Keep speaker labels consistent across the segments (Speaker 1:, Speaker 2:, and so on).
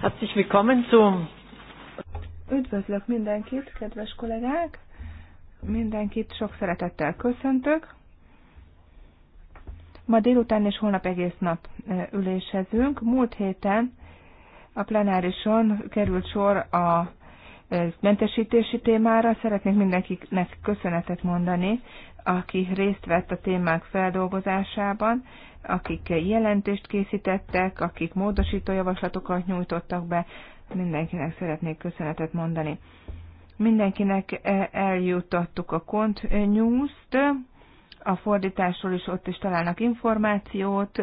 Speaker 1: Herzlich willkommen zu.
Speaker 2: Üdvözlök mindenkit, kedves kollégák! Mindenkit sok szeretettel köszöntök. Ma délután és holnap egész nap ülésezünk. Múlt héten a plenárison került sor a mentesítési témára. Szeretnék mindenkinek köszönetet mondani, aki részt vett a témák feldolgozásában, akik jelentést készítettek, akik módosító javaslatokat nyújtottak be, mindenkinek szeretnék köszönetet mondani. Mindenkinek e, eljuttattuk a Kont News-t, a fordításról is ott is találnak információt.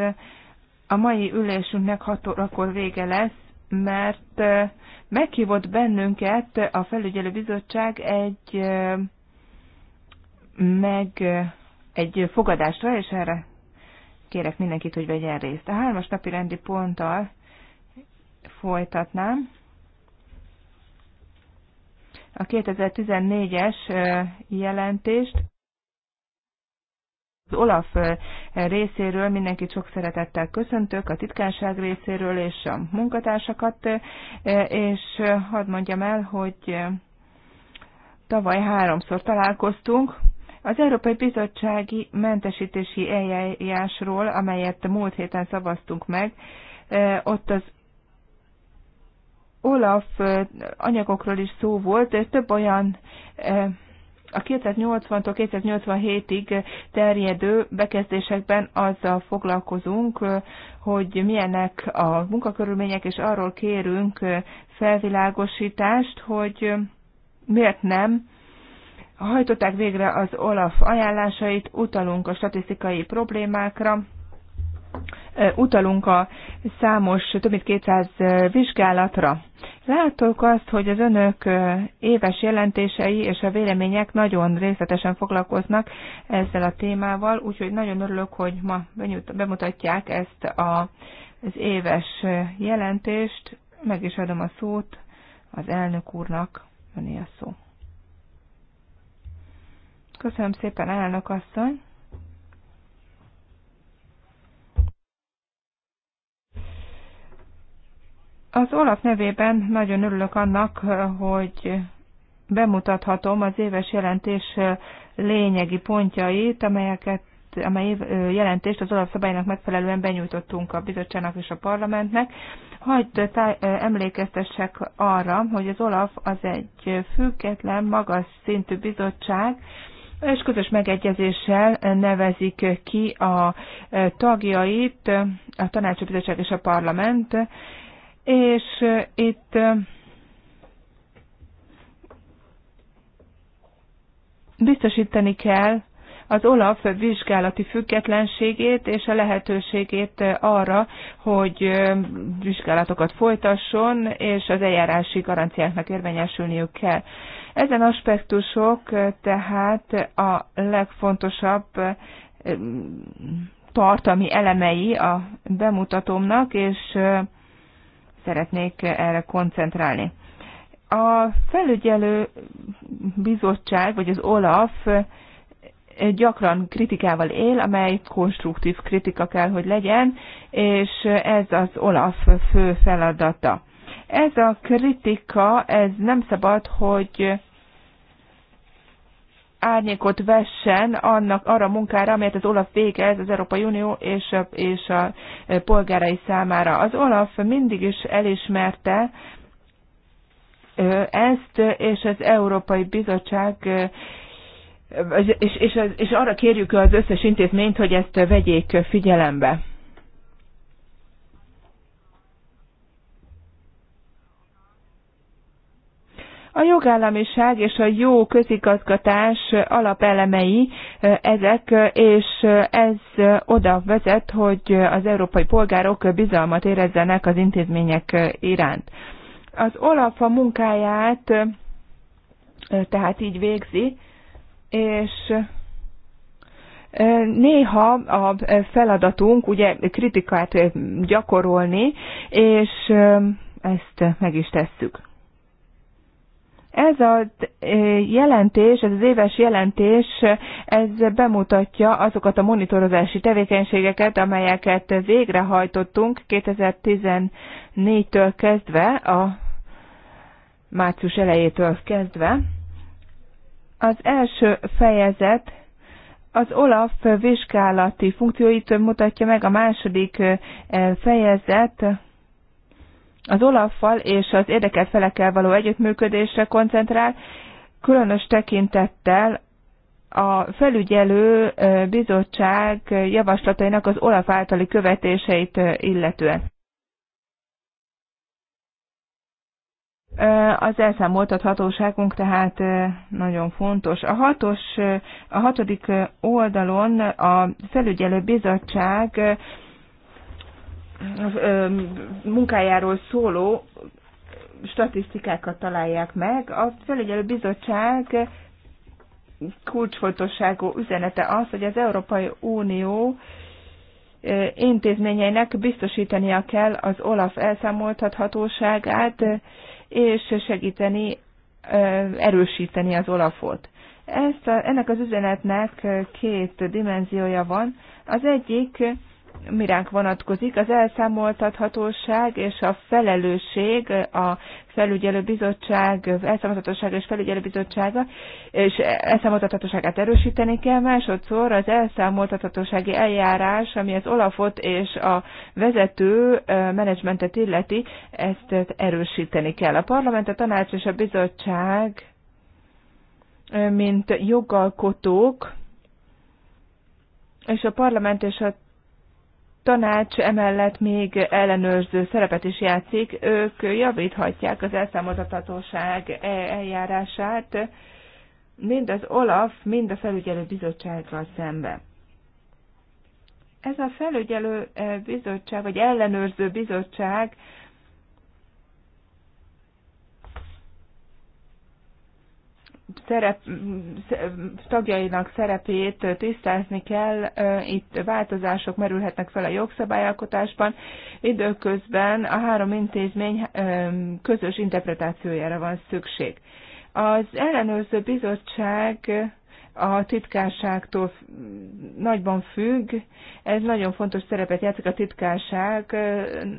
Speaker 2: A mai ülésünknek 6 órakor vége lesz, mert e, meghívott bennünket a felügyelőbizottság egy e, meg egy fogadásra, és erre kérek mindenkit, hogy vegyen részt. A hármas napi rendi ponttal folytatnám. A 2014-es jelentést az Olaf részéről mindenkit sok szeretettel köszöntök, a titkárság részéről és a munkatársakat, és hadd mondjam el, hogy tavaly háromszor találkoztunk, az Európai Bizottsági Mentesítési Eljárásról, amelyet múlt héten szavaztunk meg, ott az Olaf anyagokról is szó volt, és több olyan a 280-tól 287-ig terjedő bekezdésekben azzal foglalkozunk, hogy milyenek a munkakörülmények, és arról kérünk felvilágosítást, hogy miért nem hajtották végre az OLAF ajánlásait, utalunk a statisztikai problémákra, utalunk a számos, több mint 200 vizsgálatra. Látok azt, hogy az önök éves jelentései és a vélemények nagyon részletesen foglalkoznak ezzel a témával, úgyhogy nagyon örülök, hogy ma bemutatják ezt az éves jelentést. Meg is adom a szót az elnök úrnak, öné a szó. Köszönöm szépen, elnök asszony. Az Olaf nevében nagyon örülök annak, hogy bemutathatom az éves jelentés lényegi pontjait, amelyeket amely jelentést az olaf szabálynak megfelelően benyújtottunk a bizottságnak és a parlamentnek. Hagyd emlékeztessek arra, hogy az OLAF az egy független, magas szintű bizottság, és közös megegyezéssel nevezik ki a e, tagjait a tanácsbizottság és a parlament, és e, itt e, biztosítani kell, az Olaf vizsgálati függetlenségét és a lehetőségét arra, hogy vizsgálatokat folytasson, és az eljárási garanciáknak érvényesülniük kell. Ezen aspektusok tehát a legfontosabb tartalmi elemei a bemutatómnak, és szeretnék erre koncentrálni. A felügyelő bizottság, vagy az OLAF gyakran kritikával él, amely konstruktív kritika kell, hogy legyen, és ez az Olaf fő feladata. Ez a kritika, ez nem szabad, hogy árnyékot vessen annak, arra a munkára, amelyet az Olaf végez az Európai Unió és a, és a polgárai számára. Az Olaf mindig is elismerte, ezt, és az Európai Bizottság és, és, és arra kérjük az összes intézményt, hogy ezt vegyék figyelembe. A jogállamiság és a jó közigazgatás alapelemei eh, ezek, és ez oda vezet, hogy az európai polgárok bizalmat érezzenek az intézmények iránt. Az Olaf a munkáját eh, tehát így végzi, és néha a feladatunk ugye kritikát gyakorolni, és ezt meg is tesszük. Ez a jelentés, ez az éves jelentés, ez bemutatja azokat a monitorozási tevékenységeket, amelyeket végrehajtottunk 2014-től kezdve, a március elejétől kezdve. Az első fejezet az OLAF vizsgálati funkcióit mutatja meg a második fejezet, az Olaffal és az érdekelt felekkel való együttműködésre koncentrál, különös tekintettel a felügyelő bizottság javaslatainak az Olaf általi követéseit illetően. Az elszámoltathatóságunk tehát nagyon fontos. A, hatos, a hatodik oldalon a felügyelő bizottság munkájáról szóló statisztikákat találják meg. A felügyelő bizottság kulcsfontosságú üzenete az, hogy az Európai Unió intézményeinek biztosítania kell az OLAF elszámoltathatóságát, és segíteni, erősíteni az Olafot. Ezt a, ennek az üzenetnek két dimenziója van. Az egyik miránk vonatkozik. Az elszámoltathatóság és a felelősség, a felügyelőbizottság, elszámoltathatóság és felügyelőbizottsága, és elszámoltathatóságát erősíteni kell. Másodszor az elszámoltathatósági eljárás, ami az Olafot és a vezető menedzsmentet illeti, ezt erősíteni kell. A parlament, a tanács és a bizottság, mint jogalkotók, és a parlament és a tanács emellett még ellenőrző szerepet is játszik, ők javíthatják az elszámoltathatóság e- eljárását, mind az OLAF, mind a felügyelő bizottsággal szembe. Ez a felügyelő e, bizottság, vagy ellenőrző bizottság szerep, tagjainak szerepét tisztázni kell, itt változások merülhetnek fel a jogszabályalkotásban, időközben a három intézmény közös interpretációjára van szükség. Az ellenőrző bizottság a titkárságtól nagyban függ, ez nagyon fontos szerepet játszik a titkárság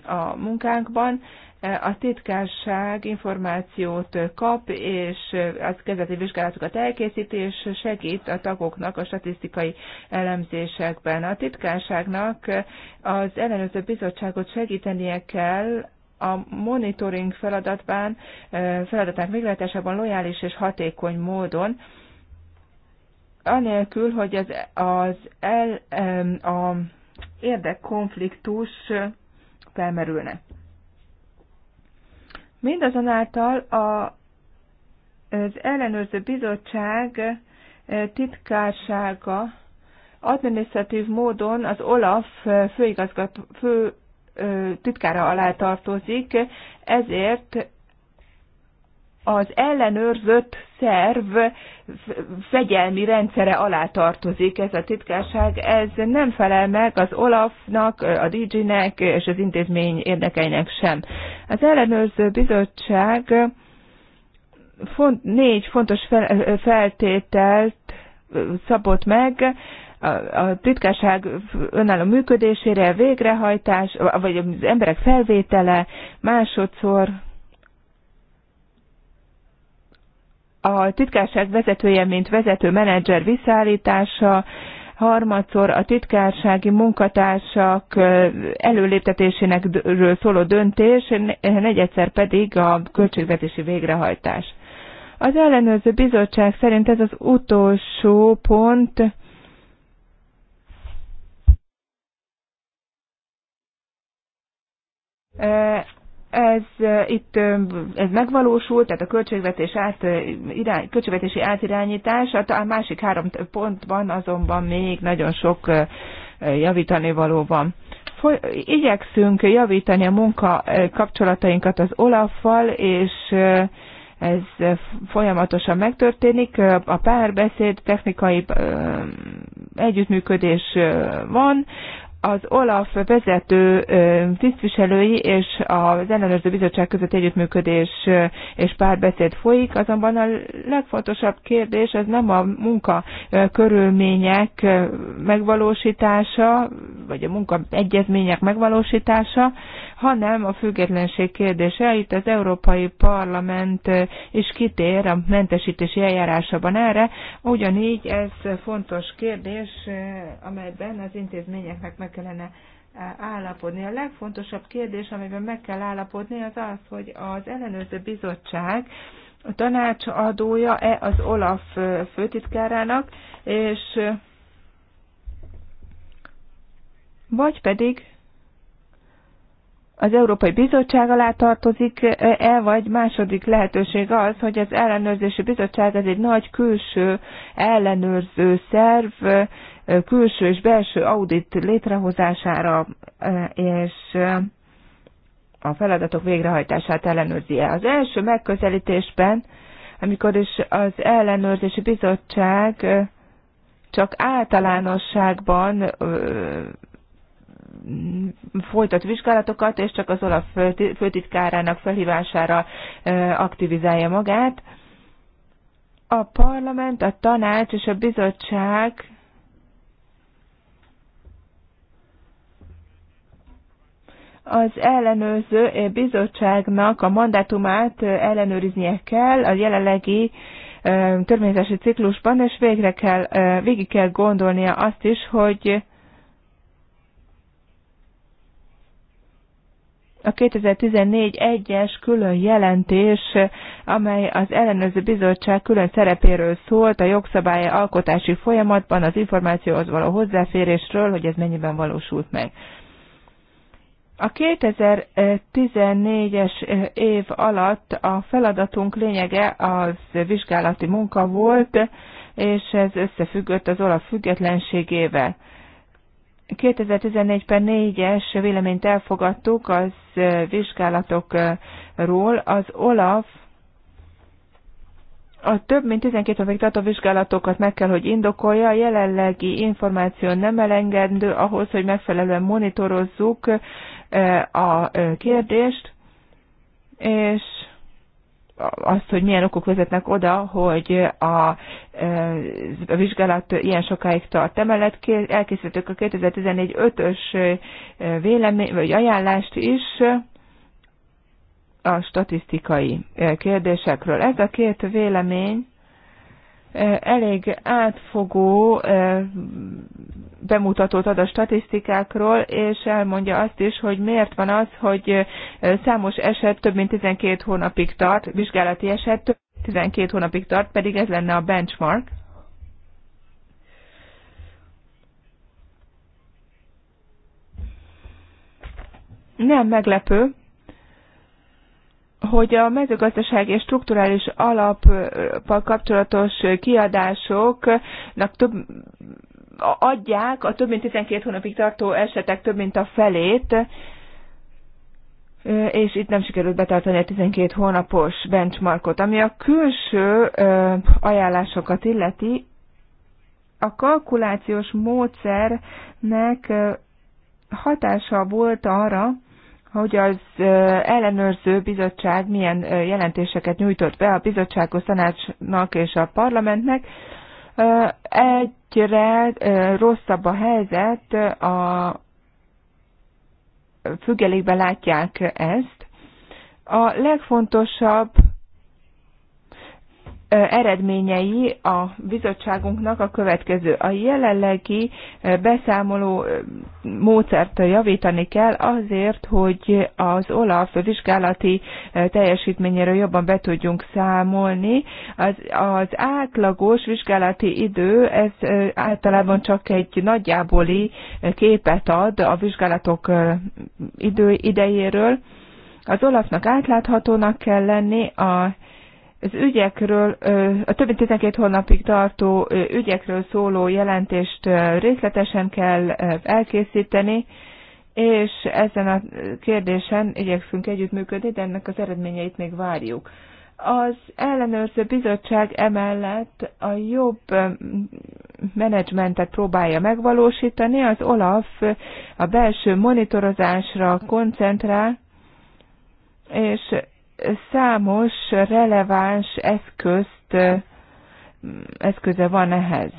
Speaker 2: a munkánkban, a titkárság információt kap, és az kezdeti vizsgálatokat elkészít, és segít a tagoknak a statisztikai elemzésekben. A titkárságnak az ellenőrző bizottságot segítenie kell a monitoring feladatban, feladatnak végrehajtásában lojális és hatékony módon, anélkül, hogy az, az el, a érdekkonfliktus felmerülne. Mindazonáltal a, az ellenőrző bizottság titkársága adminisztratív módon az OLAF főigazgató, fő titkára alá tartozik, ezért az ellenőrzött szerv fegyelmi rendszere alá tartozik ez a titkárság. Ez nem felel meg az Olafnak, a DG-nek és az intézmény érdekeinek sem. Az ellenőrző bizottság font, négy fontos feltételt szabott meg, a titkárság önálló működésére, végrehajtás, vagy az emberek felvétele, másodszor a titkárság vezetője, mint vezető menedzser visszaállítása, harmadszor a titkársági munkatársak előléptetésénekről szóló döntés, negyedszer pedig a költségvetési végrehajtás. Az ellenőrző bizottság szerint ez az utolsó pont, ez itt ez megvalósult, tehát a költségvetés át, irány, költségvetési átirányítás, hát a másik három pontban azonban még nagyon sok javítani való van. Igyekszünk javítani a munka kapcsolatainkat az Olaffal, és ez folyamatosan megtörténik. A párbeszéd, technikai együttműködés van, az OLAF vezető tisztviselői és az ellenőrző bizottság között együttműködés és párbeszéd folyik, azonban a legfontosabb kérdés az nem a munka körülmények megvalósítása, vagy a munka egyezmények megvalósítása, hanem a függetlenség kérdése. Itt az Európai Parlament is kitér a mentesítési eljárásában erre, ugyanígy ez fontos kérdés, amelyben az intézményeknek meg kellene állapodni. A legfontosabb kérdés, amiben meg kell állapodni, az az, hogy az ellenőrző bizottság a tanácsadója-e az Olaf főtitkárának, és vagy pedig az Európai Bizottság alá tartozik-e, e, vagy második lehetőség az, hogy az ellenőrzési bizottság ez egy nagy külső ellenőrző szerv, e, külső és belső audit létrehozására e, és a feladatok végrehajtását ellenőrzi-e. Az első megközelítésben, amikor is az ellenőrzési bizottság csak általánosságban folytat vizsgálatokat, és csak az Olaf főtitkárának felhívására aktivizálja magát. A parlament, a tanács és a bizottság az ellenőrző bizottságnak a mandátumát ellenőriznie kell a jelenlegi törvényzési ciklusban, és végre kell, végig kell gondolnia azt is, hogy a 2014-1-es külön jelentés, amely az ellenőrző bizottság külön szerepéről szólt a jogszabály alkotási folyamatban, az információhoz való hozzáférésről, hogy ez mennyiben valósult meg. A 2014-es év alatt a feladatunk lényege az vizsgálati munka volt, és ez összefüggött az olaf függetlenségével. 2014-ben négyes véleményt elfogadtuk az vizsgálatokról. Az OLAF a több mint 12 évig tartó vizsgálatokat meg kell, hogy indokolja. A jelenlegi információ nem elengedő ahhoz, hogy megfelelően monitorozzuk a kérdést, és azt, hogy milyen okok vezetnek oda, hogy a, a vizsgálat ilyen sokáig tart. Emellett elkészítettük a 2014 5-ös vélemény, vagy ajánlást is, a statisztikai kérdésekről. Ez a két vélemény elég átfogó bemutatót ad a statisztikákról, és elmondja azt is, hogy miért van az, hogy számos eset több mint 12 hónapig tart, vizsgálati eset több mint 12 hónapig tart, pedig ez lenne a benchmark. Nem meglepő, hogy a mezőgazdasági és strukturális alappal kapcsolatos kiadásoknak több adják a több mint 12 hónapig tartó esetek több mint a felét, és itt nem sikerült betartani a 12 hónapos benchmarkot. Ami a külső ajánlásokat illeti, a kalkulációs módszernek hatása volt arra, hogy az ellenőrző bizottság milyen jelentéseket nyújtott be a bizottságos tanácsnak és a parlamentnek. Egyre rosszabb a helyzet, a függelékben látják ezt. A legfontosabb eredményei a bizottságunknak a következő. A jelenlegi beszámoló módszert javítani kell azért, hogy az OLAF vizsgálati teljesítményéről jobban be tudjunk számolni. Az, az átlagos vizsgálati idő, ez általában csak egy nagyjáboli képet ad a vizsgálatok idő idejéről. Az Olafnak átláthatónak kell lenni, a az ügyekről, a több mint 12 hónapig tartó ügyekről szóló jelentést részletesen kell elkészíteni, és ezen a kérdésen igyekszünk együttműködni, de ennek az eredményeit még várjuk. Az ellenőrző bizottság emellett a jobb menedzsmentet próbálja megvalósítani, az OLAF a belső monitorozásra koncentrál, és számos releváns eszközt, eszköze van ehhez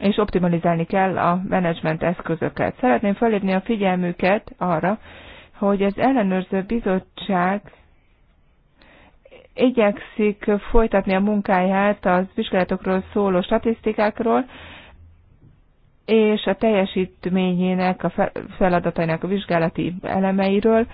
Speaker 2: és optimalizálni kell a menedzsment eszközöket. Szeretném felhívni a figyelmüket arra, hogy az ellenőrző bizottság igyekszik folytatni a munkáját az vizsgálatokról szóló statisztikákról, és a teljesítményének, a feladatainak a vizsgálati elemeiről,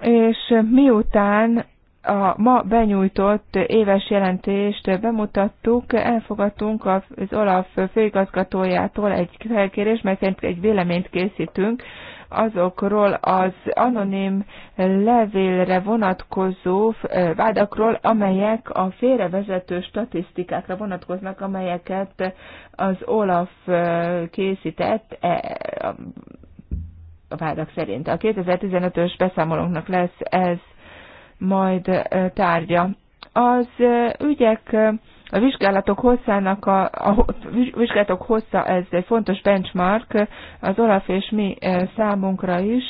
Speaker 2: és miután a ma benyújtott éves jelentést bemutattuk, elfogadtunk az Olaf főigazgatójától egy felkérés, mert egy véleményt készítünk azokról az anonim levélre vonatkozó vádakról, amelyek a félrevezető statisztikákra vonatkoznak, amelyeket az Olaf készített e, a vádak szerint. A 2015-ös beszámolónknak lesz ez majd tárgya. Az ügyek, a vizsgálatok hosszának, a, a vizsgálatok hossza, ez egy fontos benchmark az Olaf és mi számunkra is,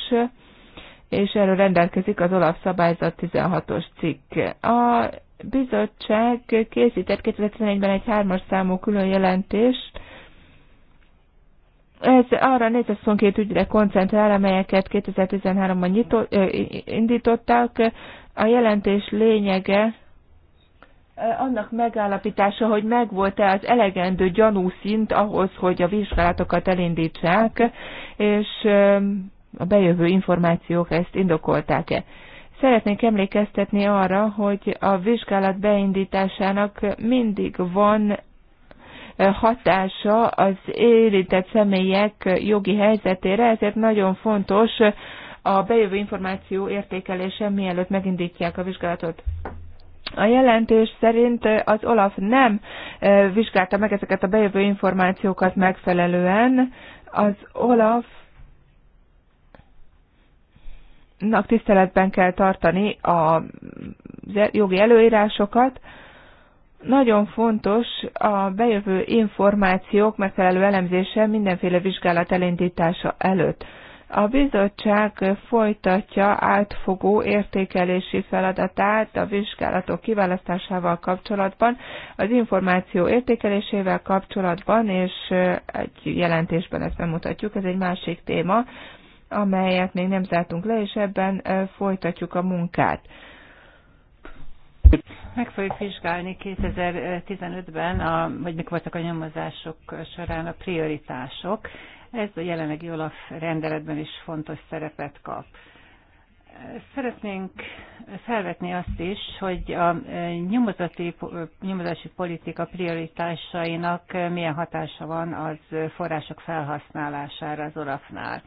Speaker 2: és erről rendelkezik az Olaf szabályzat 16-os cikk. A bizottság készített 2011-ben egy hármas számú külön jelentést ez arra 422 ügyre koncentrál, amelyeket 2013-ban indítottak. indították. A jelentés lényege annak megállapítása, hogy megvolt-e az elegendő szint ahhoz, hogy a vizsgálatokat elindítsák, és a bejövő információk ezt indokolták-e. Szeretnék emlékeztetni arra, hogy a vizsgálat beindításának mindig van hatása az érintett személyek jogi helyzetére, ezért nagyon fontos a bejövő információ értékelése, mielőtt megindítják a vizsgálatot. A jelentés szerint az Olaf nem vizsgálta meg ezeket a bejövő információkat megfelelően. Az Olaf tiszteletben kell tartani a jogi előírásokat, nagyon fontos a bejövő információk megfelelő elemzése mindenféle vizsgálat elindítása előtt. A bizottság folytatja átfogó értékelési feladatát a vizsgálatok kiválasztásával kapcsolatban, az információ értékelésével kapcsolatban, és egy jelentésben ezt bemutatjuk, ez egy másik téma, amelyet még nem zártunk le, és ebben eh, folytatjuk a munkát.
Speaker 1: Meg fogjuk vizsgálni 2015-ben, a, vagy mik voltak a nyomozások során a prioritások. Ez a jelenlegi Olaf rendeletben is fontos szerepet kap. Szeretnénk felvetni azt is, hogy a e, nyomozati, e, nyomozási politika prioritásainak milyen hatása van az források felhasználására az Olafnál.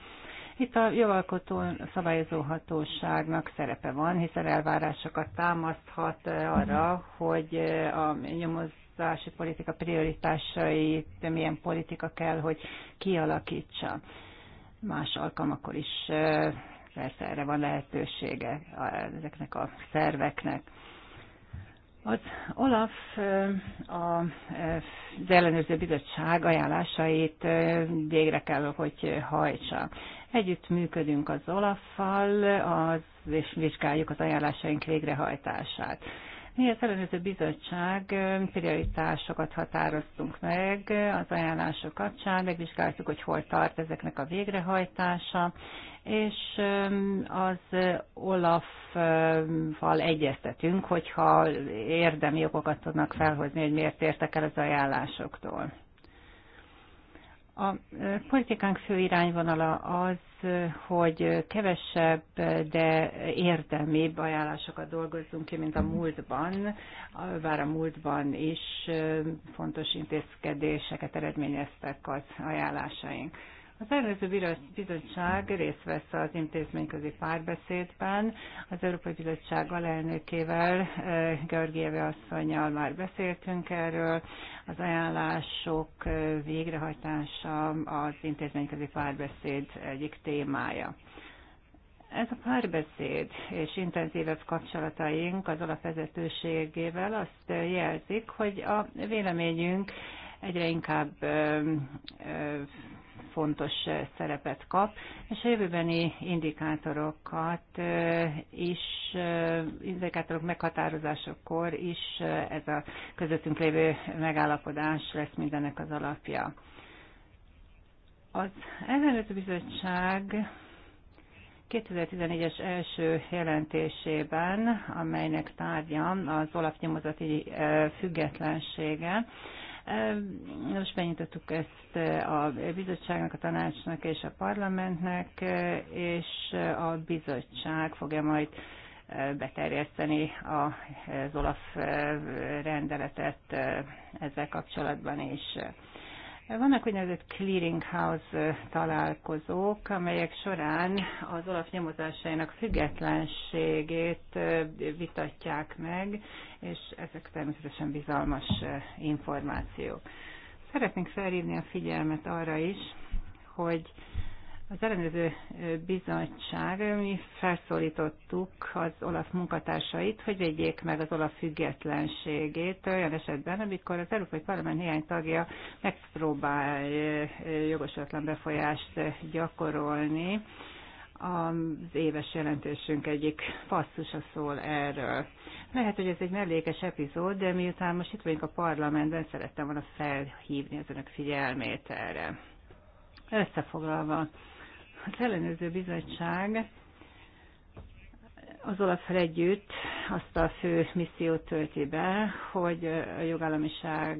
Speaker 1: Itt a jogalkotó szabályozó hatóságnak szerepe van, hiszen elvárásokat támaszthat eh, arra, mhm. hogy eh, a nyomozási politika prioritásait milyen politika kell, hogy kialakítsa. Más alkalmakkor is eh, persze erre van lehetősége ezeknek a szerveknek. Az Olaf az ellenőrző bizottság ajánlásait végre kell, hogy hajtsa. Együtt működünk az Olaffal, az, és vizsgáljuk az ajánlásaink végrehajtását. Mi az ellenőrző bizottság prioritásokat határoztunk meg az ajánlások kapcsán, megvizsgáltuk, hogy hol tart ezeknek a végrehajtása, és az Olaf-val egyeztetünk, hogyha érdemi okokat tudnak felhozni, hogy miért értek el az ajánlásoktól. A politikánk fő irányvonala az, hogy kevesebb, de érdemibb ajánlásokat dolgozzunk ki, mint a múltban, bár a múltban is fontos intézkedéseket eredményeztek az ajánlásaink. Az szervező bizottság részt vesz az intézményközi párbeszédben. Az Európai Bizottság alelnökével, eh, Georgieve asszonyjal már beszéltünk erről. Az ajánlások eh, végrehajtása az intézményközi párbeszéd egyik témája. Ez a párbeszéd és intenzívebb kapcsolataink az alapvezetőségével azt eh, jelzik, hogy a véleményünk egyre inkább fontos szerepet kap, és a jövőbeni indikátorokat is, indikátorok meghatározásakor is ez a közöttünk lévő megállapodás lesz mindennek az alapja. Az ellenőrző bizottság 2014-es első jelentésében, amelynek tárgya az olapnyomozati függetlensége, most benyitottuk ezt a bizottságnak, a tanácsnak és a parlamentnek, és a bizottság fogja majd e, beterjeszteni az Olaf e, rendeletet e, ezzel kapcsolatban is. És vannak úgynevezett clearinghouse találkozók, amelyek során az olaf nyomozásainak függetlenségét vitatják meg, és ezek természetesen bizalmas információk. Szeretnénk felhívni a figyelmet arra is, hogy az ellenőrző bizottság, mi felszólítottuk az olasz munkatársait, hogy vegyék meg az olasz függetlenségét olyan esetben, amikor az Európai Parlament néhány tagja megpróbál jogosatlan befolyást gyakorolni. Az éves jelentésünk egyik passzusa szól erről. Lehet, hogy ez egy mellékes epizód, de miután most itt vagyunk a parlamentben, szerettem volna felhívni az önök figyelmét erre. Összefoglalva, az ellenőrző bizottság az olaf együtt azt a fő missziót tölti be, hogy a jogállamiság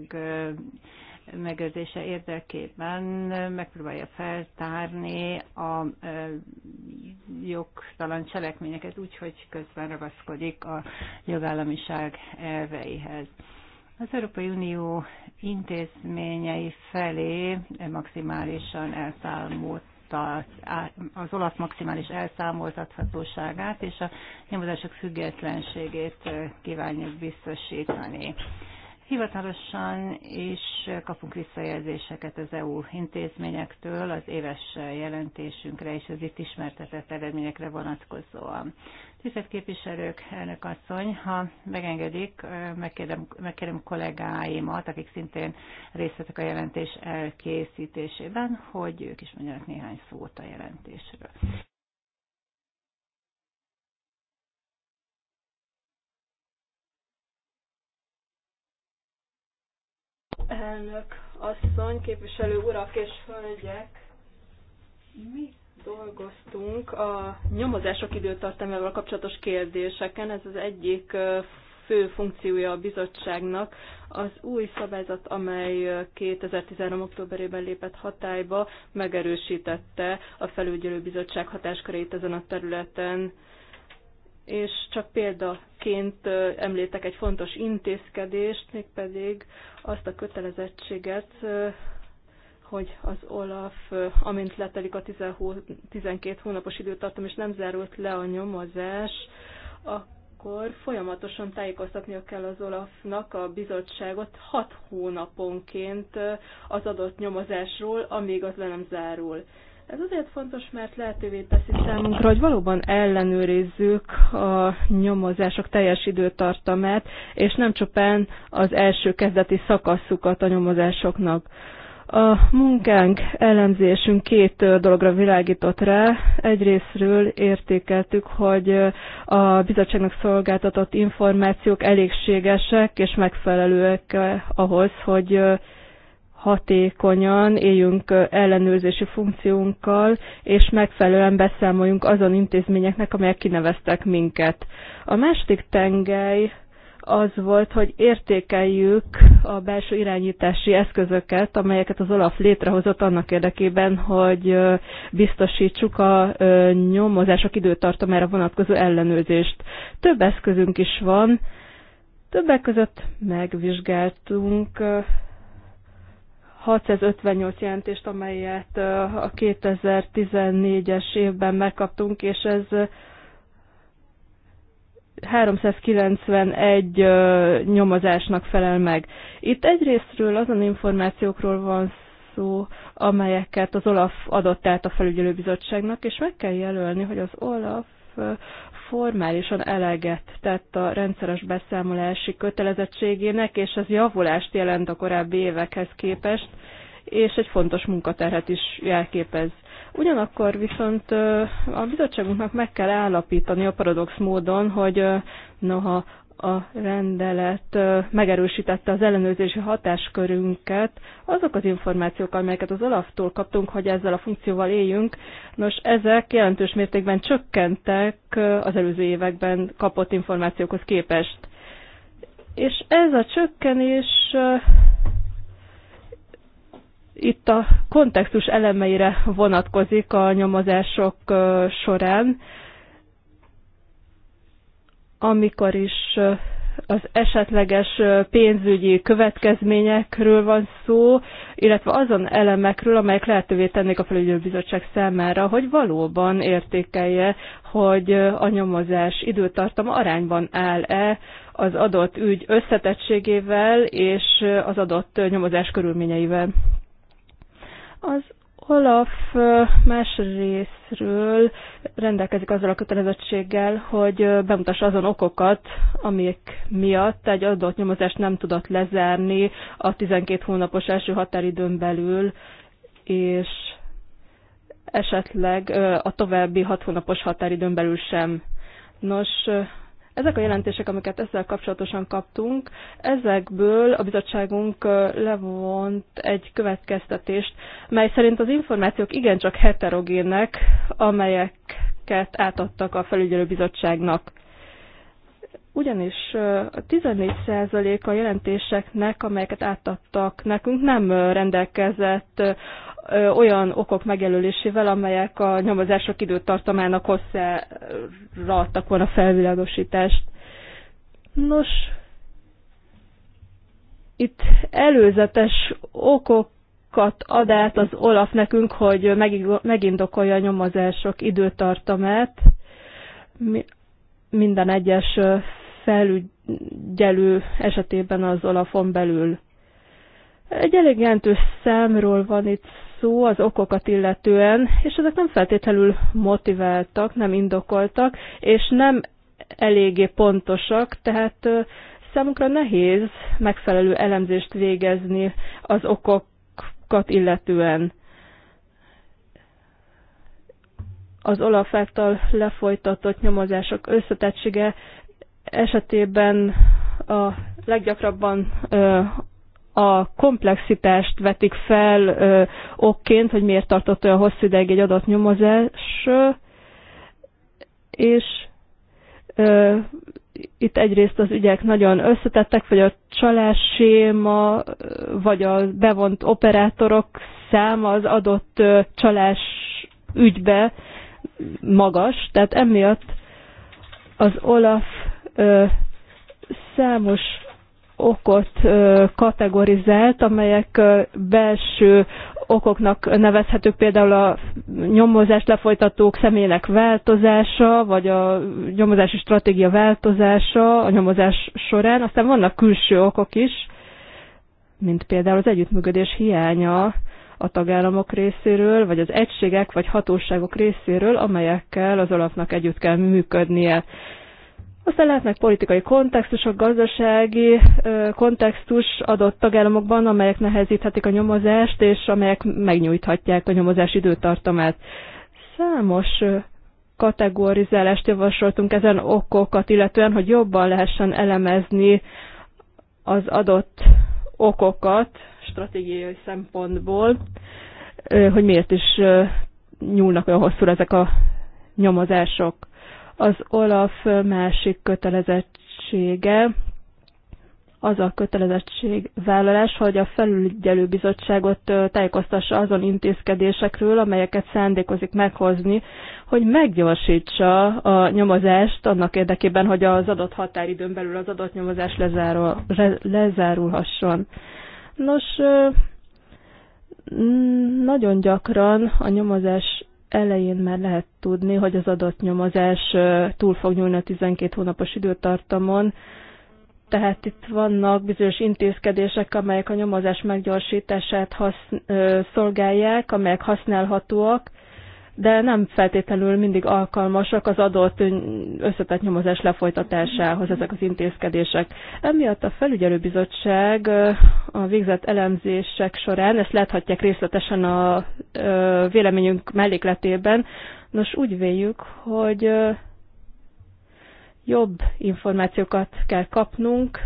Speaker 1: megőrzése érdekében megpróbálja feltárni a jogtalan cselekményeket úgy, hogy közben ragaszkodik a jogállamiság elveihez. Az Európai Unió intézményei felé maximálisan elszámolt a, az olasz maximális elszámoltathatóságát és a nyomozások függetlenségét kívánjuk biztosítani. Hivatalosan is kapunk visszajelzéseket az EU intézményektől az éves jelentésünkre és az itt ismertetett eredményekre vonatkozóan. Tisztelt képviselők, elnök asszony, ha megengedik, megkérem, megkérem kollégáimat, akik szintén részt a jelentés elkészítésében, hogy ők is
Speaker 3: mondjanak néhány szót a jelentésről. elnök asszony, képviselő urak és hölgyek. Mi dolgoztunk a nyomozások időtartamával kapcsolatos kérdéseken. Ez az egyik fő funkciója a bizottságnak. Az új szabályzat, amely 2013. októberében lépett hatályba, megerősítette a felügyelőbizottság hatáskörét ezen a területen és csak példaként említek egy fontos intézkedést, mégpedig azt a kötelezettséget, hogy az Olaf, amint letelik a 12 hónapos időtartam, és nem zárult le a nyomozás, akkor folyamatosan tájékoztatnia kell az Olafnak a bizottságot 6 hónaponként az adott nyomozásról, amíg az le nem zárul. Ez azért fontos, mert lehetővé teszi számunkra, hogy valóban ellenőrizzük a nyomozások teljes időtartamát, és nem csupán az első kezdeti szakaszukat a nyomozásoknak. A munkánk, elemzésünk két dologra világított rá. Egyrésztről értékeltük, hogy a bizottságnak szolgáltatott információk elégségesek és megfelelőek ahhoz, hogy hatékonyan éljünk ellenőrzési funkciónkkal, és megfelelően beszámoljunk azon intézményeknek, amelyek kineveztek minket. A második tengely az volt, hogy értékeljük a belső irányítási eszközöket, amelyeket az Olaf létrehozott annak érdekében, hogy biztosítsuk a nyomozások időtartamára vonatkozó ellenőrzést. Több eszközünk is van, többek között megvizsgáltunk 658 jelentést, amelyet a 2014-es évben megkaptunk, és ez 391 nyomozásnak felel meg. Itt egyrésztről azon információkról van szó, amelyeket az OLAF adott át a felügyelőbizottságnak, és meg kell jelölni, hogy az OLAF formálisan eleget tett a rendszeres beszámolási kötelezettségének, és ez javulást jelent a korábbi évekhez képest, és egy fontos munkaterhet is jelképez. Ugyanakkor viszont a bizottságunknak meg kell állapítani a paradox módon, hogy noha a rendelet megerősítette az ellenőrzési hatáskörünket. Azok az információk, amelyeket az Olaftól kaptunk, hogy ezzel a funkcióval éljünk, nos, ezek jelentős mértékben csökkentek az előző években kapott információkhoz képest. És ez a csökkenés itt a kontextus elemeire vonatkozik a nyomozások során amikor is az esetleges pénzügyi következményekről van szó, illetve azon elemekről, amelyek lehetővé tennék a felügyelőbizottság számára, hogy valóban értékelje, hogy a nyomozás időtartama arányban áll-e az adott ügy összetettségével és az adott nyomozás körülményeivel. Az Olaf más részről rendelkezik azzal a kötelezettséggel, hogy bemutassa azon okokat, amik miatt egy adott nyomozást nem tudott lezárni a 12 hónapos első határidőn belül, és esetleg a további 6 hónapos határidőn belül sem. Nos, ezek a jelentések, amiket ezzel kapcsolatosan kaptunk, ezekből a bizottságunk levont egy következtetést, mely szerint az információk igencsak heterogének, amelyeket átadtak a felügyelőbizottságnak. Ugyanis a 14% a jelentéseknek, amelyeket átadtak nekünk, nem rendelkezett olyan okok megjelölésével, amelyek a nyomozások időtartamának hosszára adtak volna felvilágosítást. Nos, itt előzetes okokat ad át az Olaf nekünk, hogy megindokolja a nyomozások időtartamát minden egyes felügyelő esetében az Olafon belül. Egy elég jelentős számról van itt szó az okokat illetően, és ezek nem feltétlenül motiváltak, nem indokoltak, és nem eléggé pontosak, tehát számunkra nehéz megfelelő elemzést végezni az okokat illetően. Az Olaf által lefolytatott nyomozások összetettsége esetében a leggyakrabban ö, a komplexitást vetik fel ö, okként, hogy miért tartott olyan hosszú ideig egy adott nyomozás, ö, és ö, itt egyrészt az ügyek nagyon összetettek, vagy a csalásséma, vagy a bevont operátorok száma az adott ö, csalás ügybe magas, tehát emiatt az Olaf ö, számos okot kategorizált, amelyek belső okoknak nevezhetők például a nyomozást lefolytatók személynek változása, vagy a nyomozási stratégia változása a nyomozás során. Aztán vannak külső okok is, mint például az együttműködés hiánya a tagállamok részéről, vagy az egységek vagy hatóságok részéről, amelyekkel az alapnak együtt kell működnie. Aztán lehetnek politikai kontextusok, gazdasági kontextus adott tagállamokban, amelyek nehezíthetik a nyomozást, és amelyek megnyújthatják a nyomozás időtartamát. Számos kategorizálást javasoltunk ezen okokat, illetően, hogy jobban lehessen elemezni az adott okokat stratégiai szempontból, hogy miért is nyúlnak olyan hosszúra ezek a nyomozások. Az OLAF másik kötelezettsége az a kötelezettség vállalás, hogy a felügyelő bizottságot tájékoztassa azon intézkedésekről, amelyeket szándékozik meghozni, hogy meggyorsítsa a nyomozást annak érdekében, hogy az adott határidőn belül az adott nyomozás lezárul, lezárulhasson. Nos, nagyon gyakran a nyomozás elején már lehet tudni, hogy az adott nyomozás túl fog nyúlni a 12 hónapos időtartamon, tehát itt vannak bizonyos intézkedések, amelyek a nyomozás meggyorsítását hasz, ö, szolgálják, amelyek használhatóak, de nem feltétlenül mindig alkalmasak az adott összetett nyomozás lefolytatásához ezek az intézkedések. Emiatt a felügyelőbizottság a végzett elemzések során, ezt láthatják részletesen a véleményünk mellékletében, nos úgy véljük, hogy jobb információkat kell kapnunk,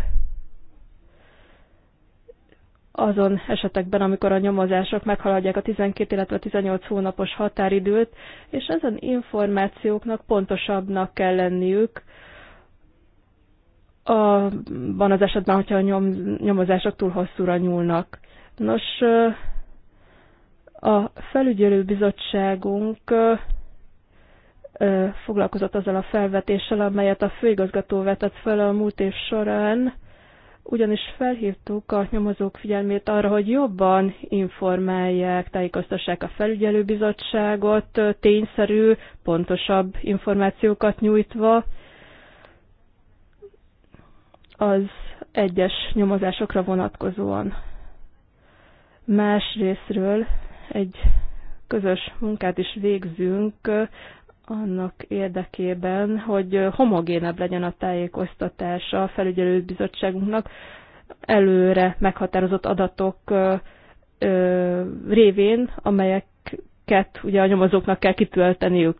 Speaker 3: azon esetekben, amikor a nyomozások meghaladják a 12, illetve 18 hónapos határidőt, és ezen információknak pontosabbnak kell lenniük, van az esetben, hogyha a nyom, nyomozások túl hosszúra nyúlnak. Nos, a bizottságunk foglalkozott azzal a felvetéssel, amelyet a főigazgató vetett fel a múlt év során, ugyanis felhívtuk a nyomozók figyelmét arra, hogy jobban informálják, tájékoztassák a felügyelőbizottságot, tényszerű, pontosabb információkat nyújtva az egyes nyomozásokra vonatkozóan. Más részről egy közös munkát is végzünk annak érdekében, hogy homogénebb legyen a tájékoztatása a felügyelőbizottságunknak előre meghatározott adatok révén, amelyeket ugye a nyomozóknak kell kitölteniük.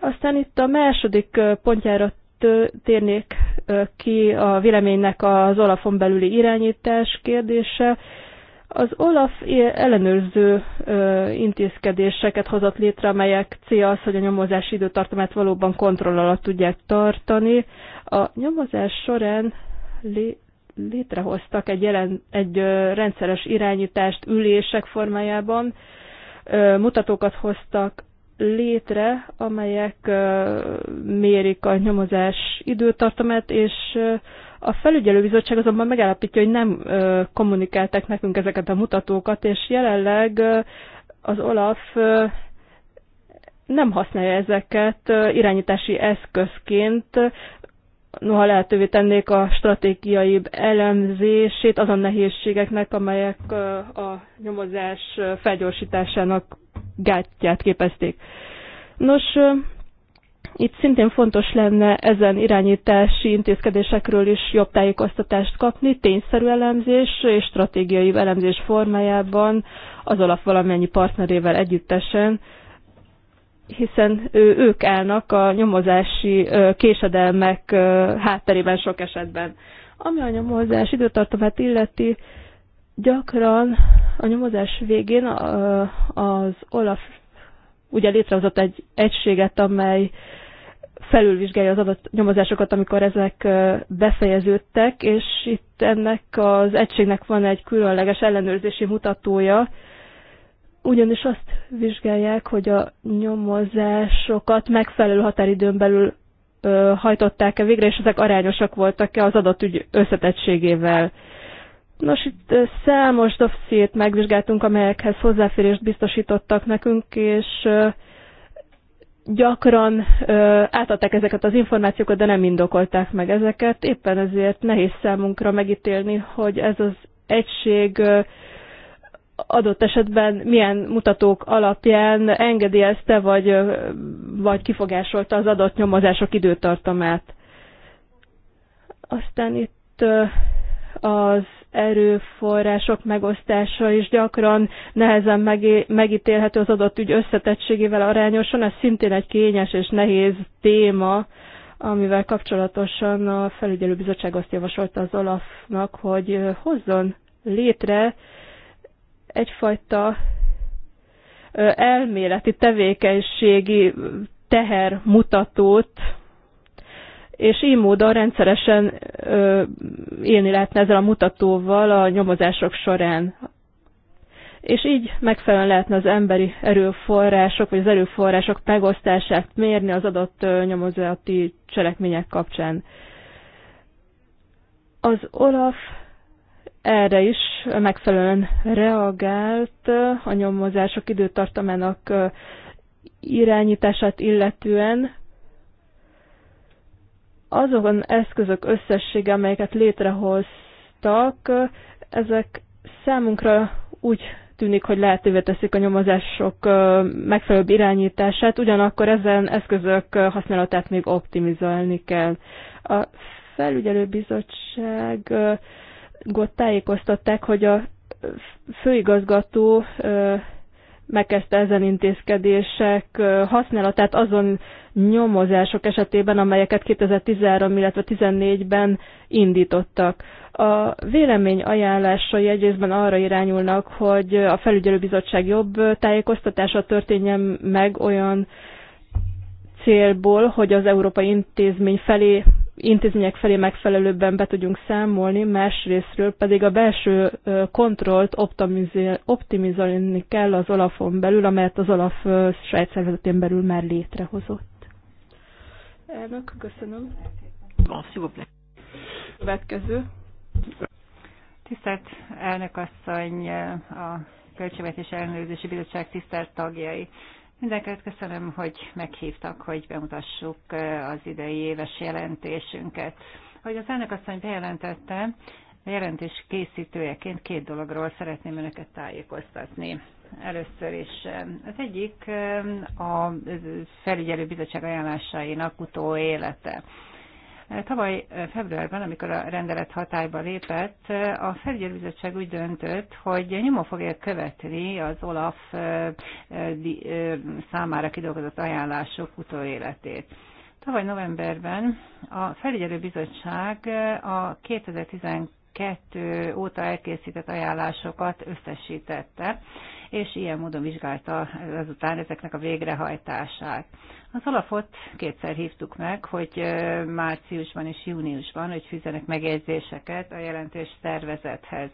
Speaker 3: Aztán itt a második pontjára térnék ki a véleménynek az olafon belüli irányítás kérdése. Az OLAF ellenőrző intézkedéseket hozott létre, amelyek célja az, hogy a nyomozás időtartamát valóban kontroll alatt tudják tartani. A nyomozás során létrehoztak egy, jelen, egy rendszeres irányítást ülések formájában, mutatókat hoztak létre, amelyek mérik a nyomozás időtartamát, és a felügyelőbizottság azonban megállapítja, hogy nem kommunikáltak nekünk ezeket a mutatókat, és jelenleg az OLAF nem használja ezeket irányítási eszközként, noha lehetővé tennék a stratégiai elemzését azon nehézségeknek, amelyek a nyomozás felgyorsításának gátját képezték. Nos, itt szintén fontos lenne ezen irányítási intézkedésekről is jobb tájékoztatást kapni, tényszerű elemzés és stratégiai elemzés formájában az alap valamennyi partnerével együttesen, hiszen ő ők állnak a nyomozási késedelmek hátterében sok esetben. Ami a nyomozás időtartamát illeti, gyakran a nyomozás végén az Olaf ugye létrehozott egy egységet, amely felülvizsgálja az adott nyomozásokat, amikor ezek befejeződtek, és itt ennek az egységnek van egy különleges ellenőrzési mutatója, ugyanis azt vizsgálják, hogy a nyomozásokat megfelelő határidőn belül hajtották-e végre, és ezek arányosak voltak-e az adott ügy összetettségével. Nos, itt számos dossziét megvizsgáltunk, amelyekhez hozzáférést biztosítottak nekünk, és gyakran ö, átadták ezeket az információkat, de nem indokolták meg ezeket. Éppen ezért nehéz számunkra megítélni, hogy ez az egység ö, adott esetben milyen mutatók alapján engedélyezte vagy, ö, vagy kifogásolta az adott nyomozások időtartamát. Aztán itt ö, az erőforrások megosztása is gyakran nehezen megítélhető az adott ügy összetettségével arányosan. Ez szintén egy kényes és nehéz téma, amivel kapcsolatosan a felügyelőbizottság azt javasolta az Olafnak, hogy hozzon létre egyfajta elméleti tevékenységi tehermutatót, és így módon rendszeresen ö, élni lehetne ezzel a mutatóval a nyomozások során. És így megfelelően lehetne az emberi erőforrások, vagy az erőforrások megosztását mérni az adott nyomozati cselekmények kapcsán. Az Olaf erre is megfelelően reagált a nyomozások időtartamának irányítását illetően, Azokon eszközök összessége, amelyeket létrehoztak, ezek számunkra úgy tűnik, hogy lehetővé teszik a nyomozások megfelelőbb irányítását, ugyanakkor ezen eszközök használatát még optimizálni kell. A felügyelőbizottságot tájékoztatták, hogy a főigazgató megkezdte ezen intézkedések használatát azon nyomozások esetében, amelyeket 2013, illetve 2014-ben indítottak. A vélemény ajánlásai egyrészt arra irányulnak, hogy a felügyelőbizottság jobb tájékoztatása történjen meg olyan célból, hogy az európai intézmény felé intézmények felé megfelelőbben be tudjunk számolni, másrésztről pedig a belső kontrollt optimizálni kell az Olafon belül, amelyet az Olaf saját szervezetén belül már létrehozott. Elnök, köszönöm. Következő. Tisztelt elnök
Speaker 1: asszony, a Költségvetés Ellenőrzési Bizottság tisztelt tagjai. Mindenkit köszönöm, hogy meghívtak, hogy bemutassuk az idei éves jelentésünket. Hogy az elnök asszony bejelentette, a jelentés készítőjeként két dologról szeretném önöket tájékoztatni. Először is az egyik a felügyelő bizottság ajánlásainak utóélete. élete. Tavaly februárban, amikor a rendelet hatályba lépett, a felügyelőbizottság úgy döntött, hogy nyomon fogja követni az OLAF számára kidolgozott ajánlások utóéletét. Tavaly novemberben a felügyelőbizottság a 2012 óta elkészített ajánlásokat összesítette, és ilyen módon vizsgálta azután ezeknek a végrehajtását. Az alapot kétszer hívtuk meg, hogy márciusban és júniusban, hogy fűzenek megjegyzéseket a jelentés tervezethez.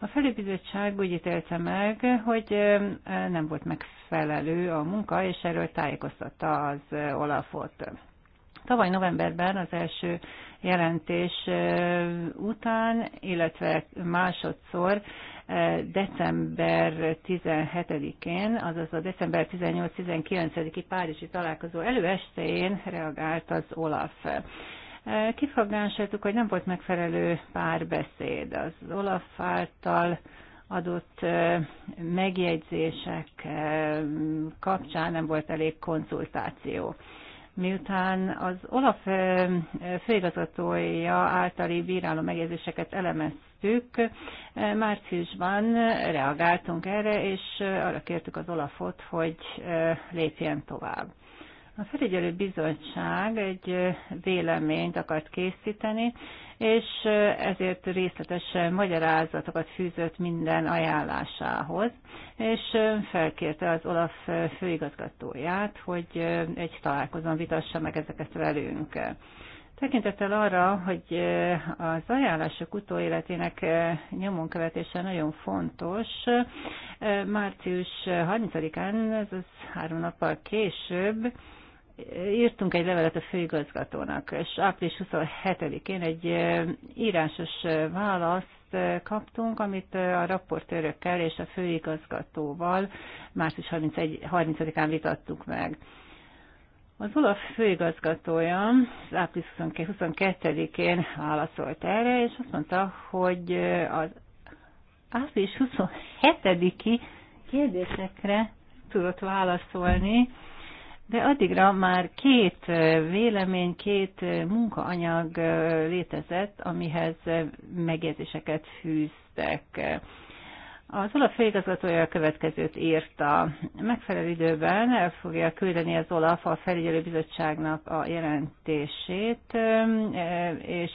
Speaker 1: A felügybizottság úgy ítélte meg, hogy nem volt megfelelő a munka, és erről tájékoztatta az Olafot. Tavaly novemberben az első jelentés után, illetve másodszor december 17-én, azaz a december 18-19-i Párizsi találkozó előestéjén reagált az Olaf. Kifogásoltuk, hogy nem volt megfelelő párbeszéd az Olaf által adott megjegyzések kapcsán nem volt elég konzultáció. Miután az Olaf főigazgatója általi bíráló megjegyzéseket elemezte, kértük. Márciusban reagáltunk erre, és arra kértük az Olafot, hogy lépjen tovább. A felügyelő bizottság egy véleményt akart készíteni, és ezért részletesen magyarázatokat fűzött minden ajánlásához, és felkérte az Olaf főigazgatóját, hogy egy találkozón vitassa meg ezeket velünk. Tekintettel arra, hogy az ajánlások utóéletének nyomon követése nagyon fontos, március 30-án, ez az három nappal később, írtunk egy levelet a főigazgatónak, és április 27-én egy írásos választ kaptunk, amit a raportőrökkel és a főigazgatóval március 31, 30-án vitattuk meg. Az Olaf főigazgatója április 22-én válaszolt erre, és azt mondta, hogy az április 27-i kérdésekre tudott válaszolni, de addigra már két vélemény, két munkaanyag létezett, amihez megjegyzéseket fűztek. Az Olaf főigazgatója a következőt írta. Megfelelő időben el fogja küldeni az Olaf a felügyelőbizottságnak a jelentését, és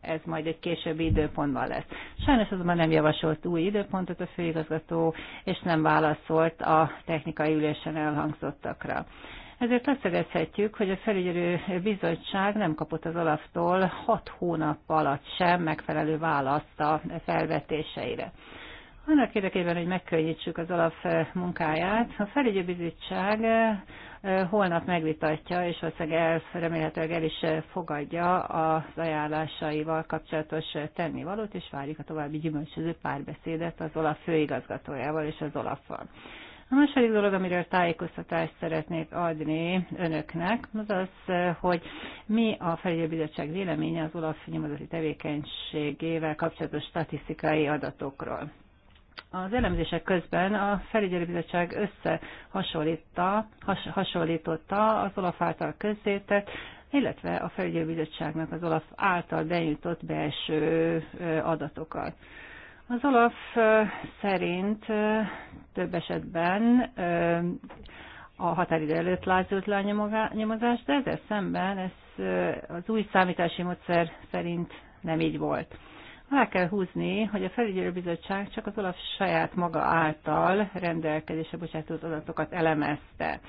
Speaker 1: ez majd egy későbbi időpontban lesz. Sajnos azonban nem javasolt új időpontot a főigazgató, és nem válaszolt a technikai ülésen elhangzottakra. Ezért leszögezhetjük, hogy a felügyelő bizottság nem kapott az alaptól hat hónap alatt sem megfelelő választ a felvetéseire. Annak érdekében, hogy megkönnyítsük az alap eh, munkáját, a felügyőbizottság eh, eh, holnap megvitatja, és valószínűleg el, remélhetőleg el is fogadja az ajánlásaival kapcsolatos tennivalót, és várjuk a további gyümölcsöző párbeszédet az OLAF főigazgatójával és az olaf A második dolog, amiről tájékoztatást szeretnék adni önöknek, az az, hogy mi a Felügyelőbizottság véleménye az OLAF nyomozati tevékenységével kapcsolatos statisztikai adatokról. Az elemzések közben a felügyelőbizottság összehasonlította has, hasonlította az Olaf által közzétett, illetve a felügyelőbizottságnak az Olaf által benyújtott belső adatokat. Az Olaf szerint több esetben a határidő előtt lázult le a nyomozás, de ezzel szemben ez az új számítási módszer szerint nem így volt. Alá kell húzni, hogy a felügyelőbizottság csak az Olaf saját maga által rendelkezésre bocsátott adatokat elemezte.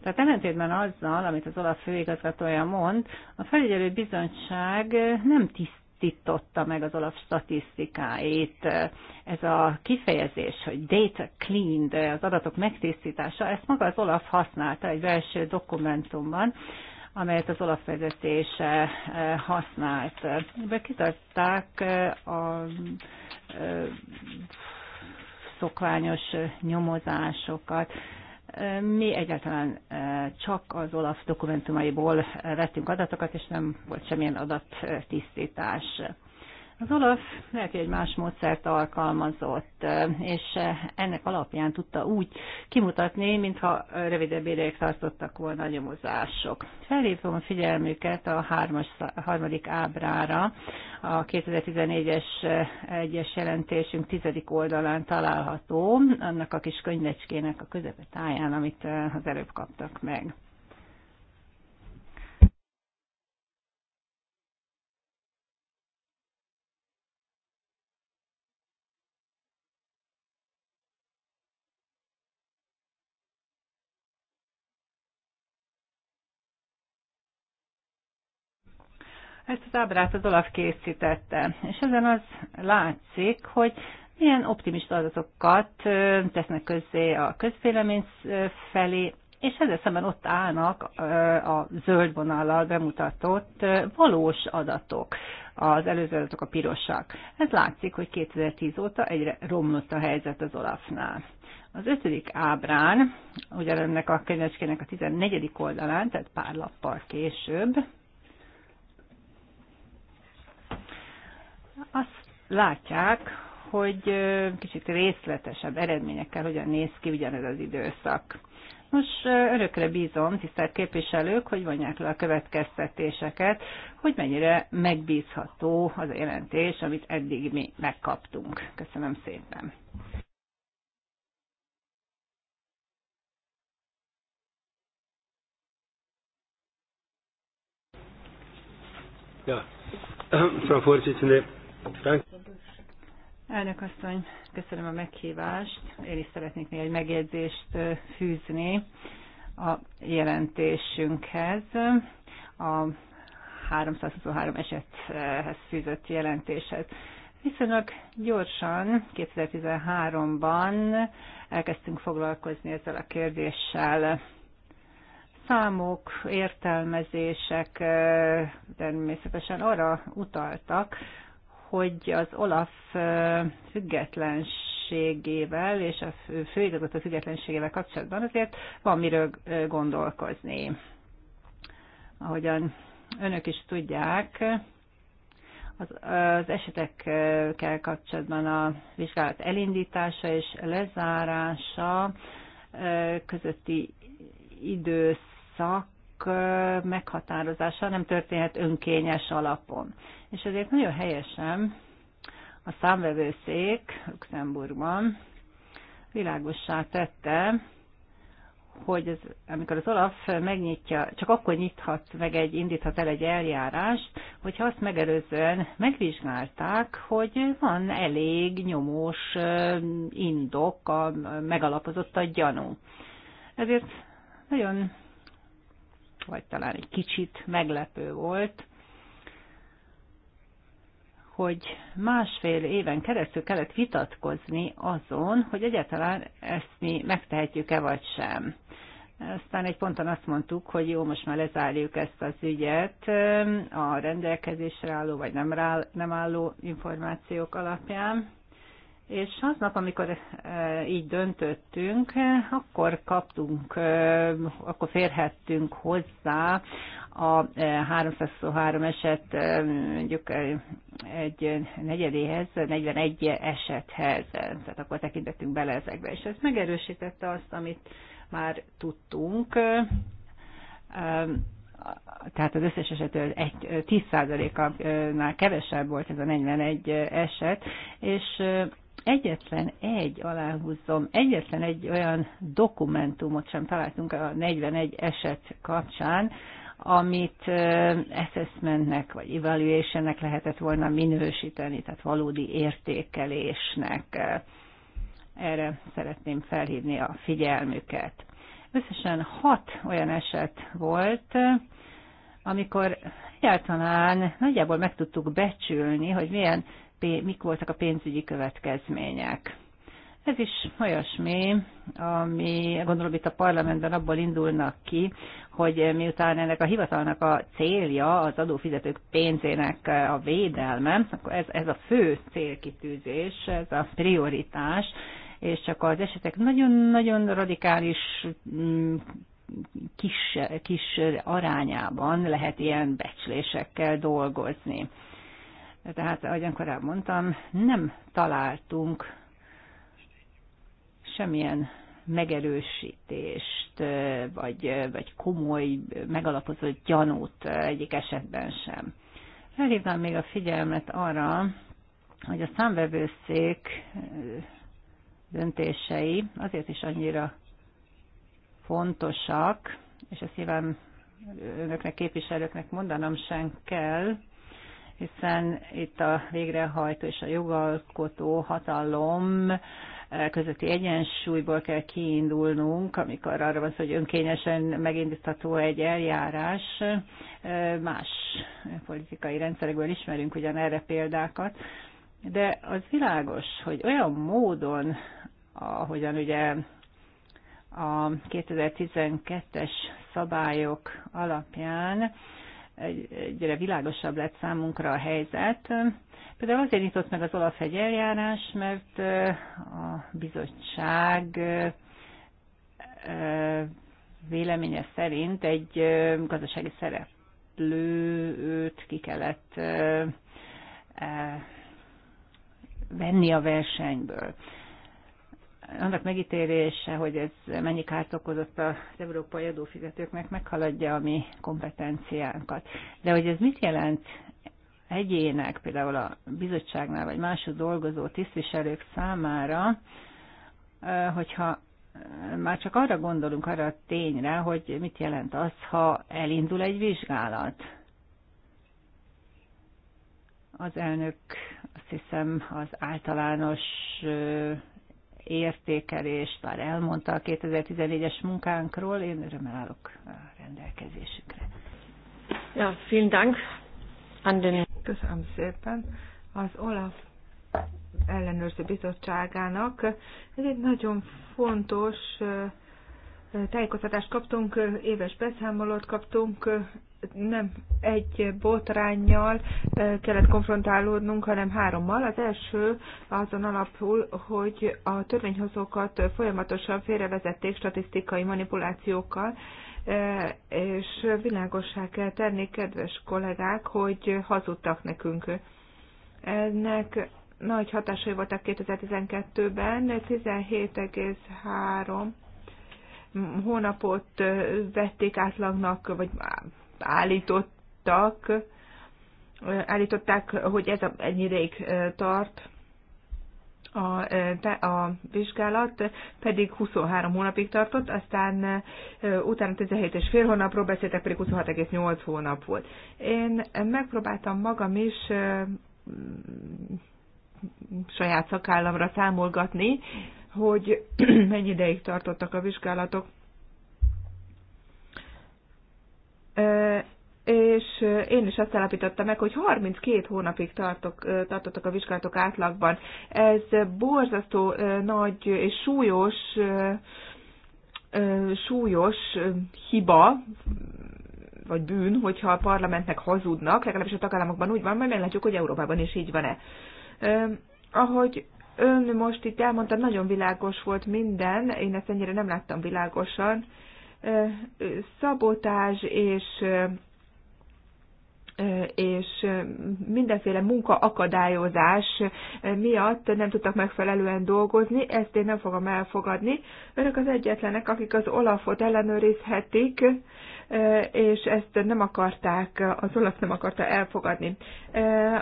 Speaker 1: Tehát ellentétben azzal, amit az Olaf főigazgatója mond, a felügyelőbizottság nem tiszt tisztította meg az olaf statisztikáit. Ez a kifejezés, hogy data cleaned, az adatok megtisztítása, ezt maga az olaf használta egy belső dokumentumban, amelyet az olaf vezetése eh, használt. Be eh, a eh, szokványos nyomozásokat. Mi egyáltalán csak az OLAF dokumentumaiból vettünk adatokat, és nem volt semmilyen adattisztítás. Az Olaf lehet, egy más módszert alkalmazott, és ennek alapján tudta úgy kimutatni, mintha rövidebb ideig tartottak volna a nyomozások. Felhívom a figyelmüket a hármas, harmadik ábrára, a 2014-es egyes jelentésünk tizedik oldalán található, annak a kis könyvecskének a közepe táján, amit az előbb kaptak meg. Ezt az ábrát az Olaf készítette, és ezen az látszik, hogy milyen optimista adatokat tesznek közzé a közvélemény felé, és ezzel szemben ott állnak a zöld vonallal bemutatott valós adatok. Az előző adatok a pirosak. Ez látszik, hogy 2010 óta egyre romlott a helyzet az Olafnál. Az ötödik ábrán, ugyanennek a könyvecskének a 14. oldalán, tehát pár lappal később, azt látják, hogy kicsit részletesebb eredményekkel hogyan néz ki ugyanez az időszak. Most örökre bízom, tisztelt képviselők, hogy vonják le a következtetéseket, hogy mennyire megbízható az a jelentés, amit eddig mi megkaptunk. Köszönöm szépen.
Speaker 2: Ja, Frau Vorsitzende,
Speaker 1: Elnök asszony, köszönöm a meghívást. Én is szeretnék még egy megjegyzést fűzni a jelentésünkhez. A 323 esethez fűzött jelentéshez. Viszonylag gyorsan, 2013-ban elkezdtünk foglalkozni ezzel a kérdéssel. Számok, értelmezések természetesen arra utaltak, hogy az Olaf függetlenségével és a főigazgató függetlenségével kapcsolatban azért van miről gondolkozni. Ahogyan önök is tudják, az, az esetekkel kapcsolatban a vizsgálat elindítása és lezárása közötti időszak meghatározása nem történhet önkényes alapon. És ezért nagyon helyesen a számvevőszék Luxemburgban világossá tette, hogy ez, amikor az Olaf megnyitja, csak akkor nyithat meg egy, indíthat el egy eljárást, hogyha azt megelőzően megvizsgálták, hogy van elég nyomós indok, a, megalapozott a gyanú. Ezért nagyon vagy talán egy kicsit meglepő volt, hogy másfél éven keresztül kellett vitatkozni azon, hogy egyáltalán ezt mi megtehetjük-e vagy sem. Aztán egy ponton azt mondtuk, hogy jó, most már lezárjuk ezt az ügyet a rendelkezésre álló vagy nem, rá, nem álló információk alapján. És aznap, amikor e, így döntöttünk, akkor kaptunk, e, akkor férhettünk hozzá a 323 e, eset mondjuk egy negyedéhez, 41 esethez, tehát akkor tekintettünk bele ezekbe. És ez megerősítette azt, amit már tudtunk, tehát az összes esetől 10%-nál kevesebb volt ez a 41 eset, és egyetlen egy, aláhúzom, egyetlen egy olyan dokumentumot sem találtunk a 41 eset kapcsán, amit assessmentnek vagy evaluationnek lehetett volna minősíteni, tehát valódi értékelésnek. Erre szeretném felhívni a figyelmüket. Összesen hat olyan eset volt, amikor egyáltalán nagyjából meg tudtuk becsülni, hogy milyen mik voltak a pénzügyi következmények. Ez is olyasmi, ami gondolom itt a parlamentben abból indulnak ki, hogy miután ennek a hivatalnak a célja az adófizetők pénzének a védelme, akkor ez, ez a fő célkitűzés, ez a prioritás, és csak az esetek nagyon-nagyon radikális mm, kis, kis arányában lehet ilyen becslésekkel dolgozni. Tehát, ahogyan korábban mondtam, nem találtunk semmilyen megerősítést, vagy, vagy komoly, megalapozott gyanút egyik esetben sem. Felhívnám még a figyelmet arra, hogy a számvevőszék döntései azért is annyira fontosak, és ezt nyilván önöknek, képviselőknek mondanom sem kell, hiszen itt a végrehajtó és a jogalkotó hatalom eh, közötti egyensúlyból kell kiindulnunk, amikor arra van szó, hogy önkényesen megindítható egy eljárás. Eh, más politikai rendszerekből ismerünk ugyan erre példákat, de az világos, hogy olyan módon, ahogyan ugye a 2012-es szabályok alapján egyre világosabb lett számunkra a helyzet. Például azért nyitott meg az Olaf egy eljárás, mert a bizottság véleménye szerint egy gazdasági szereplőt ki kellett e, venni a versenyből annak megítélése, hogy ez mennyi kárt okozott az európai adófizetőknek, meghaladja a mi kompetenciánkat. De hogy ez mit jelent egyének, például a bizottságnál, vagy máshogy dolgozó tisztviselők számára, hogyha már csak arra gondolunk, arra a tényre, hogy mit jelent az, ha elindul egy vizsgálat. Az elnök azt hiszem az általános értékelést már elmondta a 2014-es munkánkról, én örömmel
Speaker 2: állok a rendelkezésükre. Ja, vielen Dank. Anden. Köszönöm szépen. Az Olaf ellenőrző bizottságának egy nagyon fontos tájékoztatást kaptunk, éves beszámolót kaptunk nem egy botránnyal kellett konfrontálódnunk, hanem hárommal. Az első azon alapul, hogy a törvényhozókat folyamatosan félrevezették statisztikai manipulációkkal, és világosság kell tenni, kedves kollégák, hogy hazudtak nekünk. Ennek nagy hatásai voltak 2012-ben, 17,3 hónapot vették átlagnak, vagy állítottak, állították, hogy ez ennyi ideig tart a, a vizsgálat, pedig 23 hónapig tartott, aztán utána 17 és fél hónapról beszéltek, pedig 26,8 hónap volt. Én megpróbáltam magam is saját szakállamra számolgatni, hogy mennyi ideig tartottak a vizsgálatok. és én is azt állapítottam meg, hogy 32 hónapig tartok, tartottak a vizsgálatok átlagban. Ez borzasztó nagy és súlyos, súlyos hiba, vagy bűn, hogyha a parlamentnek hazudnak, legalábbis a tagállamokban úgy van, majd meglátjuk, hogy Európában is így van-e. Ahogy ön most itt elmondta, nagyon világos volt minden, én ezt ennyire nem láttam világosan, szabotás és és mindenféle akadályozás miatt nem tudtak megfelelően dolgozni, ezt én nem fogom elfogadni. Önök az egyetlenek, akik az Olafot ellenőrizhetik, és ezt nem akarták, az Olaf nem akarta elfogadni.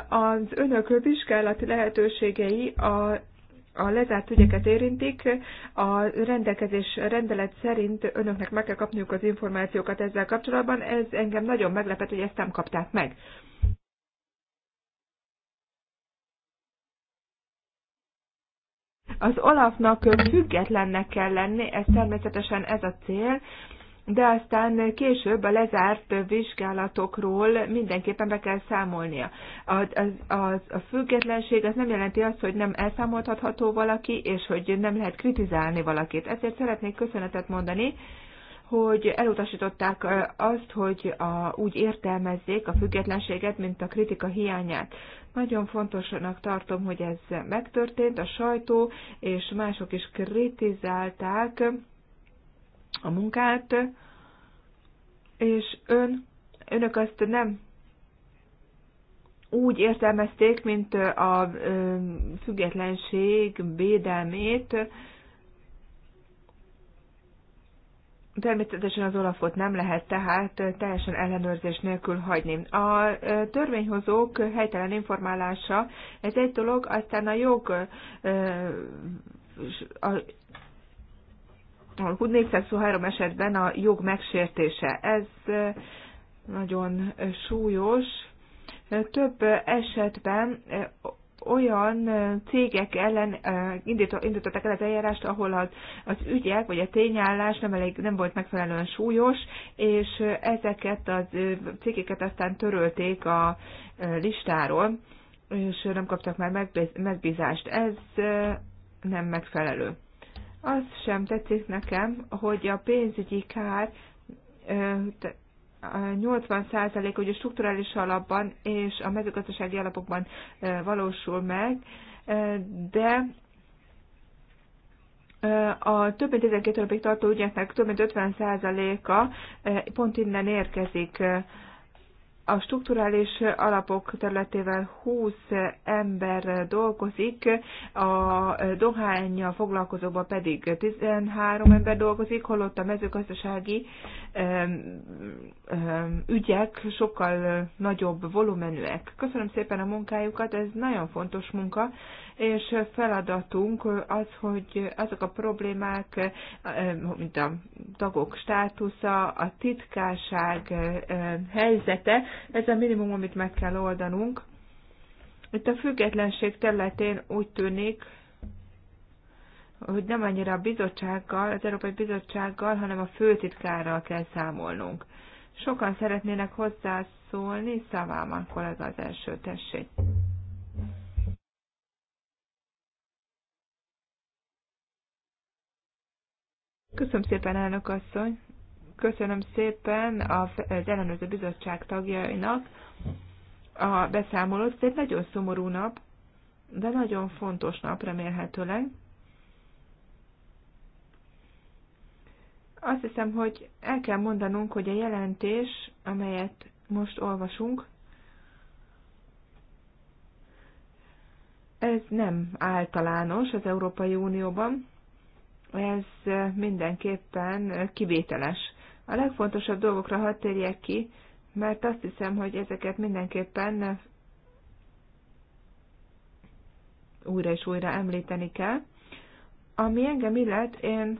Speaker 2: Az önök vizsgálati lehetőségei a a lezárt ügyeket érintik. A rendelkezés rendelet szerint önöknek meg kell kapniuk az információkat ezzel kapcsolatban. Ez engem nagyon meglepet, hogy ezt nem kapták meg. Az Olafnak függetlennek kell lenni, ez természetesen ez a cél, de aztán később a lezárt vizsgálatokról mindenképpen be kell számolnia. A, a, a, a függetlenség az nem jelenti azt, hogy nem elszámoltatható valaki, és hogy nem lehet kritizálni valakit. Ezért szeretnék köszönetet mondani, hogy elutasították azt, hogy a, úgy értelmezzék a függetlenséget, mint a kritika hiányát. Nagyon fontosnak tartom, hogy ez megtörtént, a sajtó és mások is kritizálták a munkát, és ön, önök azt nem úgy értelmezték, mint a függetlenség védelmét. Természetesen az olafot nem lehet tehát teljesen ellenőrzés nélkül hagyni. A törvényhozók helytelen informálása, ez egy dolog, aztán a jog a 423 esetben a jog megsértése. Ez nagyon súlyos. Több esetben olyan cégek ellen indítottak el az eljárást, ahol az, az ügyek vagy a tényállás nem, elég, nem volt megfelelően súlyos, és ezeket a cégeket aztán törölték a listáról, és nem kaptak már megbízást. Ez nem megfelelő. Az sem tetszik nekem, hogy a pénzügyi kár 80% ugye strukturális alapban és a mezőgazdasági alapokban valósul meg, de a több mint 12 napig tartó ügyeknek több mint 50%-a pont innen érkezik a strukturális alapok területével 20 ember dolgozik, a dohány foglalkozóban pedig 13 ember dolgozik, holott a mezőgazdasági ügyek sokkal nagyobb volumenűek. Köszönöm szépen a munkájukat, ez nagyon fontos munka, és feladatunk az, hogy azok a problémák, mint a tagok státusza, a titkárság eh, helyzete, ez a minimum, amit meg kell oldanunk. Itt a függetlenség területén úgy tűnik, hogy nem annyira a bizottsággal, az Európai Bizottsággal, hanem a főtitkárral kell számolnunk. Sokan szeretnének hozzászólni, akkor kollega az első, tessék. Köszönöm szépen, elnök asszony. Köszönöm szépen az ellenőrző bizottság tagjainak a beszámolót. Ez egy nagyon szomorú nap, de nagyon fontos nap remélhetőleg. Azt hiszem, hogy el kell mondanunk, hogy a jelentés, amelyet most olvasunk, ez nem általános az Európai Unióban ez mindenképpen kivételes. A legfontosabb dolgokra hadd térjek ki, mert azt hiszem, hogy ezeket mindenképpen újra és újra említeni kell. Ami engem illet, én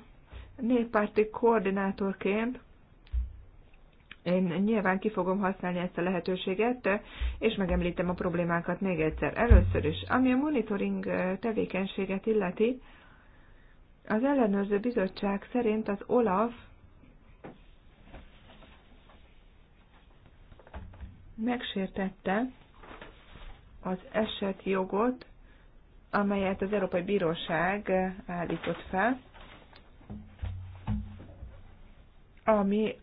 Speaker 2: néppárti koordinátorként én nyilván ki fogom használni ezt a lehetőséget, és megemlítem a problémákat még egyszer. Először is, ami a monitoring tevékenységet illeti, az ellenőrző bizottság szerint az Olaf megsértette az eset jogot, amelyet az Európai Bíróság állított fel, ami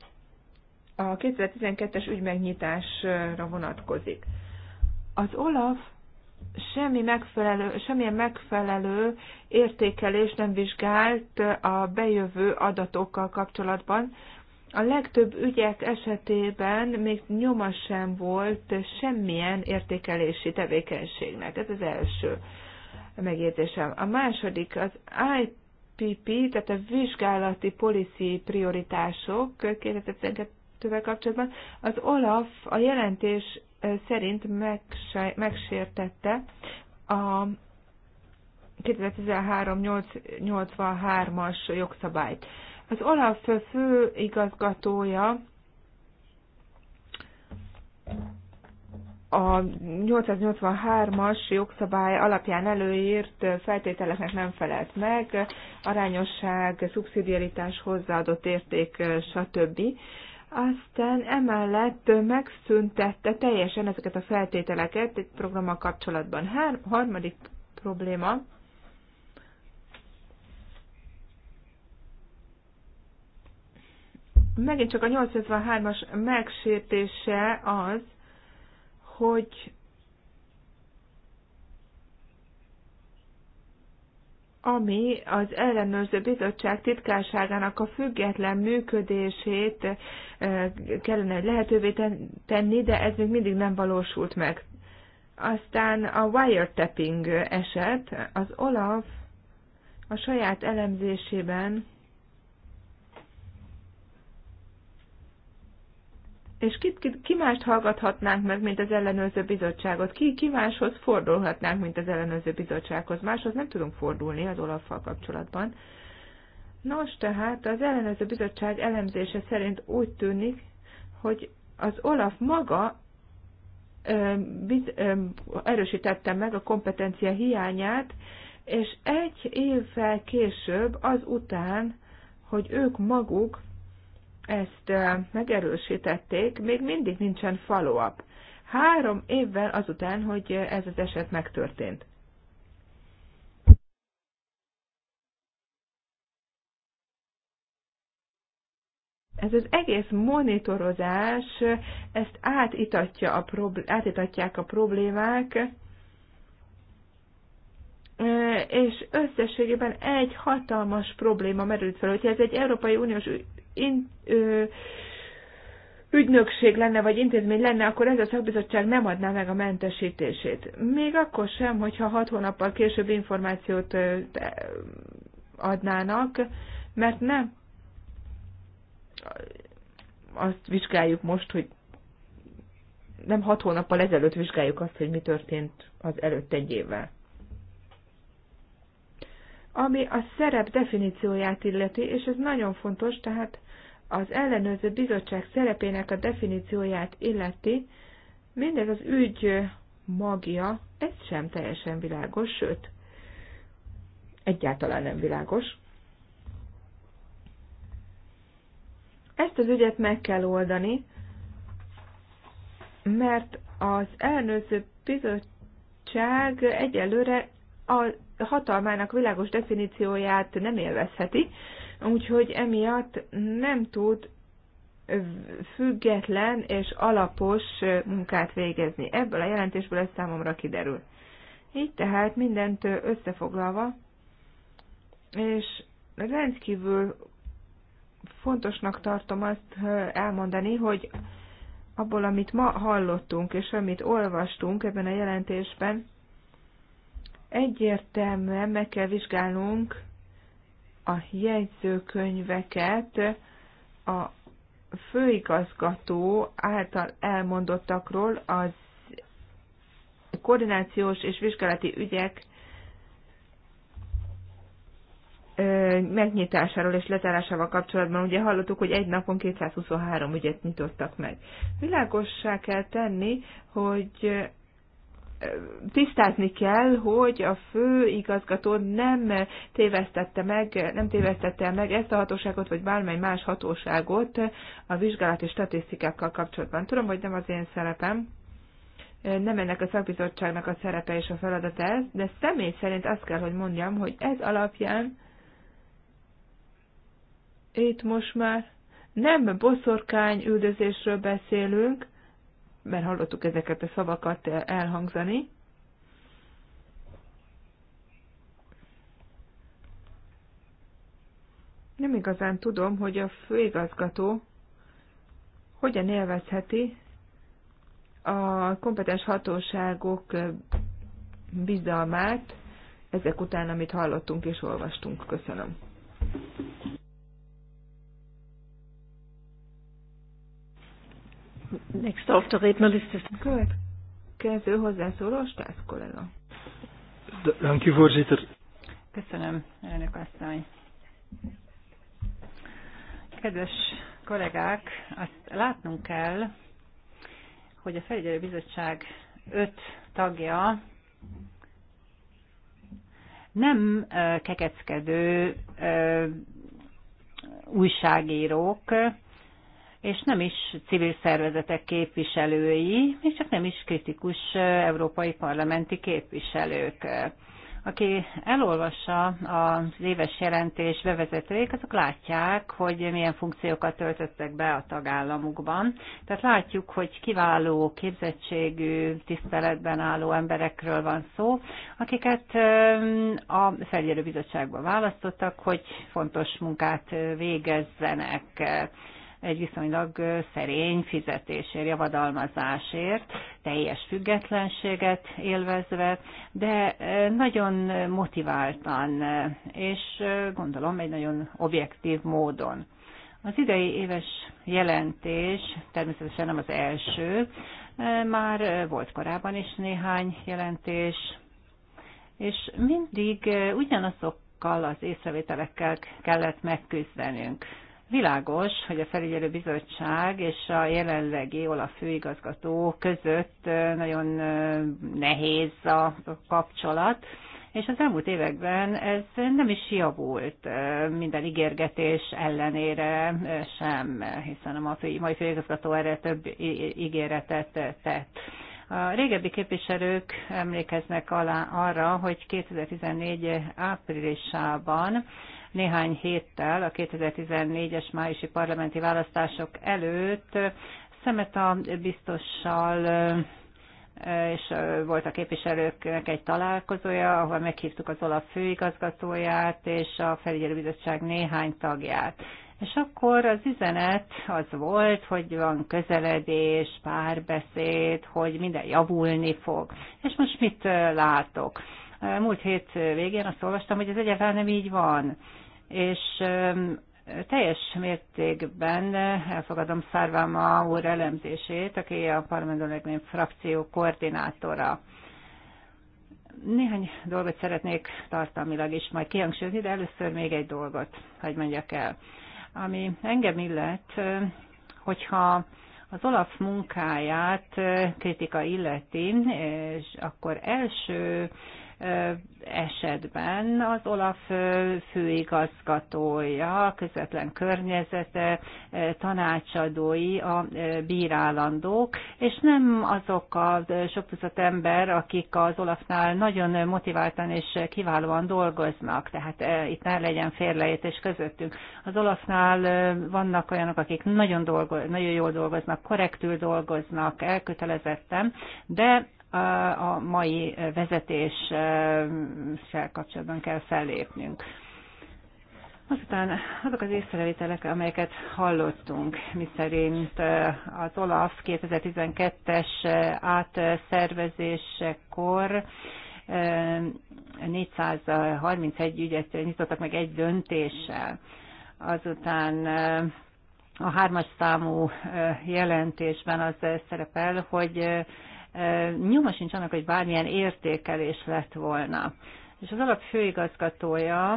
Speaker 2: a 2012-es ügy megnyitásra vonatkozik. Az OLAF semmi megfelelő, semmilyen megfelelő értékelés nem vizsgált a bejövő adatokkal kapcsolatban. A legtöbb ügyek esetében még nyoma sem volt semmilyen értékelési tevékenységnek. Ez az első megjegyzésem. A második az IPP, tehát a vizsgálati policy prioritások 2012-vel kapcsolatban. Az OLAF a jelentés szerint megsértette a 2013-83-as jogszabályt. Az Olaf igazgatója a 883-as jogszabály alapján előírt feltételeknek nem felelt meg, arányosság, szubszidiaritás, hozzáadott érték, stb. Aztán emellett megszüntette teljesen ezeket a feltételeket egy programmal kapcsolatban. Hár, harmadik probléma, megint csak a 83 as megsértése az, hogy ami az ellenőrző bizottság titkárságának a független működését eh, kellene lehetővé tenni, de ez még mindig nem valósult meg. Aztán a wiretapping eset, az Olaf a saját elemzésében És ki, ki, ki mást hallgathatnánk meg, mint az ellenőrző bizottságot? Ki, ki máshoz fordulhatnánk, mint az ellenőrző bizottsághoz? Máshoz nem tudunk fordulni az olaffal kapcsolatban. Nos, tehát az ellenőrző bizottság elemzése szerint úgy tűnik, hogy az Olaf maga ö, biz, ö, erősítette meg a kompetencia hiányát, és egy évvel később, azután, hogy ők maguk ezt megerősítették, még mindig nincsen follow-up. Három évvel azután, hogy ez az eset megtörtént. Ez az egész monitorozás, ezt átitatja a probl- átitatják a problémák, és összességében egy hatalmas probléma merült fel. Hogyha ez egy Európai Uniós in, ö, ügynökség lenne, vagy intézmény lenne, akkor ez a szakbizottság nem adná meg a mentesítését. Még akkor sem, hogyha hat hónappal később információt adnának, mert nem azt vizsgáljuk most, hogy nem hat hónappal ezelőtt vizsgáljuk azt, hogy mi történt az előtt egy évvel. Ami a szerep definícióját illeti, és ez nagyon fontos, tehát az ellenőrző bizottság szerepének a definícióját illeti, mindez az ügy magja, ez sem teljesen világos, sőt, egyáltalán nem világos. Ezt az ügyet meg kell oldani, mert az ellenőrző bizottság egyelőre a hatalmának világos definícióját nem élvezheti, úgyhogy emiatt nem tud független és alapos munkát végezni. Ebből a jelentésből ez számomra kiderül. Így tehát mindent összefoglalva, és rendkívül fontosnak tartom azt elmondani, hogy abból, amit ma hallottunk és amit olvastunk ebben a jelentésben, egyértelműen meg kell vizsgálnunk a jegyzőkönyveket a főigazgató által elmondottakról az koordinációs és vizsgálati ügyek megnyitásáról és lezárásával kapcsolatban ugye hallottuk, hogy egy napon 223 ügyet nyitottak meg. Világossá kell tenni, hogy tisztázni kell, hogy a fő igazgató nem tévesztette meg, nem tévesztette meg ezt a hatóságot, vagy bármely más hatóságot a vizsgálati statisztikákkal kapcsolatban. Tudom, hogy nem az én szerepem, nem ennek a szakbizottságnak a szerepe és a feladata ez, de személy szerint azt kell, hogy mondjam, hogy ez alapján itt most már nem boszorkány üldözésről beszélünk, mert hallottuk ezeket a szavakat elhangzani. Nem igazán tudom, hogy a főigazgató hogyan élvezheti a kompetens hatóságok bizalmát ezek után, amit hallottunk és olvastunk. Köszönöm.
Speaker 3: Next auf der Rednerliste ist
Speaker 2: Következő
Speaker 3: hozzászóló Stász kollega.
Speaker 2: Danke, voorzitter.
Speaker 3: Köszönöm,
Speaker 1: elnök asszony. Kedves kollégák, azt látnunk kell, hogy a felügyelő bizottság öt tagja nem kekeckedő újságírók, és nem is civil szervezetek képviselői, és csak nem is kritikus európai parlamenti képviselők. Aki elolvassa az éves jelentés bevezetőjét, azok látják, hogy milyen funkciókat töltöttek be a tagállamukban. Tehát látjuk, hogy kiváló, képzettségű, tiszteletben álló emberekről van szó, akiket a felgyelő bizottságban választottak, hogy fontos munkát végezzenek egy viszonylag szerény fizetésért, javadalmazásért, teljes függetlenséget élvezve, de nagyon motiváltan, és gondolom egy nagyon objektív módon. Az idei éves jelentés természetesen nem az első, már volt korábban is néhány jelentés, és mindig ugyanazokkal az észrevételekkel kellett megküzdenünk. Világos, hogy a felügyelő bizottság és a jelenlegi olaf főigazgató között nagyon nehéz a kapcsolat, és az elmúlt években ez nem is javult minden ígérgetés ellenére sem, hiszen a mai főigazgató erre több ígéretet tett. A régebbi képviselők emlékeznek alá arra, hogy 2014 áprilisában néhány héttel a 2014-es májusi parlamenti választások előtt szemet a biztossal eh, és eh, volt a képviselőknek egy találkozója, ahol meghívtuk az OLAF főigazgatóját és a felügyelőbizottság néhány tagját. És akkor az üzenet az volt, hogy van közeledés, párbeszéd, hogy minden javulni fog. És most mit eh, látok? Múlt hét végén azt olvastam, hogy ez egyáltalán nem így van és teljes mértékben elfogadom Szárváma úr elemzését, aki a parlamentben frakció koordinátora. Néhány dolgot szeretnék tartalmilag is majd kihangsúlyozni, de először még egy dolgot, hogy mondjak el. Ami engem illet, hogyha az Olaf munkáját kritika illeti, és akkor első esetben az Olaf főigazgatója, közvetlen környezete, tanácsadói a bírálandók, és nem azok a sok tucat ember, akik az Olafnál nagyon motiváltan és kiválóan dolgoznak, tehát itt ne legyen félreértés közöttünk. Az Olafnál vannak olyanok, akik nagyon, dolgo, nagyon jól dolgoznak, korrektül dolgoznak, elkötelezettem, de a mai vezetéssel kapcsolatban kell fellépnünk. Azután azok az észrevételek, amelyeket hallottunk, miszerint eh, az OLAF 2012-es eh, átszervezésekor 431 eh, ügyet nyitottak meg egy döntéssel. Azután a hármas számú jelentésben az szerepel, hogy nyoma sincs annak, hogy bármilyen értékelés lett volna. És az alap főigazgatója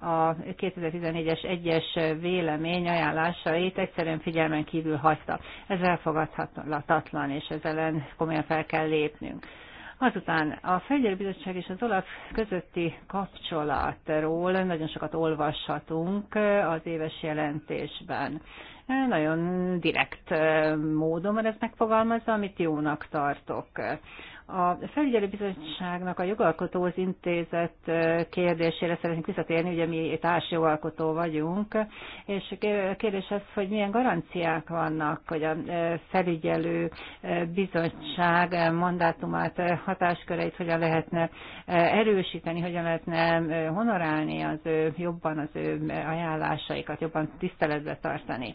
Speaker 1: a 2014-es egyes vélemény ajánlásait egyszerűen figyelmen kívül hagyta. Ez elfogadhatatlan, és ezzel ellen komolyan fel kell lépnünk. Azután a Felügyelőbizottság és az OLAF közötti kapcsolatról nagyon sokat olvashatunk az éves jelentésben nagyon direkt módon van ez megfogalmazva, amit jónak tartok. A felügyelőbizottságnak a Jogalkotó az intézet kérdésére szeretnénk visszatérni, ugye mi jogalkotó vagyunk, és a kérdés az, hogy milyen garanciák vannak, hogy a felügyelő bizottság mandátumát, hatásköreit hogyan lehetne erősíteni, hogyan lehetne honorálni az ő, jobban az ő ajánlásaikat, jobban tiszteletbe tartani.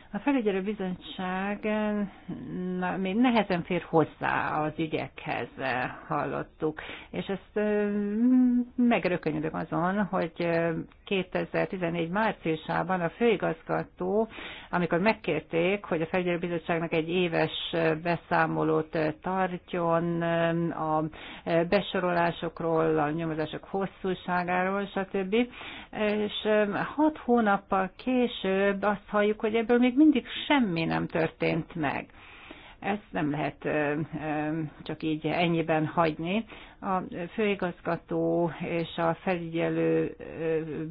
Speaker 1: A felügyelő bizottság na, még nehezen fér hozzá az ügyekhez, eh, hallottuk, és ezt eh, megrökönyödök azon, hogy 2014 eh, márciusában a főigazgató, amikor megkérték, hogy a felügyelő bizottságnak egy éves beszámolót tartjon a besorolásokról, a nyomozások hosszúságáról, stb. És hat hónappal később azt halljuk, hogy ebből még mindig semmi nem történt meg. Ezt nem lehet csak így ennyiben hagyni. A főigazgató és a felügyelő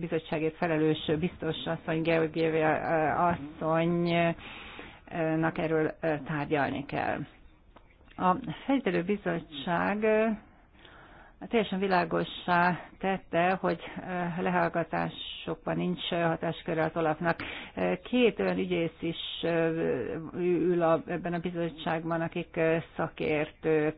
Speaker 1: bizottságért felelős biztos asszony, Georgieva asszonynak erről tárgyalni kell. A felügyelő bizottság teljesen világossá tette, hogy lehallgatásokban nincs hatásköre az Olafnak. Két olyan ügyész is ül a, ebben a bizottságban, akik szakértők,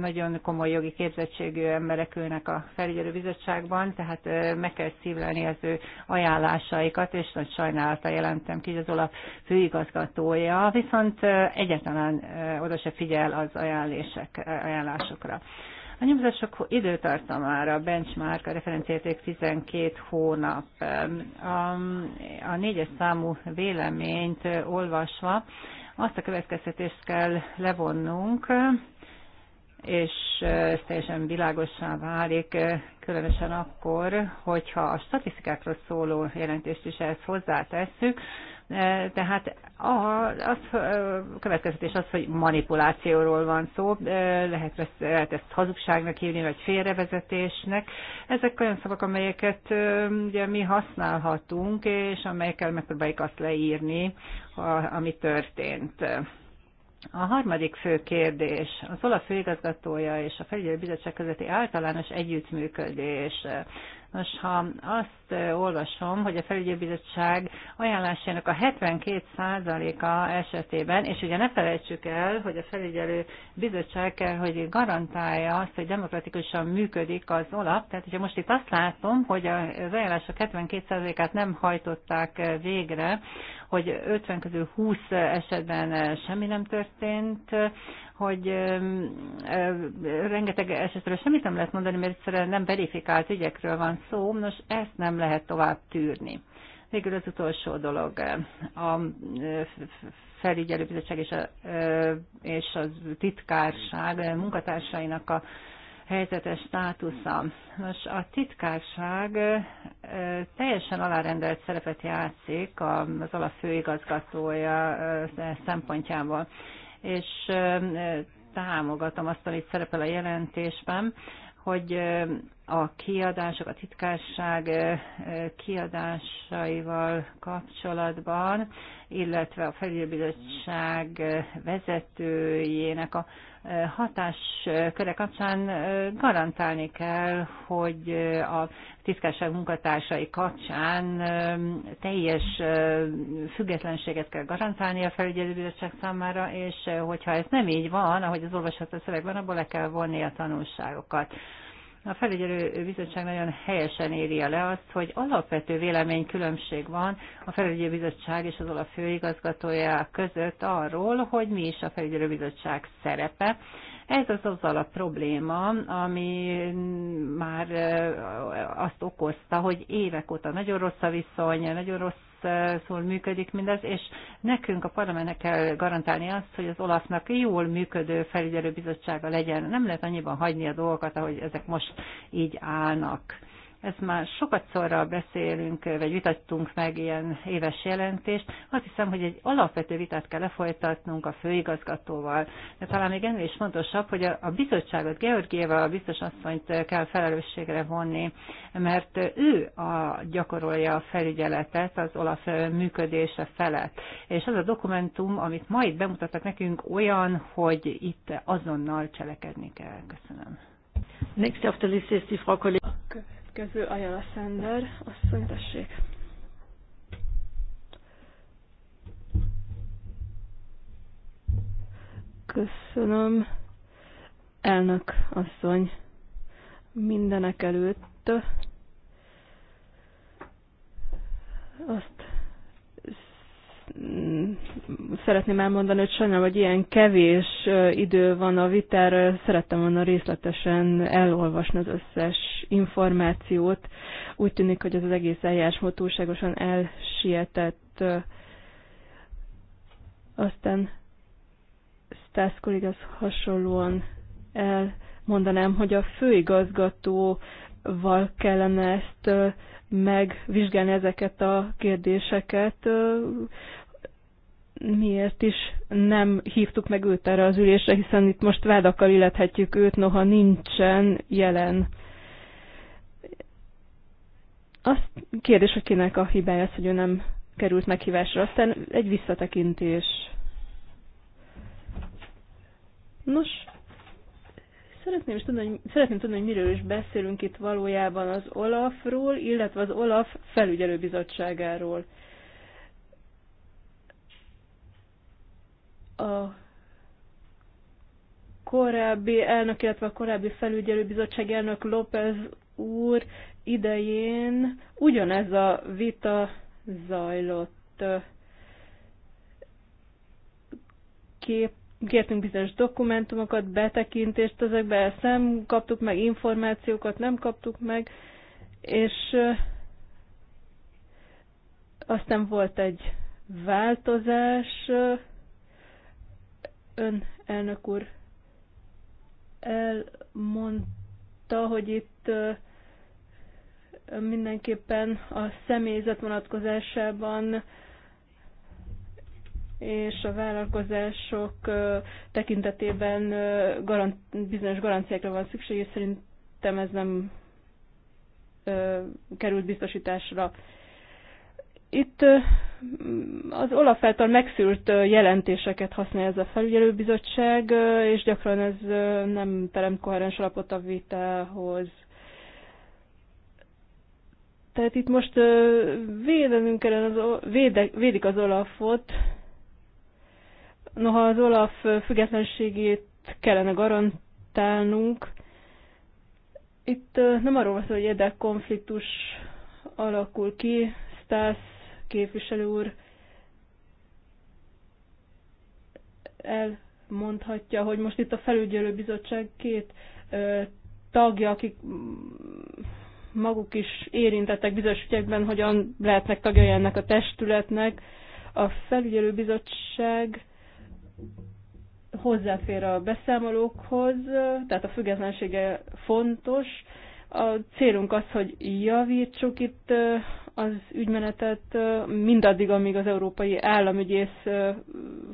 Speaker 1: nagyon komoly jogi képzettségű emberek ülnek a felügyelő bizottságban, tehát meg kell szívlelni az ő ajánlásaikat, és nagy sajnálata jelentem ki, az Olaf főigazgatója, viszont egyáltalán oda se figyel az ajánlások, ajánlásokra. A nyomozások időtartamára a benchmark, a referenciérték 12 hónap. A, a négyes számú véleményt olvasva azt a következtetést kell levonnunk, és ez teljesen világossá válik, különösen akkor, hogyha a statisztikákról szóló jelentést is ezt hozzátesszük, tehát a, az következetés az, hogy manipulációról van szó, lehet, ezt, lehet ezt hazugságnak hívni, vagy félrevezetésnek. Ezek olyan szavak, amelyeket ugye, mi használhatunk, és amelyekkel megpróbáljuk azt leírni, ami történt. A harmadik fő kérdés, az olasz főigazgatója és a felügyelő bizottság közötti általános együttműködés. Nos, ha azt olvasom, hogy a felügyelőbizottság ajánlásának a 72%-a esetében, és ugye ne felejtsük el, hogy a felügyelő bizottság kell, hogy garantálja azt, hogy demokratikusan működik az olap, tehát hogyha most itt azt látom, hogy az ajánlások 72%-át nem hajtották végre, hogy 50 közül 20 esetben semmi nem történt, hogy rengeteg esetről semmit nem lehet mondani, mert egyszerűen nem verifikált ügyekről van szó, nos ezt nem lehet tovább tűrni. Végül az utolsó dolog, a felügyelőbizottság és, a, és az titkárság munkatársainak a helyzetes státusza. Nos, a titkárság teljesen alárendelt szerepet játszik az alapfőigazgatója szempontjából és támogatom azt, amit szerepel a jelentésben, hogy a kiadások, a titkárság kiadásaival kapcsolatban, illetve a felülbizottság vezetőjének a hatásköre kapcsán garantálni kell, hogy a titkárság munkatársai kapcsán teljes függetlenséget kell garantálni a felügyelőbizottság számára, és hogyha ez nem így van, ahogy az olvasható szövegben, abból le kell vonni a tanulságokat. A felügyelő bizottság nagyon helyesen írja le azt, hogy alapvető véleménykülönbség van a felügyelő bizottság és az olaf főigazgatója között arról, hogy mi is a felügyelő bizottság szerepe. Ez az az a probléma, ami már azt okozta, hogy évek óta nagyon rossz a viszony, nagyon rossz szól működik mindez, és nekünk a parlamentnek kell garantálni azt, hogy az olasznak jól működő felügyelőbizottsága legyen. Nem lehet annyiban hagyni a dolgokat, ahogy ezek most így állnak ezt már sokat szorra beszélünk, vagy vitattunk meg ilyen éves jelentést. Azt hiszem, hogy egy alapvető vitát kell lefolytatnunk a főigazgatóval. De talán még ennél is fontosabb, hogy a bizottságot, Georgieval, a biztos asszonyt kell felelősségre vonni, mert ő a, gyakorolja a felügyeletet az olaf működése felett. És az a dokumentum, amit ma itt bemutattak nekünk, olyan, hogy itt azonnal cselekedni kell. Köszönöm.
Speaker 3: Next of the list is the Frau Kollegin következő Ajala Szender, azt tessék. Köszönöm, elnök asszony, mindenek előtt azt szeretném elmondani, hogy sajnálom, hogy ilyen kevés idő van a vitára, szerettem volna részletesen elolvasni az összes információt. Úgy tűnik, hogy ez az egész eljárásmód túlságosan elsietett. Aztán Stász az hasonlóan elmondanám, hogy a főigazgatóval kellene ezt megvizsgálni ezeket a kérdéseket. Miért is nem hívtuk meg őt erre az ülésre, hiszen itt most vádakkal illethetjük őt, noha nincsen jelen. Azt kérdés, hogy kinek a hibája az, hogy ő nem került meghívásra. Aztán egy visszatekintés. Nos, Szeretném, is tudni, hogy, szeretném tudni, hogy miről is beszélünk itt valójában az Olafról, illetve az Olaf felügyelőbizottságáról. a korábbi elnök, illetve a korábbi felügyelőbizottság elnök López úr idején ugyanez a vita zajlott. Kép kértünk bizonyos dokumentumokat, betekintést ezekbe, ezt nem kaptuk meg, információkat nem kaptuk meg, és aztán volt egy változás, ön elnök úr elmondta, hogy itt mindenképpen a személyzet vonatkozásában és a vállalkozások tekintetében garant, bizonyos garanciákra van szükség, és szerintem ez nem került biztosításra. Itt az Olaf által megszűrt jelentéseket használja ez a felügyelőbizottság, és gyakran ez nem teremt koherens alapot a vitához. Tehát itt most védenünk kellene, az, véde, védik az Olafot, Noha az Olaf függetlenségét kellene garantálnunk, itt nem arról van szó, hogy konfliktus alakul ki. Stász képviselő úr elmondhatja, hogy most itt a bizottság két ö, tagja, akik maguk is érintettek bizonyos ügyekben, hogyan lehetnek tagjai ennek a testületnek. A felügyelőbizottság hozzáfér a beszámolókhoz, tehát a függetlensége fontos. A célunk az, hogy javítsuk itt az ügymenetet mindaddig, amíg az európai államügyész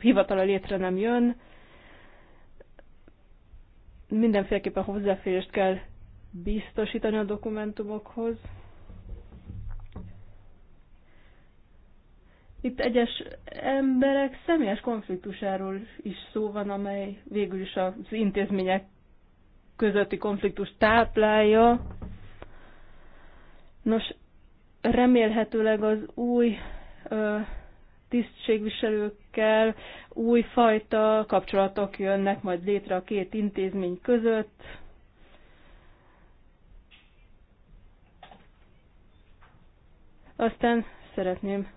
Speaker 3: hivatala létre nem jön. Mindenféleképpen hozzáférést kell biztosítani a dokumentumokhoz. Itt egyes emberek személyes konfliktusáról is szó van, amely végül is az intézmények közötti konfliktus táplálja. Nos, remélhetőleg az új ö, tisztségviselőkkel újfajta kapcsolatok jönnek majd létre a két intézmény között. Aztán szeretném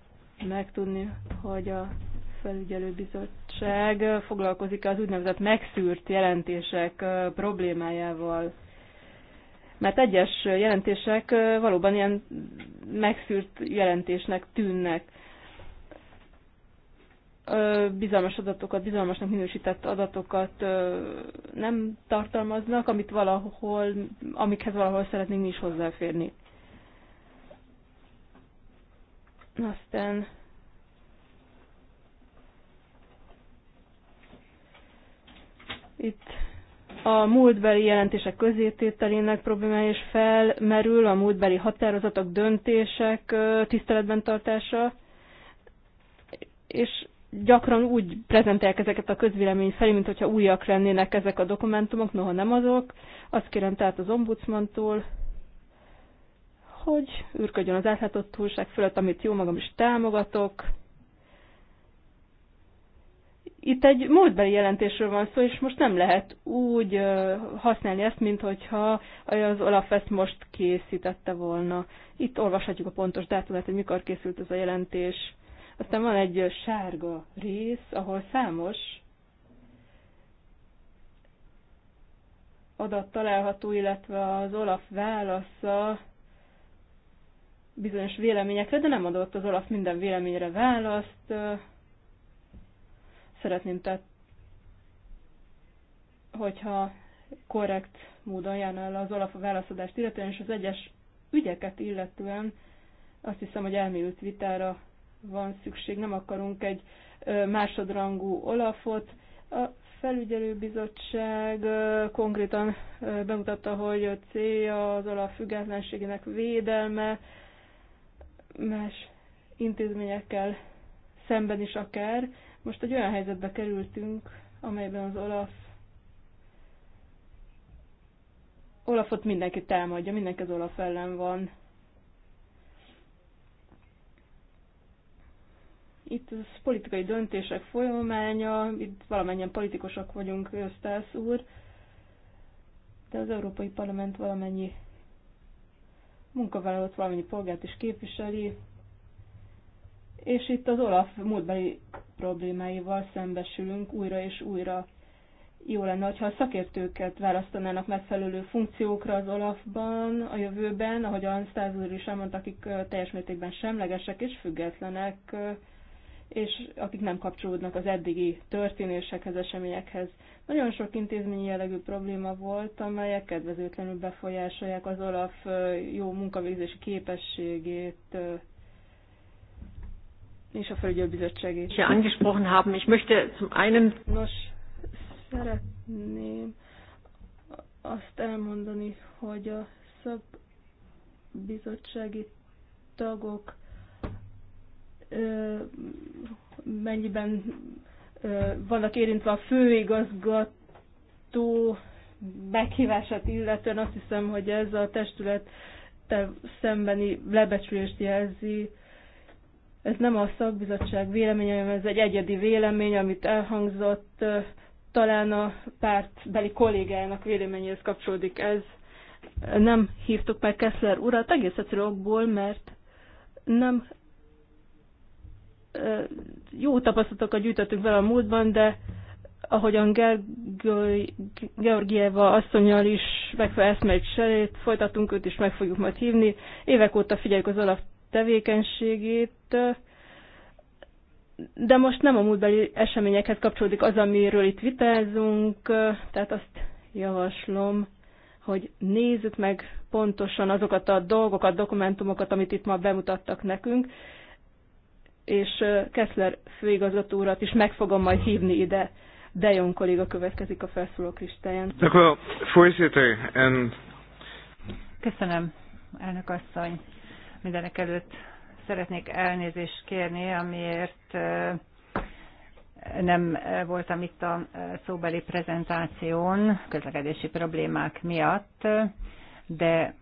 Speaker 3: megtudni, hogy a felügyelőbizottság foglalkozik az úgynevezett megszűrt jelentések problémájával. Mert egyes jelentések valóban ilyen megszűrt jelentésnek tűnnek. Bizalmas adatokat, bizalmasnak minősített adatokat nem tartalmaznak, amit valahol, amikhez valahol szeretnénk mi is hozzáférni. Aztán itt a múltbeli jelentések közétételének problémája is felmerül, a múltbeli határozatok, döntések tiszteletben tartása, és gyakran úgy prezentálják ezeket a közvélemény felé, mint újak lennének ezek a dokumentumok, noha nem azok. Azt kérem tehát az ombudsmantól, hogy űrködjön az túlság fölött, amit jó magam is támogatok. Itt egy múltbeli jelentésről van szó, és most nem lehet úgy használni ezt, mint hogyha az Olaf ezt most készítette volna. Itt olvashatjuk a pontos dátumát, hogy mikor készült ez a jelentés. Aztán van egy sárga rész, ahol számos adat található, illetve az Olaf válasza bizonyos véleményekre, de nem adott az olasz minden véleményre választ. Szeretném tehát, hogyha korrekt módon járna el az Olaf a válaszadást illetően, és az egyes ügyeket illetően azt hiszem, hogy elmélyült vitára van szükség. Nem akarunk egy másodrangú Olafot. A felügyelőbizottság konkrétan bemutatta, hogy a célja az Olaf függetlenségének védelme, más intézményekkel szemben is akár. Most egy olyan helyzetbe kerültünk, amelyben az Olaf Olafot mindenki támadja, mindenki az Olaf ellen van. Itt az politikai döntések folyamánya, itt valamennyien politikusok vagyunk, Stász úr, de az Európai Parlament valamennyi munkavállalót valamennyi polgárt is képviseli, és itt az Olaf múltbeli problémáival szembesülünk újra és újra. Jó lenne, hogyha a szakértőket választanának megfelelő funkciókra az Olafban a jövőben, ahogy a úr is elmondta, akik teljes mértékben semlegesek és függetlenek és akik nem kapcsolódnak az eddigi történésekhez, eseményekhez. Nagyon sok intézményi jellegű probléma volt, amelyek kedvezőtlenül befolyásolják az Olaf jó munkavégzési képességét és a felügyelőbizottságét. Ja, angesprochen haben, ich möchte zum einen... Nos, szeretném azt elmondani, hogy a szabbizottsági tagok mennyiben vannak érintve a főigazgató meghívását illetően azt hiszem, hogy ez a testület szembeni lebecsülést jelzi. Ez nem a szakbizottság véleménye, hanem ez egy egyedi vélemény, amit elhangzott. Talán a pártbeli kollégájának véleményéhez kapcsolódik ez. Nem hívtuk meg Kessler urat egész egyszerűen mert nem jó tapasztalatokat gyűjtöttük vele a múltban, de ahogyan Georgieva asszonyjal is megfelelő eszmeit serét folytatunk, őt is meg fogjuk majd hívni. Évek óta figyeljük az alap tevékenységét, de most nem a múltbeli eseményekhez kapcsolódik az, amiről itt vitázunk, tehát azt javaslom, hogy nézzük meg pontosan azokat a dolgokat, dokumentumokat, amit itt ma bemutattak nekünk, és Kessler főigazgató is meg fogom majd hívni ide. De Jong kolléga következik a felszólók listáján. Köszönöm, elnök asszony. Mindenek előtt
Speaker 1: szeretnék elnézést kérni, amiért nem voltam itt a szóbeli prezentáción közlekedési problémák miatt, de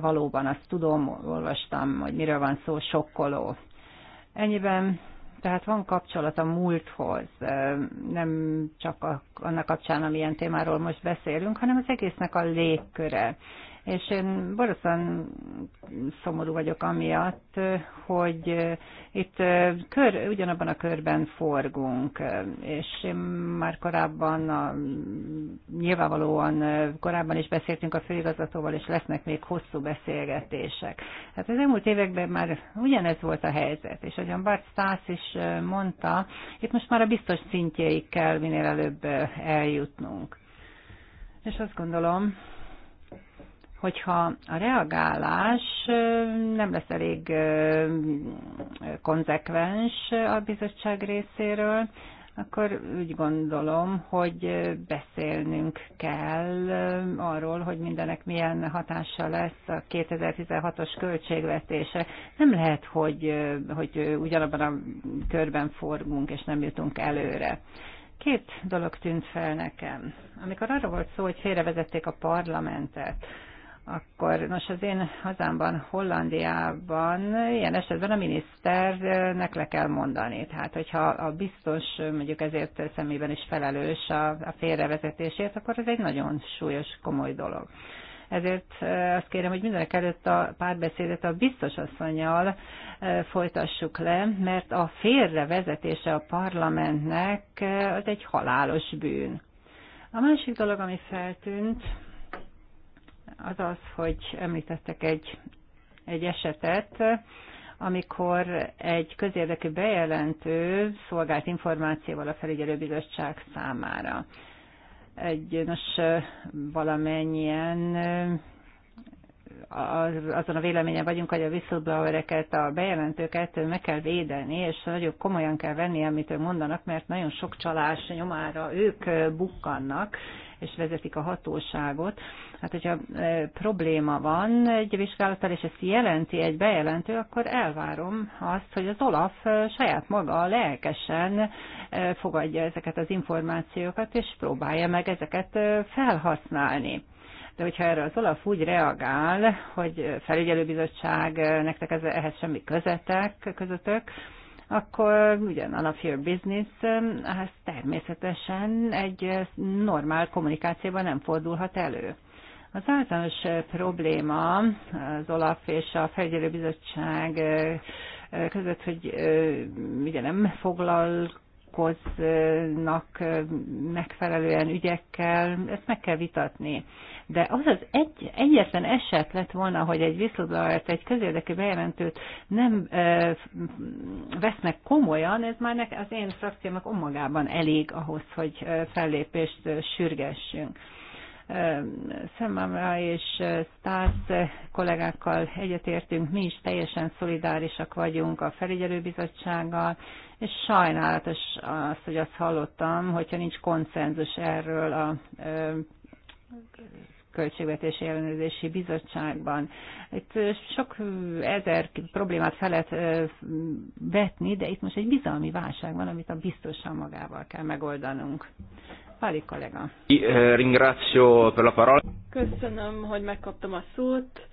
Speaker 1: valóban azt tudom, olvastam, hogy miről van szó, sokkoló. Ennyiben tehát van kapcsolat a múlthoz, nem csak annak kapcsán, amilyen témáról most beszélünk, hanem az egésznek a légköre és én borzasztóan szomorú vagyok amiatt, hogy itt kör, ugyanabban a körben forgunk, és én már korábban, a, nyilvánvalóan korábban is beszéltünk a főigazgatóval, és lesznek még hosszú beszélgetések. Hát az elmúlt években már ugyanez volt a helyzet, és ahogyan Bart Stász is mondta, itt most már a biztos szintjéig kell minél előbb eljutnunk. És azt gondolom, hogyha a reagálás nem lesz elég konzekvens a bizottság részéről, akkor úgy gondolom, hogy beszélnünk kell arról, hogy mindenek milyen hatása lesz a 2016-os költségvetése. Nem lehet, hogy, hogy ugyanabban a körben forgunk, és nem jutunk előre. Két dolog tűnt fel nekem. Amikor arra volt szó, hogy félrevezették a parlamentet, akkor nos az én hazámban, Hollandiában ilyen esetben a miniszternek le kell mondani. Tehát, hogyha a biztos mondjuk ezért szemében is felelős a, a félrevezetésért, akkor ez egy nagyon súlyos, komoly dolog. Ezért azt kérem, hogy mindenek előtt a párbeszédet a biztos asszonyjal folytassuk le, mert a félrevezetése a parlamentnek az egy halálos bűn. A másik dolog, ami feltűnt, az az, hogy említettek egy, egy esetet, amikor egy közérdekű bejelentő szolgált információval a felügyelőbizottság számára. Egy, nos, valamennyien azon a véleményen vagyunk, hogy a whistleblowereket, a bejelentőket meg kell védeni, és nagyon komolyan kell venni, amit ők mondanak, mert nagyon sok csalás nyomára ők bukkannak, és vezetik a hatóságot. Hát, hogyha e, probléma van egy vizsgálattal, és ezt jelenti egy bejelentő, akkor elvárom azt, hogy az Olaf e, saját maga lelkesen e, fogadja ezeket az információkat, és próbálja meg ezeket felhasználni. De hogyha erre az Olaf úgy reagál, hogy felügyelőbizottság, nektek ez, ehhez semmi közetek, közöttök, akkor ugyan of your business, ez um, hát természetesen egy uh, normál kommunikációban nem fordulhat elő. Az általános uh, probléma az OLAF és a felügyelőbizottság uh, között, hogy ugye nem foglal okoznak megfelelően ügyekkel, ezt meg kell vitatni. De az az egy, egyetlen eset lett volna, hogy egy whistleblower egy közérdekű bejelentőt nem ö, vesznek komolyan, ez már nek, az én frakciómnak önmagában elég ahhoz, hogy fellépést sürgessünk. Szemámra és Stász kollégákkal egyetértünk, mi is teljesen szolidárisak vagyunk a felügyelőbizottsággal, és sajnálatos az, hogy azt hallottam, hogyha nincs konszenzus erről a Költségvetési Ellenőrzési Bizottságban. Itt sok ezer problémát fel lehet vetni, de itt most egy bizalmi válság van, amit a biztosan magával
Speaker 3: kell megoldanunk. Pali kollega.
Speaker 1: Eh, per la parola.
Speaker 3: Köszönöm, hogy megkaptam a szót.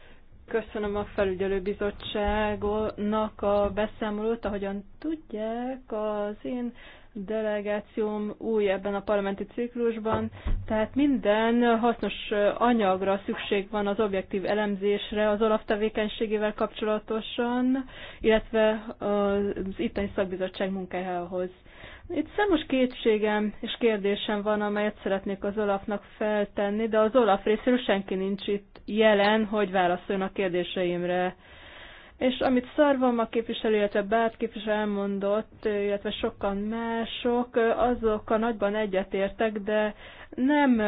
Speaker 3: Köszönöm a felügyelőbizottságnak a beszámolót. Ahogyan tudják, az én delegációm új ebben a parlamenti ciklusban, tehát minden hasznos anyagra szükség van az objektív elemzésre az OLAF tevékenységével kapcsolatosan, illetve az itteni szakbizottság munkájához. Itt számos kétségem és kérdésem van, amelyet szeretnék az Olafnak feltenni, de az Olaf részéről senki nincs itt jelen, hogy válaszoljon a kérdéseimre. És amit Szarvama képviselő, illetve Bát képviselő elmondott, illetve sokan mások, azokkal nagyban egyetértek, de nem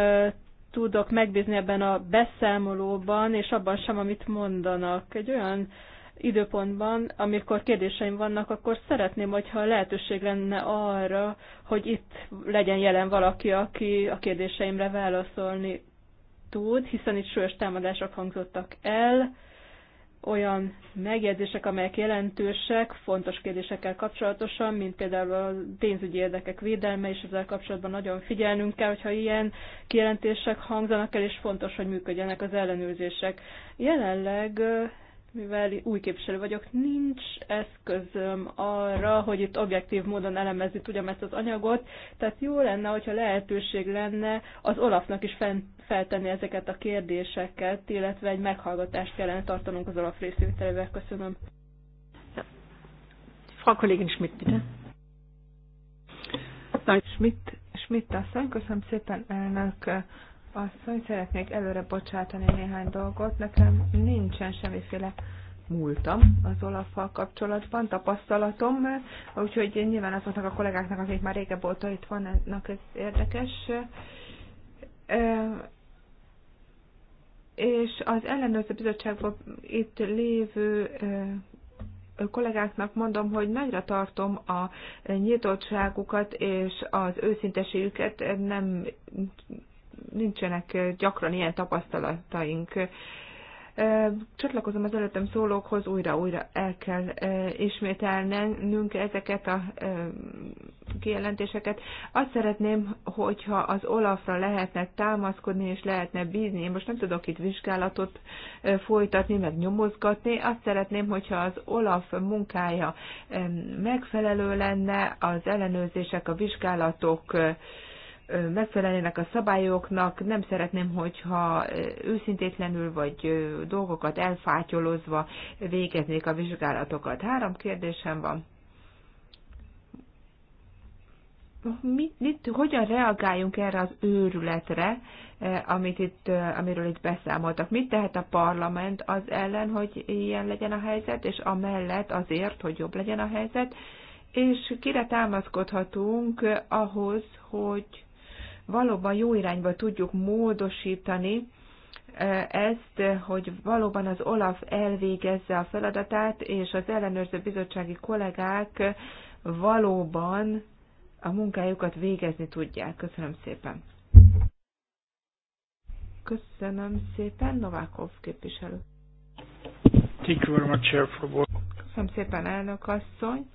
Speaker 3: tudok megbízni ebben a beszámolóban, és abban sem, amit mondanak. Egy olyan időpontban, amikor kérdéseim vannak, akkor szeretném, hogyha lehetőség lenne arra, hogy itt legyen jelen valaki, aki a kérdéseimre válaszolni tud, hiszen itt súlyos támadások hangzottak el, olyan megjegyzések, amelyek jelentősek, fontos kérdésekkel kapcsolatosan, mint például a pénzügyi érdekek védelme, és ezzel kapcsolatban nagyon figyelnünk kell, hogyha ilyen kijelentések hangzanak el, és fontos, hogy működjenek az ellenőrzések. Jelenleg mivel új képviselő vagyok, nincs eszközöm arra, hogy itt objektív módon elemezni tudjam ezt az anyagot, tehát jó lenne, hogyha lehetőség lenne az Olafnak is feltenni ezeket a kérdéseket, illetve egy meghallgatást kellene tartanunk az Olaf részvételével. Köszönöm.
Speaker 2: Ja. Frau Kollegin Schmidt, bitte. Schmidt, Schmidt asszony, köszönöm szépen elnök asszony, szeretnék előre bocsátani néhány dolgot. Nekem nincsen semmiféle múltam az olaffal kapcsolatban, tapasztalatom, úgyhogy nyilván azoknak a kollégáknak, akik már régebb óta itt vannak, ez érdekes. És az ellenőrző bizottságban itt lévő kollégáknak mondom, hogy nagyra tartom a nyitottságukat és az őszinteségüket, nem nincsenek gyakran ilyen tapasztalataink. Csatlakozom az előttem szólókhoz, újra-újra el kell ismételnünk ezeket a kijelentéseket. Azt szeretném, hogyha az Olafra lehetne támaszkodni és lehetne bízni. Én most nem tudok itt vizsgálatot folytatni, meg nyomozgatni. Azt szeretném, hogyha az Olaf munkája megfelelő lenne, az ellenőrzések, a vizsgálatok megfeleljenek a szabályoknak, nem szeretném, hogyha őszintétlenül vagy dolgokat elfátyolozva végeznék a vizsgálatokat. Három kérdésem van. Mit, mit, hogyan reagáljunk erre az őrületre, amit itt, amiről itt beszámoltak? Mit tehet a parlament az ellen, hogy ilyen legyen a helyzet, és amellett azért, hogy jobb legyen a helyzet? És kire támaszkodhatunk ahhoz, hogy valóban jó irányba tudjuk módosítani e, ezt, hogy valóban az OLAF elvégezze a feladatát, és az ellenőrző bizottsági kollégák valóban a munkájukat végezni tudják. Köszönöm szépen. Köszönöm szépen, Novákov képviselő.
Speaker 1: Thank you very much, Chair, for
Speaker 2: Köszönöm szépen, elnök asszony.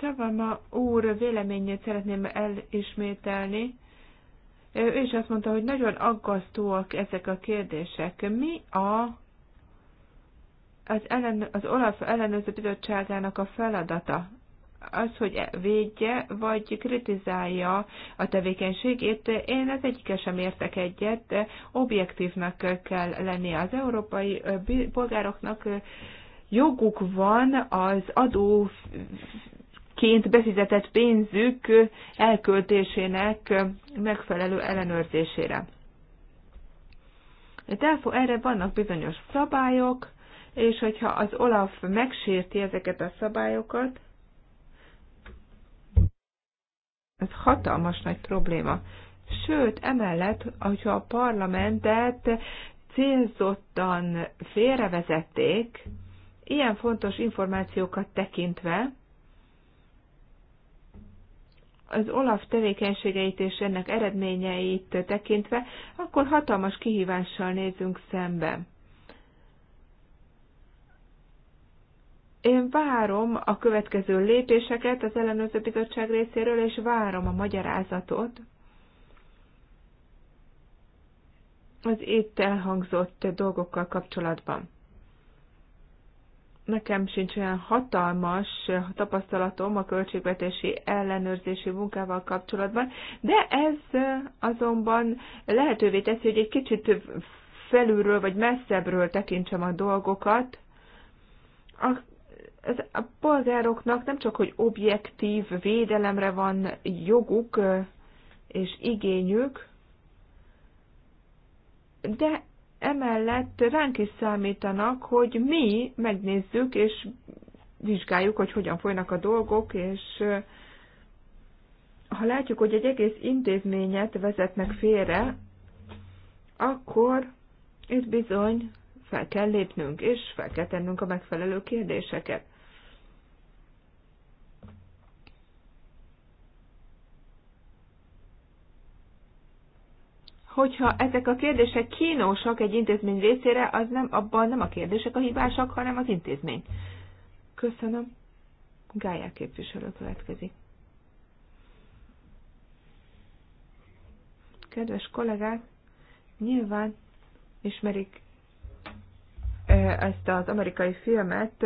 Speaker 2: Szavama úr véleményét szeretném elismételni. Ő is azt mondta, hogy nagyon aggasztóak ezek a kérdések. Mi a az, ellen, az Olaf ellenőrző bizottságának a feladata? Az, hogy védje vagy kritizálja a tevékenységét, én az egyike sem értek egyet, objektívnak kell lennie az európai polgároknak, joguk van az adó ként befizetett pénzük elköltésének megfelelő ellenőrzésére. Therefore erre vannak bizonyos szabályok, és hogyha az Olaf megsérti ezeket a szabályokat, ez hatalmas nagy probléma. Sőt, emellett, hogyha a parlamentet célzottan félrevezették, ilyen fontos információkat tekintve, az OLAF tevékenységeit és ennek eredményeit tekintve, akkor hatalmas kihívással nézünk szembe. Én várom a következő lépéseket az ellenőrző bizottság részéről, és várom a magyarázatot az itt elhangzott dolgokkal kapcsolatban nekem sincs olyan hatalmas tapasztalatom a költségvetési ellenőrzési munkával kapcsolatban, de ez azonban lehetővé teszi, hogy egy kicsit felülről vagy messzebbről tekintsem a dolgokat. A, ez, a polgároknak nem csak, hogy objektív védelemre van joguk és igényük, de Emellett ránk is számítanak, hogy mi megnézzük és vizsgáljuk, hogy hogyan folynak a dolgok, és ha látjuk, hogy egy egész intézményet vezetnek félre, akkor itt bizony fel kell lépnünk, és fel kell tennünk a megfelelő kérdéseket. hogyha ezek a kérdések kínosak egy intézmény részére, az nem, abban nem a kérdések a hibásak, hanem az intézmény. Köszönöm. Gályák képviselő következik. Kedves kollégák, nyilván ismerik ezt az amerikai filmet,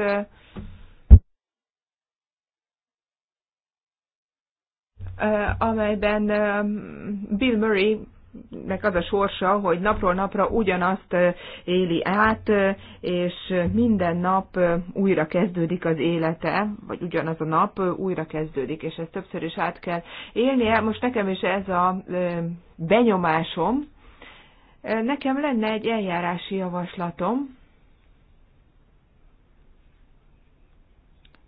Speaker 2: amelyben Bill Murray nek az a sorsa, hogy napról napra ugyanazt éli át, és minden nap újra kezdődik az élete, vagy ugyanaz a nap újra kezdődik, és ezt többször is át kell élnie. Most nekem is ez a benyomásom. Nekem lenne egy eljárási javaslatom.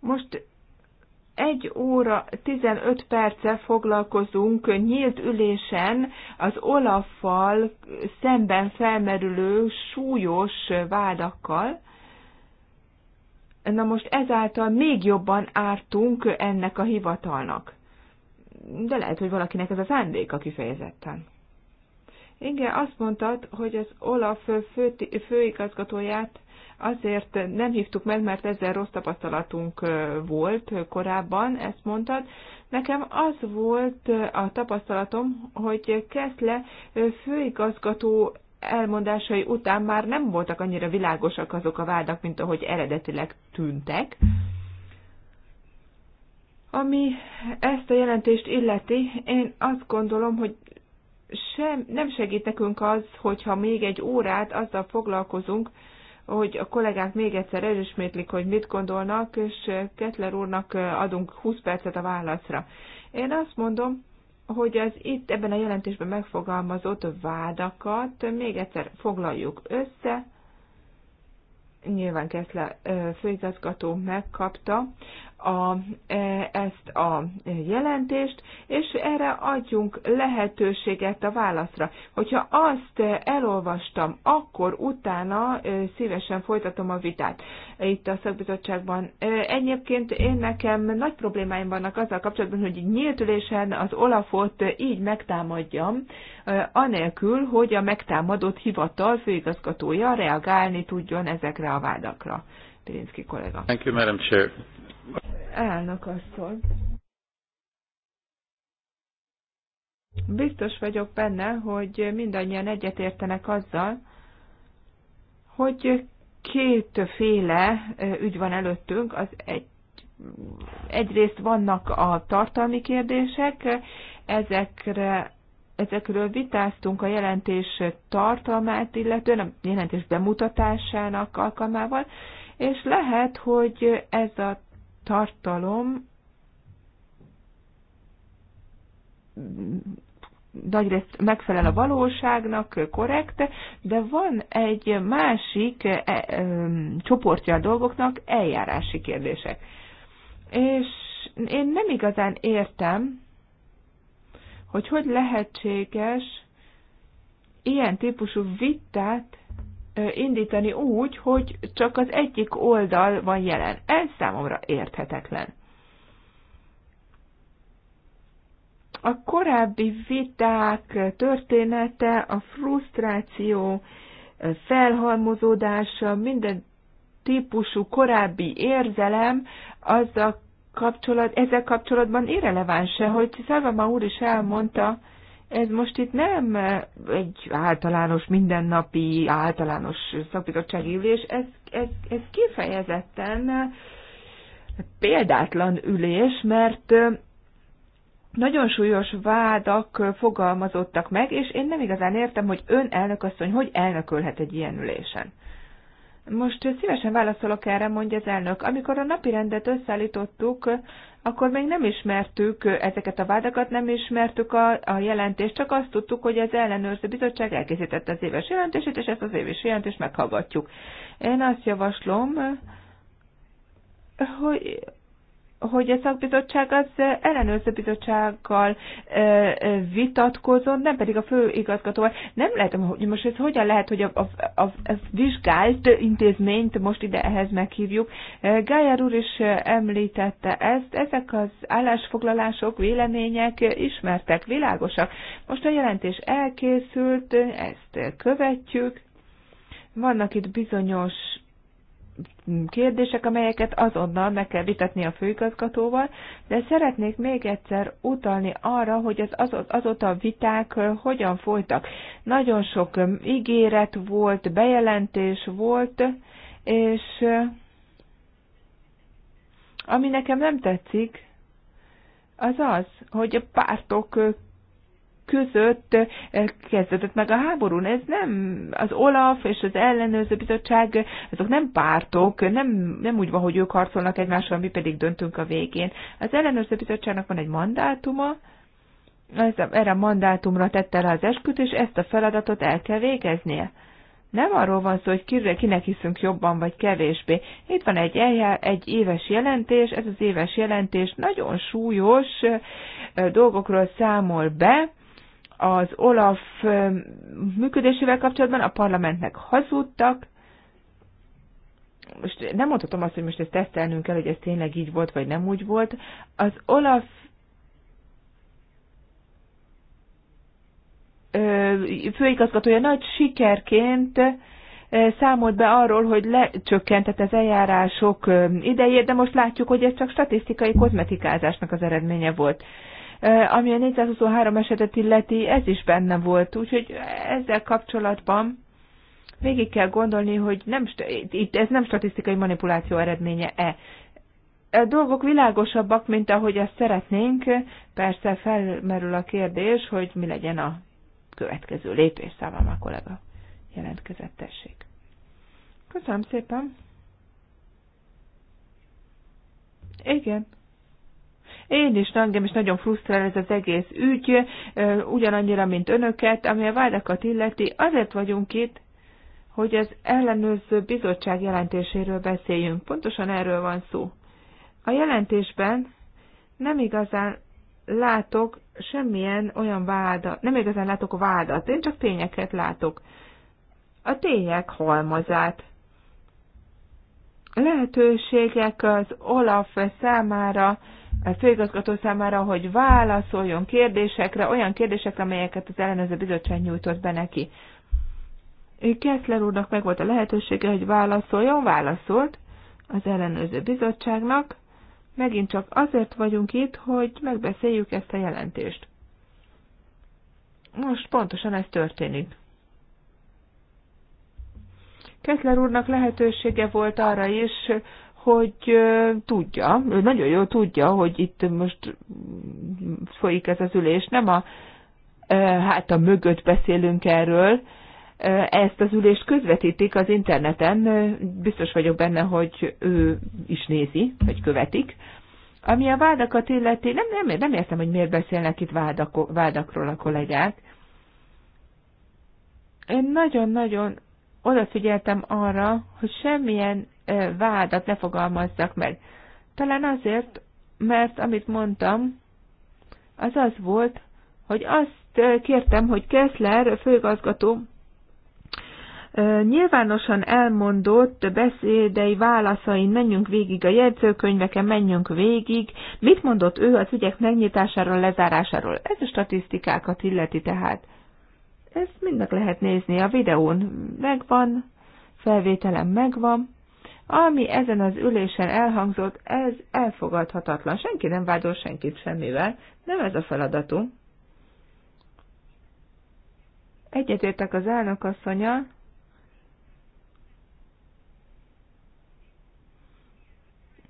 Speaker 2: Most 1 óra 15 perce foglalkozunk nyílt ülésen az olaffal szemben felmerülő súlyos vádakkal. Na most ezáltal még jobban ártunk ennek a hivatalnak. De lehet, hogy valakinek ez a szándéka kifejezetten. Igen, azt mondtad, hogy az Olaf fő, főigazgatóját azért nem hívtuk meg, mert ezzel rossz tapasztalatunk volt korábban, ezt mondtad. Nekem az volt a tapasztalatom, hogy Keszle főigazgató elmondásai után már nem voltak annyira világosak azok a vádak, mint ahogy eredetileg tűntek. Ami ezt a jelentést illeti, én azt gondolom, hogy sem, nem segít nekünk az, hogyha még egy órát azzal foglalkozunk, hogy a kollégák még egyszer elismétlik, hogy mit gondolnak, és Kettler úrnak adunk 20 percet a válaszra. Én azt mondom, hogy az itt ebben a jelentésben megfogalmazott vádakat még egyszer foglaljuk össze, nyilván Kettler főigazgató megkapta a, e, ezt a jelentést, és erre adjunk lehetőséget a válaszra. Hogyha azt elolvastam, akkor utána e, szívesen folytatom a vitát itt a szakbizottságban. E, egyébként én nekem nagy problémáim vannak azzal kapcsolatban, hogy nyílt ülésen az Olafot így megtámadjam, anélkül, hogy a megtámadott hivatal főigazgatója reagálni tudjon ezekre a vádakra. Pirinszki kollega. Thank you, Madam Chair. Elnök asszony. Biztos vagyok benne, hogy mindannyian egyetértenek azzal, hogy kétféle ügy van előttünk. Az egy, egyrészt vannak a tartalmi kérdések, ezekre ezekről vitáztunk a jelentés tartalmát, illetően a jelentés bemutatásának alkalmával, és lehet, hogy ez a tartalom nagyrészt megfelel a valóságnak, korrekt, de van egy másik e, e, csoportja a dolgoknak, eljárási kérdések. És én nem igazán értem, hogy hogy lehetséges ilyen típusú vitát indítani úgy, hogy csak az egyik oldal van jelen. Ez számomra érthetetlen. A korábbi viták története, a frusztráció, felhalmozódása, minden típusú korábbi érzelem, az a kapcsolat, ezzel kapcsolatban irreleváns se, hogy Szávama úr is elmondta, ez most itt nem egy általános, mindennapi, általános szakbizottsági ülés, ez, ez, ez kifejezetten példátlan ülés, mert nagyon súlyos vádak fogalmazottak meg, és én nem igazán értem, hogy ön elnökasszony hogy elnökölhet egy ilyen ülésen. Most szívesen válaszolok erre, mondja az elnök. Amikor a napi rendet összeállítottuk, akkor még nem ismertük ezeket a vádakat, nem ismertük a, a jelentést, csak azt tudtuk, hogy az ellenőrző bizottság elkészítette az éves jelentését, és ezt az éves jelentést meghallgatjuk. Én azt javaslom, hogy hogy a szakbizottság az ellenőrző bizottsággal vitatkozott, nem pedig a főigazgatóval. Nem lehet, hogy most ez hogyan lehet, hogy a, a, a, a vizsgált intézményt most ide ehhez meghívjuk. Gájár úr is említette ezt, ezek az állásfoglalások, vélemények ismertek, világosak. Most a jelentés elkészült, ezt követjük. Vannak itt bizonyos kérdések, amelyeket azonnal meg kell vitatni a főigazgatóval, de szeretnék még egyszer utalni arra, hogy az, azóta a viták hogyan folytak. Nagyon sok ígéret volt, bejelentés volt, és ami nekem nem tetszik, az az, hogy a pártok között eh, kezdődött meg a háborún. Ez nem az Olaf és az ellenőrző bizottság, azok nem pártok, nem, nem úgy van, hogy ők harcolnak egymással, mi pedig döntünk a végén. Az ellenőrző bizottságnak van egy mandátuma, ez, a erre a mandátumra tette rá az esküt, és ezt a feladatot el kell végeznie. Nem arról van szó, hogy kire, kinek hiszünk jobban vagy kevésbé. Itt van egy, eljá, egy éves jelentés, ez az éves jelentés nagyon súlyos eh, dolgokról számol be, az Olaf működésével kapcsolatban a parlamentnek hazudtak, most nem mondhatom azt, hogy most ezt tesztelnünk kell, hogy ez tényleg így volt, vagy nem úgy volt. Az Olaf főigazgatója nagy sikerként számolt be arról, hogy lecsökkentett az eljárások idejét, de most látjuk, hogy ez csak statisztikai kozmetikázásnak az eredménye volt. Ami a 423 esetet illeti, ez is benne volt, úgyhogy ezzel kapcsolatban végig kell gondolni, hogy nem, itt ez nem statisztikai manipuláció eredménye-e. A dolgok világosabbak, mint ahogy ezt szeretnénk. Persze felmerül a kérdés, hogy mi legyen a következő lépés, számom a kollega jelentkezett, tessék. Köszönöm szépen. Igen, én is, engem is nagyon frusztrál ez az egész ügy, ugyanannyira, mint önöket, ami a vádakat illeti. Azért vagyunk itt, hogy az ellenőrző bizottság jelentéséről beszéljünk. Pontosan erről van szó. A jelentésben nem igazán látok semmilyen olyan vádat, nem igazán látok vádat, én csak tényeket látok. A tények halmazát. Lehetőségek az Olaf számára, a főigazgató számára, hogy válaszoljon kérdésekre, olyan kérdésekre, amelyeket az ellenőrző bizottság nyújtott be neki. Kessler úrnak meg volt a lehetősége, hogy válaszoljon, válaszolt az ellenőrző bizottságnak. Megint csak azért vagyunk itt, hogy megbeszéljük ezt a jelentést. Most pontosan ez történik. Kessler úrnak lehetősége volt arra is, hogy tudja, ő nagyon jól tudja, hogy itt most folyik ez az ülés, nem a hát a mögött beszélünk erről, ezt az ülést közvetítik az interneten, biztos vagyok benne, hogy ő is nézi, vagy követik. Ami a vádakat illeti, nem, nem, nem értem, hogy miért beszélnek itt vádak, vádakról a kollégák. Én nagyon-nagyon odafigyeltem arra, hogy semmilyen vádat ne fogalmazzak meg. Talán azért, mert amit mondtam, az az volt, hogy azt kértem, hogy Kessler főigazgató nyilvánosan elmondott beszédei, válaszain menjünk végig a jegyzőkönyveken, menjünk végig, mit mondott ő az ügyek megnyitásáról, lezárásáról. Ez a statisztikákat illeti tehát. Ezt mindnek lehet nézni a videón. Megvan, felvételem megvan. Ami ezen az ülésen elhangzott, ez elfogadhatatlan. Senki nem vádol senkit semmivel, nem ez a feladatunk. Egyetértek az asszonya.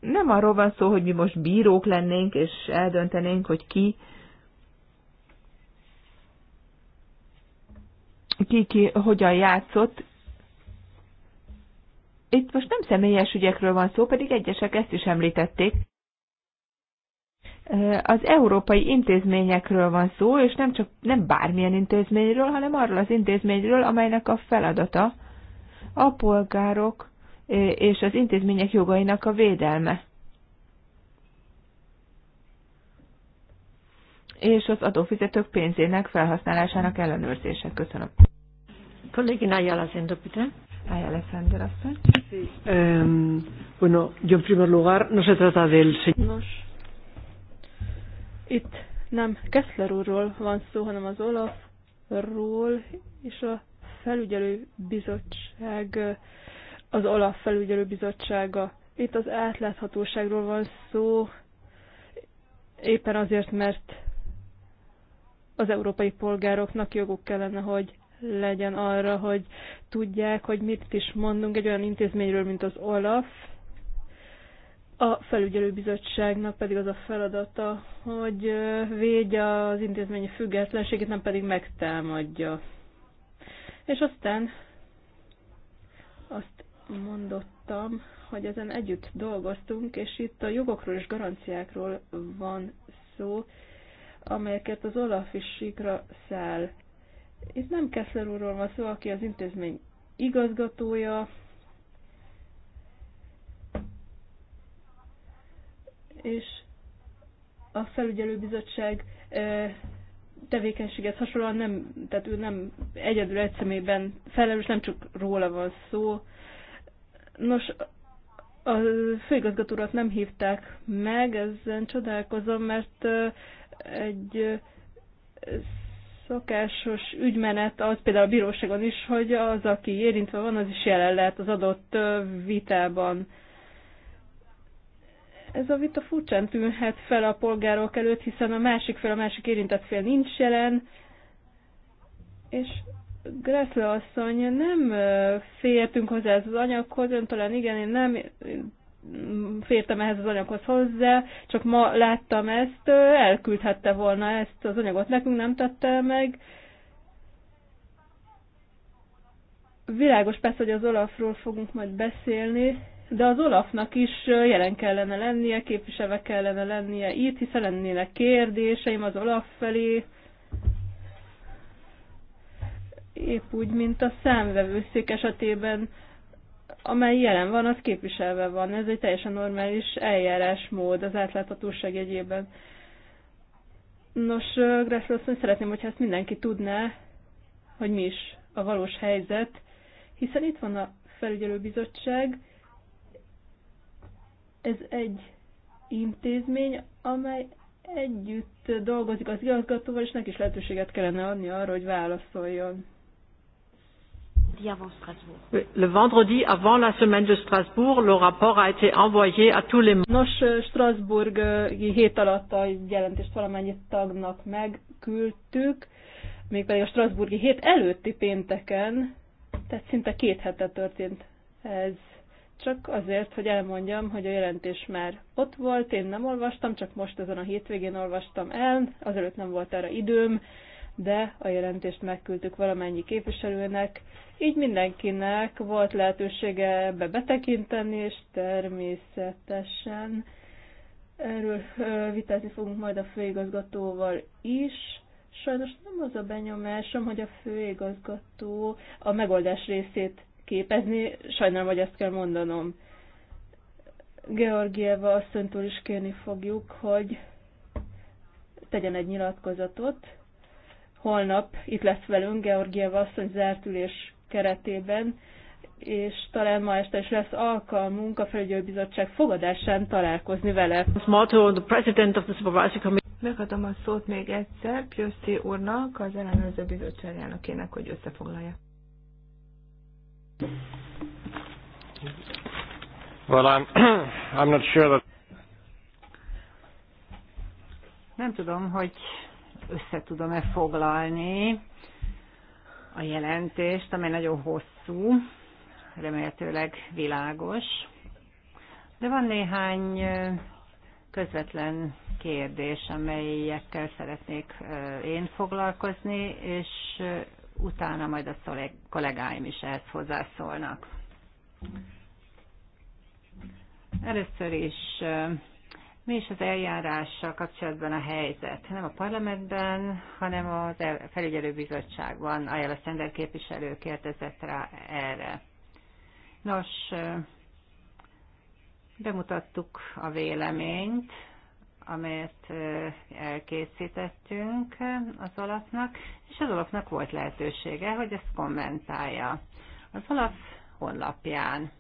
Speaker 2: nem arról van szó, hogy mi most bírók lennénk, és eldöntenénk, hogy ki ki, ki hogyan játszott, itt most nem személyes ügyekről van szó, pedig egyesek ezt is említették. Az európai intézményekről van szó, és nem csak nem bármilyen intézményről, hanem arról az intézményről, amelynek a feladata a polgárok és az intézmények jogainak a védelme. és az adófizetők pénzének felhasználásának ellenőrzése. Köszönöm.
Speaker 1: Kollégina Jala Zendopite.
Speaker 2: Ay, Alexander
Speaker 1: Aspel. Sí.
Speaker 2: Eh,
Speaker 3: bueno, yo en primer lugar, no se trata del señor. Itt nem Kessler úrról van szó, hanem az Olafról és a felügyelő bizottság, az Olaf felügyelő bizottsága. Itt az átláthatóságról van szó, éppen azért, mert az európai polgároknak joguk kellene, hogy legyen arra, hogy tudják, hogy mit is mondunk egy olyan intézményről, mint az OLAF. A felügyelőbizottságnak pedig az a feladata, hogy védje az intézményi függetlenségét, nem pedig megtámadja. És aztán azt mondottam, hogy ezen együtt dolgoztunk, és itt a jogokról és garanciákról van szó, amelyeket az Olaf is sikra száll. Itt nem Kessler úrról van szó, aki az intézmény igazgatója, és a felügyelőbizottság tevékenységet hasonlóan nem, tehát ő nem egyedül egy személyben felelős, nem csak róla van szó. Nos, a főigazgatórat nem hívták meg, ezen csodálkozom, mert egy szokásos ügymenet az például a bíróságon is, hogy az, aki érintve van, az is jelen lehet az adott vitában. Ez a vita furcsán tűnhet fel a polgárok előtt, hiszen a másik fel, a másik érintett fél nincs jelen, és Gressle asszony, nem fértünk hozzá ez az anyaghoz, ön talán igen, én nem, fértem ehhez az anyaghoz hozzá, csak ma láttam ezt, elküldhette volna ezt az anyagot nekünk, nem tette meg. Világos persze, hogy az Olafról fogunk majd beszélni, de az Olafnak is jelen kellene lennie, képviselve kellene lennie itt, hiszen lennének kérdéseim az Olaf felé, épp úgy, mint a számvevőszék esetében amely jelen van, az képviselve van. Ez egy teljesen normális eljárásmód az átláthatóság jegyében. Nos, Grászló hogy szeretném, hogyha ezt mindenki tudná, hogy mi is a valós helyzet, hiszen itt van a felügyelőbizottság, ez egy intézmény, amely együtt dolgozik az igazgatóval, és neki is lehetőséget kellene adni arra, hogy válaszoljon vendredi avant Strasbourg. Le vendredi avant la semaine de Strasbourg, le rapport a été envoyé à tous les Nos euh, Strasbourgi euh, hét alatt a jelentést valamennyi tagnak megküldtük, mégpedig a Strasbourgi hét előtti pénteken, tehát szinte két hete történt ez. Csak azért, hogy elmondjam, hogy a jelentés már ott volt, én nem olvastam, csak most ezen a hétvégén olvastam el, azelőtt nem volt erre időm, de a jelentést megküldtük valamennyi képviselőnek, így mindenkinek volt lehetősége ebbe betekinteni, és természetesen erről vitázni fogunk majd a főigazgatóval is. Sajnos nem az a benyomásom, hogy a főigazgató a megoldás részét képezni, sajnálom, hogy ezt kell mondanom. Georgieva asszonytól is kérni fogjuk, hogy tegyen egy nyilatkozatot, holnap itt lesz velünk Georgiev asszony zárt ülés keretében, és talán ma este is lesz alkalmunk a felügyelőbizottság fogadásán találkozni vele. the president of the
Speaker 2: Megadom a szót még egyszer Pjöszi úrnak, az ellenőrző bizottság elnökének, hogy összefoglalja. Well, I'm, I'm not sure that... Nem
Speaker 1: tudom, hogy össze tudom-e foglalni a jelentést, amely nagyon hosszú, remélhetőleg világos. De van néhány közvetlen kérdés, amelyekkel szeretnék én foglalkozni, és utána majd a kollégáim is ehhez hozzászólnak. Először is mi is az eljárással kapcsolatban a helyzet? Nem a parlamentben, hanem a felügyelőbizottságban. Ajala Szender képviselő kérdezett rá erre. Nos, bemutattuk a véleményt, amelyet elkészítettünk az alapnak, és az alapnak volt lehetősége, hogy ezt kommentálja. Az alap honlapján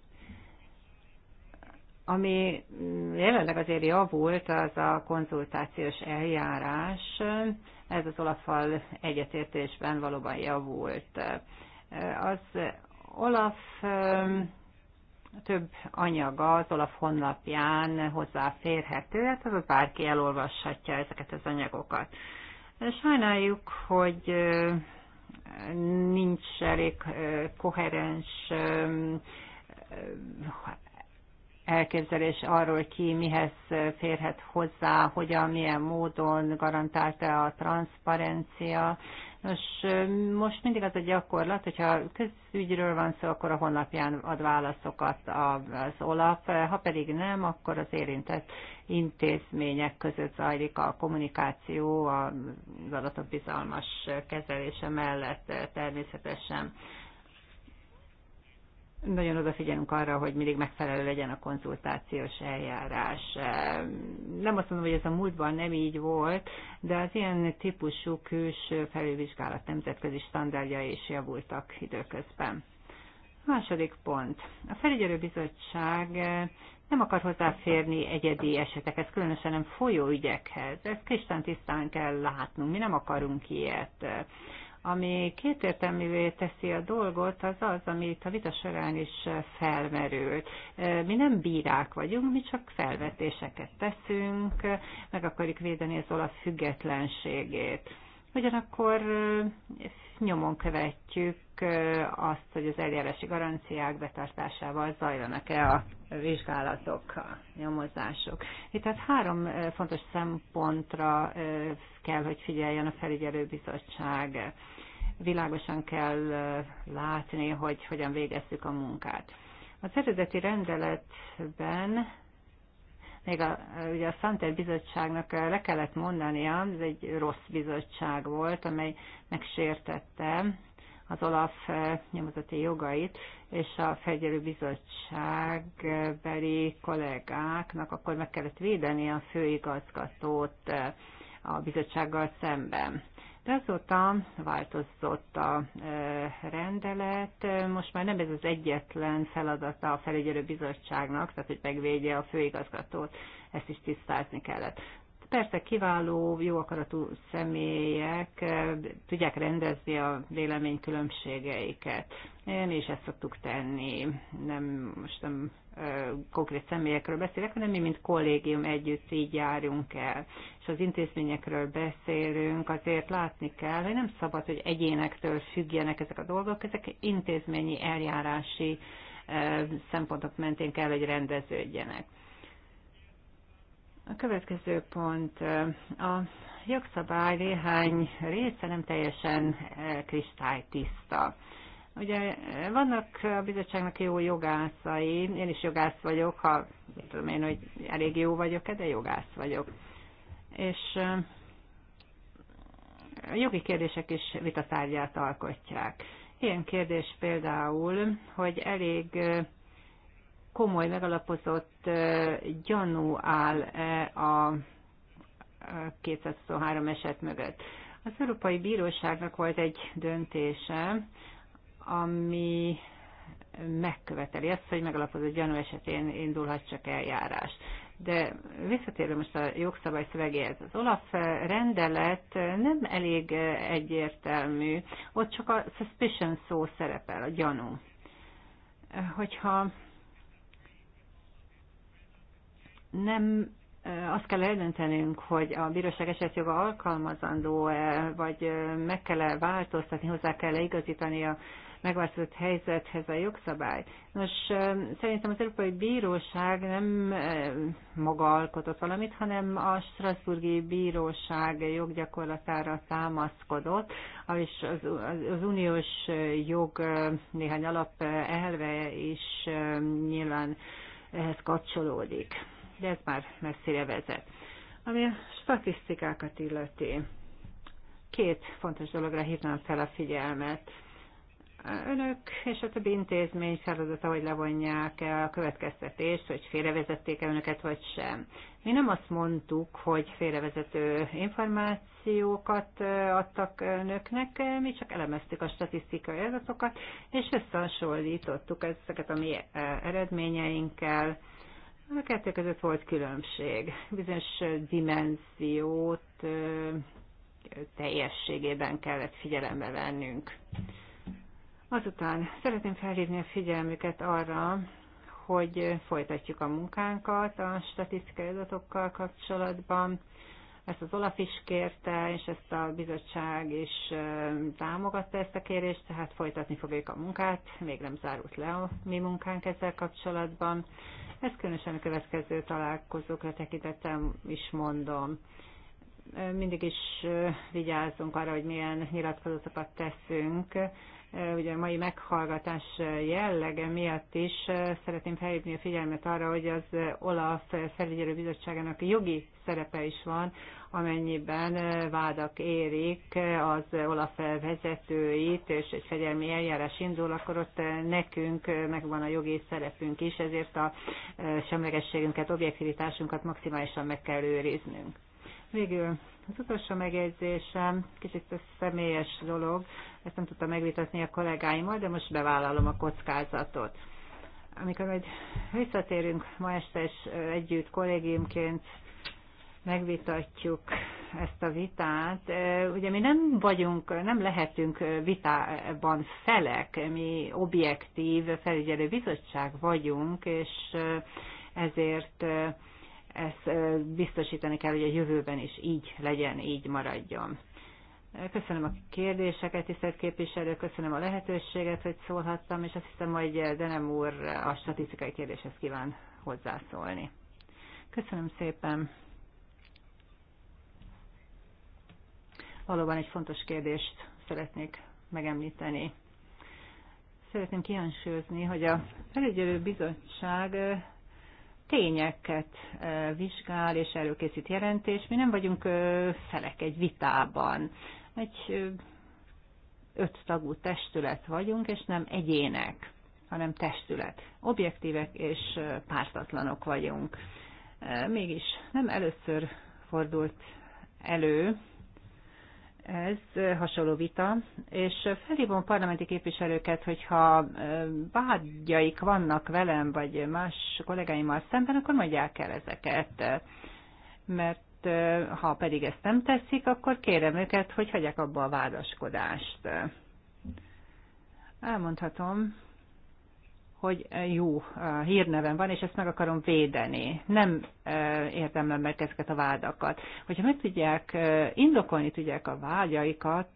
Speaker 1: ami mm, jelenleg azért javult, az a konzultációs eljárás, ez az olafal egyetértésben valóban javult. Az Olaf mm, több anyaga az Olaf honlapján hozzáférhető, hát az bárki elolvashatja ezeket az anyagokat. Sajnáljuk, hogy mm, nincs elég koherens hát elképzelés arról ki mihez férhet hozzá, hogyan, milyen módon garantálta a transzparencia. Nos, most mindig az a gyakorlat, hogyha közügyről van szó, akkor a honlapján ad válaszokat az OLAP, ha pedig nem, akkor az érintett intézmények között zajlik a kommunikáció az adatok bizalmas kezelése mellett természetesen nagyon odafigyelünk arra, hogy mindig megfelelő legyen a konzultációs eljárás. Nem azt mondom, hogy ez a múltban nem így volt, de az ilyen típusú külső felülvizsgálat nemzetközi standardja is javultak időközben. Második pont. A felügyelőbizottság nem akar hozzáférni egyedi esetekhez, különösen nem folyó ügyekhez. Ezt tisztán kell látnunk, mi nem akarunk ilyet. Ami kétértelművé teszi a dolgot, az az, ami itt a vita során is felmerült. Mi nem bírák vagyunk, mi csak felvetéseket teszünk, meg akarjuk védeni az olasz függetlenségét. Ugyanakkor nyomon követjük azt, hogy az eljárási garanciák betartásával zajlanak-e a vizsgálatok, a nyomozások. Itt tehát három fontos szempontra kell, hogy figyeljen a felügyelőbizottság. bizottság világosan kell látni, hogy hogyan végeztük a munkát. A szervezeti rendeletben még a, ugye a Szanter Bizottságnak le kellett mondania, ez egy rossz bizottság volt, amely megsértette az Olaf nyomozati jogait, és a fegyelő bizottság beli kollégáknak akkor meg kellett védeni a főigazgatót a bizottsággal szemben. De azóta változott a e, rendelet, most már nem ez az egyetlen feladata a felügyelő bizottságnak, tehát hogy megvédje a főigazgatót, ezt is tisztázni kellett. Persze kiváló, jó akaratú személyek eh, tudják rendezni a vélemény különbségeiket. Én is ezt szoktuk tenni. Nem, most nem eh, konkrét személyekről beszélek, hanem mi, mint kollégium együtt így járunk el. És az intézményekről beszélünk, azért látni kell, hogy nem szabad, hogy egyénektől függjenek ezek a dolgok, ezek intézményi eljárási eh, szempontok mentén kell, hogy rendeződjenek. A következő pont. A jogszabály néhány része nem teljesen kristálytiszta. Ugye vannak a bizottságnak jó jogászai, én is jogász vagyok, ha tudom én, hogy elég jó vagyok, de jogász vagyok. És a jogi kérdések is vitatárgyát alkotják. Ilyen kérdés például, hogy elég komoly, megalapozott gyanú áll a 223 eset mögött. Az Európai Bíróságnak volt egy döntése, ami megköveteli azt, hogy megalapozott gyanú esetén indulhat csak eljárás. De visszatérve most a jogszabály szövegéhez, az Olaf rendelet nem elég egyértelmű, ott csak a suspicion szó szerepel, a gyanú. Hogyha nem azt kell eldöntenünk, hogy a bíróság esetjoga alkalmazandó-e, vagy meg kell-e változtatni, hozzá kell-e igazítani a megváltozott helyzethez a jogszabály. Nos, szerintem az Európai Bíróság nem maga alkotott valamit, hanem a Strasburgi Bíróság joggyakorlatára támaszkodott, és az, az, az uniós jog néhány alap elve is nyilván ehhez kapcsolódik de ez már messzire vezet. Ami a statisztikákat illeti, két fontos dologra hívnám fel a figyelmet. Önök és a többi intézmény feladata, hogy levonják-e a következtetést, hogy félrevezették-e önöket, vagy sem. Mi nem azt mondtuk, hogy félrevezető információkat adtak önöknek, mi csak elemeztük a statisztikai adatokat, és összehasonlítottuk ezeket a mi eredményeinkkel, a kettő között volt különbség. Bizonyos dimenziót teljességében kellett figyelembe vennünk. Azután szeretném felhívni a figyelmüket arra, hogy folytatjuk a munkánkat a statisztikai adatokkal kapcsolatban. Ezt az Olaf is kérte, és ezt a bizottság is támogatta ezt a kérést, tehát folytatni fogjuk a munkát. Még nem zárult le a mi munkánk ezzel kapcsolatban. Ezt különösen a következő találkozókra tekintettem is mondom. Mindig is vigyázzunk arra, hogy milyen nyilatkozatokat teszünk. Ugye a mai meghallgatás jellege miatt is szeretném felhívni a figyelmet arra, hogy az OLAF felügyelő bizottságának jogi szerepe is van, amennyiben eh, vádak érik eh, az Olaf vezetőit, és egy fegyelmi eljárás indul, akkor ott eh, nekünk megvan a jogi szerepünk is, ezért a semlegességünket, objektivitásunkat maximálisan meg kell őriznünk. Végül az utolsó megjegyzésem, kicsit a személyes dolog, ezt nem tudtam megvitatni a kollégáimmal, de most bevállalom a kockázatot. Amikor majd visszatérünk ma este, és együtt kollégiumként megvitatjuk ezt a vitát. Ugye mi nem vagyunk, nem lehetünk vitában felek, mi objektív felügyelő bizottság vagyunk, és ezért ezt biztosítani kell, hogy a jövőben is így legyen, így maradjon. Köszönöm a kérdéseket, tisztelt képviselő, köszönöm a lehetőséget, hogy szólhattam, és azt hiszem, hogy Denem úr a statisztikai kérdéshez kíván hozzászólni. Köszönöm szépen. valóban egy fontos kérdést szeretnék megemlíteni. Szeretném kihangsúlyozni, hogy a felügyelő bizottság tényeket vizsgál és előkészít jelentés. Mi nem vagyunk felek egy vitában. Egy öt tagú testület vagyunk, és nem egyének, hanem testület. Objektívek és pártatlanok vagyunk. Mégis nem először fordult elő, ez hasonló vita, és felhívom parlamenti képviselőket, hogyha vágyaik vannak velem, vagy más kollégáimmal szemben, akkor mondják el ezeket. Mert ha pedig ezt nem teszik, akkor kérem őket, hogy hagyják abba a vádaskodást. Elmondhatom, hogy jó eh, hírnevem van, és ezt meg akarom védeni. Nem eh, érdemlem meg ezeket a vádakat. Hogyha meg tudják, eh, indokolni tudják a vágyaikat,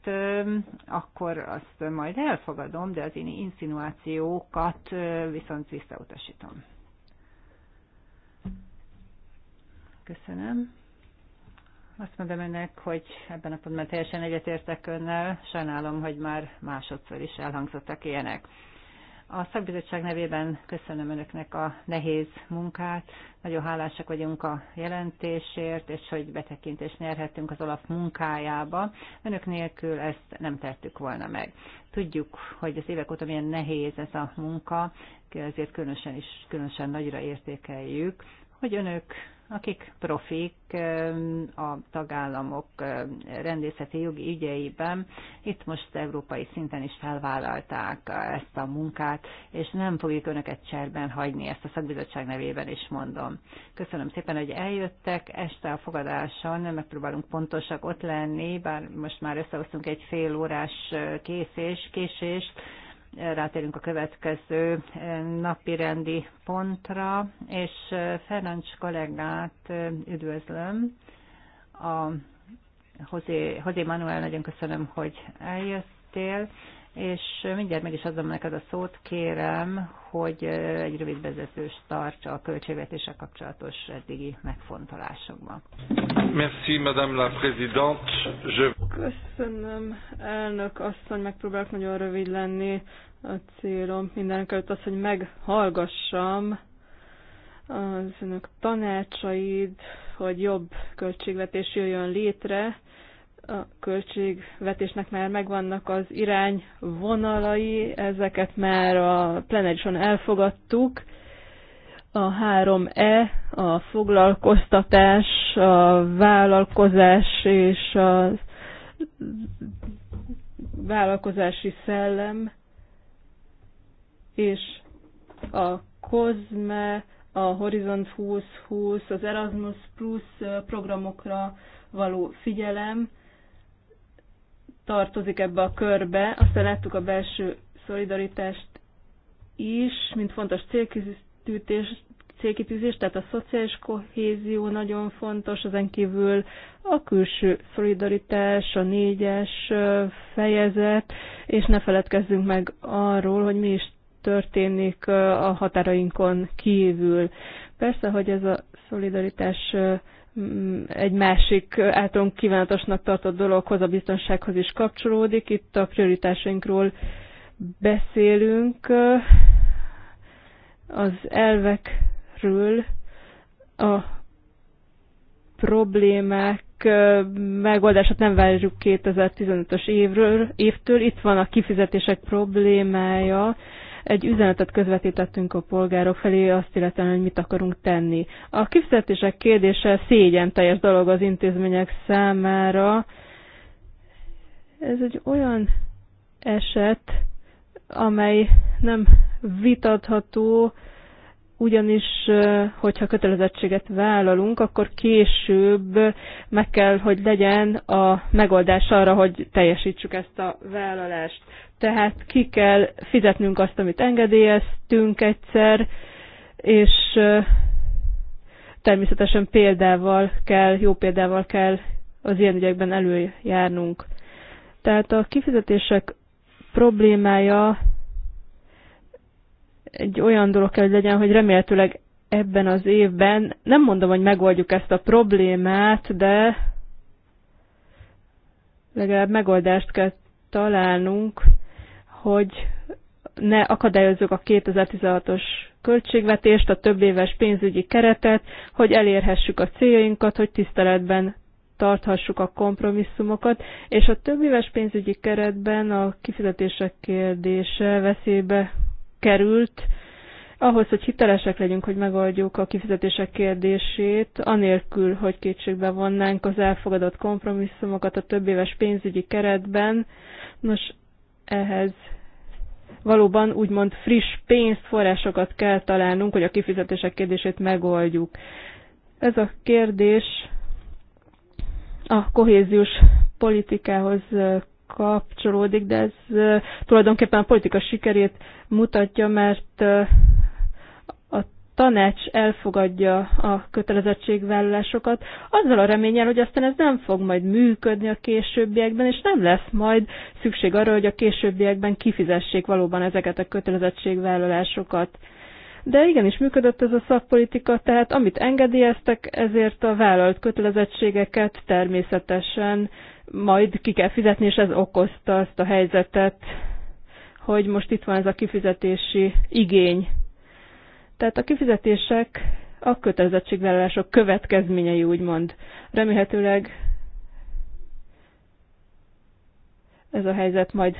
Speaker 1: akkor azt majd elfogadom, de az én insinuációkat viszont visszautasítom. Köszönöm. Azt mondom önnek, hogy ebben a pontban teljesen egyetértek önnel. Sajnálom, hogy már másodszor is elhangzottak ilyenek. A szakbizottság nevében köszönöm Önöknek a nehéz munkát. Nagyon hálásak vagyunk a jelentésért, és hogy betekintést nyerhettünk az olaf munkájába. Önök nélkül ezt nem tettük volna meg. Tudjuk, hogy az évek óta milyen nehéz ez a munka, ezért különösen is különösen nagyra értékeljük, hogy önök akik profik a tagállamok rendészeti jogi ügyeiben itt most európai szinten is felvállalták ezt a munkát, és nem fogjuk önöket cserben hagyni, ezt a szakbizottság nevében is mondom. Köszönöm szépen, hogy eljöttek, este a fogadáson megpróbálunk pontosak ott lenni, bár most már összehoztunk egy fél órás készés, késést, rátérünk a következő eh, napi rendi pontra, és eh, Ferenc kollégát eh, üdvözlöm. A José, José Manuel, nagyon köszönöm, hogy eljöttél és mindjárt meg is adom neked a szót, kérem, hogy egy rövid vezetős tarts a költségvetéssel
Speaker 3: kapcsolatos eddigi megfontolásokban.
Speaker 1: Merci, Madame la Présidente.
Speaker 3: Je... Köszönöm, elnök asszony, megpróbálok nagyon rövid lenni. A célom mindenkelőtt az, hogy meghallgassam az önök tanácsaid, hogy jobb költségvetés jöjjön létre, a költségvetésnek már megvannak az irány vonalai, ezeket már a plenárison elfogadtuk. A 3E, a foglalkoztatás, a vállalkozás és a vállalkozási szellem, és a COSME, a Horizon 2020, az Erasmus Plus programokra való figyelem, tartozik ebbe a körbe. Aztán láttuk a belső szolidaritást is, mint fontos célkizűtés, célkitűzés, tehát a szociális kohézió nagyon fontos, ezen kívül a külső szolidaritás, a négyes fejezet, és ne feledkezzünk meg arról, hogy mi is történik a határainkon kívül. Persze, hogy ez a szolidaritás Mm, egy másik általunk kívánatosnak tartott dologhoz, a biztonsághoz is kapcsolódik. Itt a prioritásainkról beszélünk, az elvekről, a problémák megoldását nem várjuk 2015-ös évről, évtől. Itt van a kifizetések problémája, egy üzenetet közvetítettünk a polgárok felé, azt illetve, hogy mit akarunk tenni. A kifizetések kérdése szégyen teljes dolog az intézmények számára. Ez egy olyan eset, amely nem vitatható, ugyanis hogyha kötelezettséget vállalunk, akkor később meg kell, hogy legyen a megoldás arra, hogy teljesítsük ezt a vállalást. Tehát ki kell fizetnünk azt, amit engedélyeztünk egyszer, és természetesen példával kell, jó példával kell az ilyen ügyekben előjárnunk. Tehát a kifizetések problémája egy olyan dolog kell, hogy legyen, hogy remélhetőleg ebben az évben, nem mondom, hogy megoldjuk ezt a problémát, de legalább megoldást kell találnunk, hogy ne akadályozzuk a 2016-os költségvetést, a több éves pénzügyi keretet, hogy elérhessük a céljainkat, hogy tiszteletben tarthassuk a kompromisszumokat, és a több éves pénzügyi keretben a kifizetések kérdése veszélybe került, ahhoz, hogy hitelesek legyünk, hogy megoldjuk a kifizetések kérdését, anélkül, hogy kétségbe vonnánk az elfogadott kompromisszumokat a több éves pénzügyi keretben. Nos, ehhez valóban úgymond friss pénzt, forrásokat kell találnunk, hogy a kifizetések kérdését megoldjuk. Ez a kérdés a kohéziós politikához kapcsolódik, de ez tulajdonképpen a politika sikerét mutatja, mert a tanács elfogadja a kötelezettségvállalásokat, azzal a reményel, hogy aztán ez nem fog majd működni a későbbiekben, és nem lesz majd szükség arra, hogy a későbbiekben kifizessék valóban ezeket a kötelezettségvállalásokat. De igenis működött ez a szakpolitika, tehát amit engedélyeztek, ezért a vállalt kötelezettségeket természetesen majd ki kell fizetni, és ez okozta azt a helyzetet, hogy most itt van ez a kifizetési igény. Tehát a kifizetések a kötelezettségvállalások következményei, úgymond. Remélhetőleg ez a helyzet majd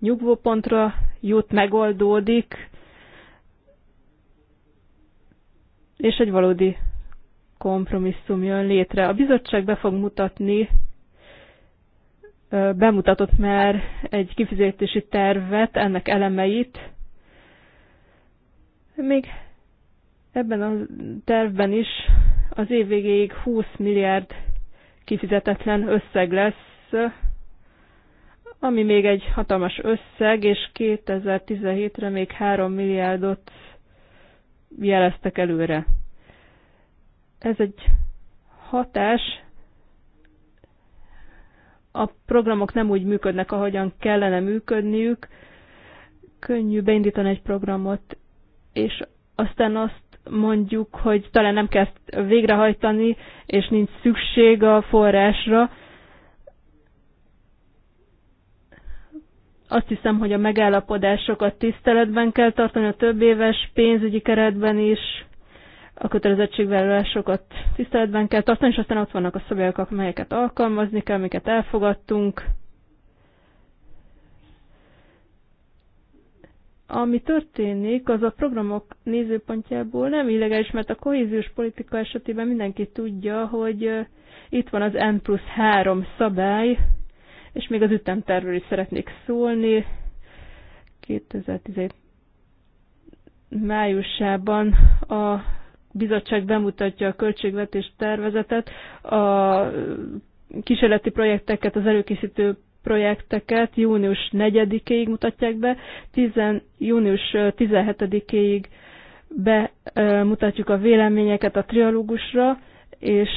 Speaker 3: nyugvópontra jut, megoldódik, és egy valódi kompromisszum jön létre. A bizottság be fog mutatni bemutatott már egy kifizetési tervet, ennek elemeit. Még ebben a tervben is az év végéig 20 milliárd kifizetetlen összeg lesz, ami még egy hatalmas összeg, és 2017-re még 3 milliárdot jeleztek előre. Ez egy hatás, a programok nem úgy működnek, ahogyan kellene működniük. Könnyű beindítani egy programot, és aztán azt mondjuk, hogy talán nem kell végrehajtani, és nincs szükség a forrásra. Azt hiszem, hogy a megállapodásokat tiszteletben kell tartani a több éves pénzügyi keretben is a kötelezettségvállalásokat tiszteletben kell tartani, és aztán ott vannak a szabályok, amelyeket alkalmazni kell, amiket elfogadtunk. Ami történik, az a programok nézőpontjából nem illegális, mert a kohéziós politika esetében mindenki tudja, hogy itt van az N plusz 3 szabály, és még az ütemtervről is szeretnék szólni. 2017 májusában a bizottság bemutatja a költségvetés tervezetet, a kísérleti projekteket, az előkészítő projekteket június 4-ig mutatják be, 10, június 17-ig bemutatjuk a véleményeket a trialógusra, és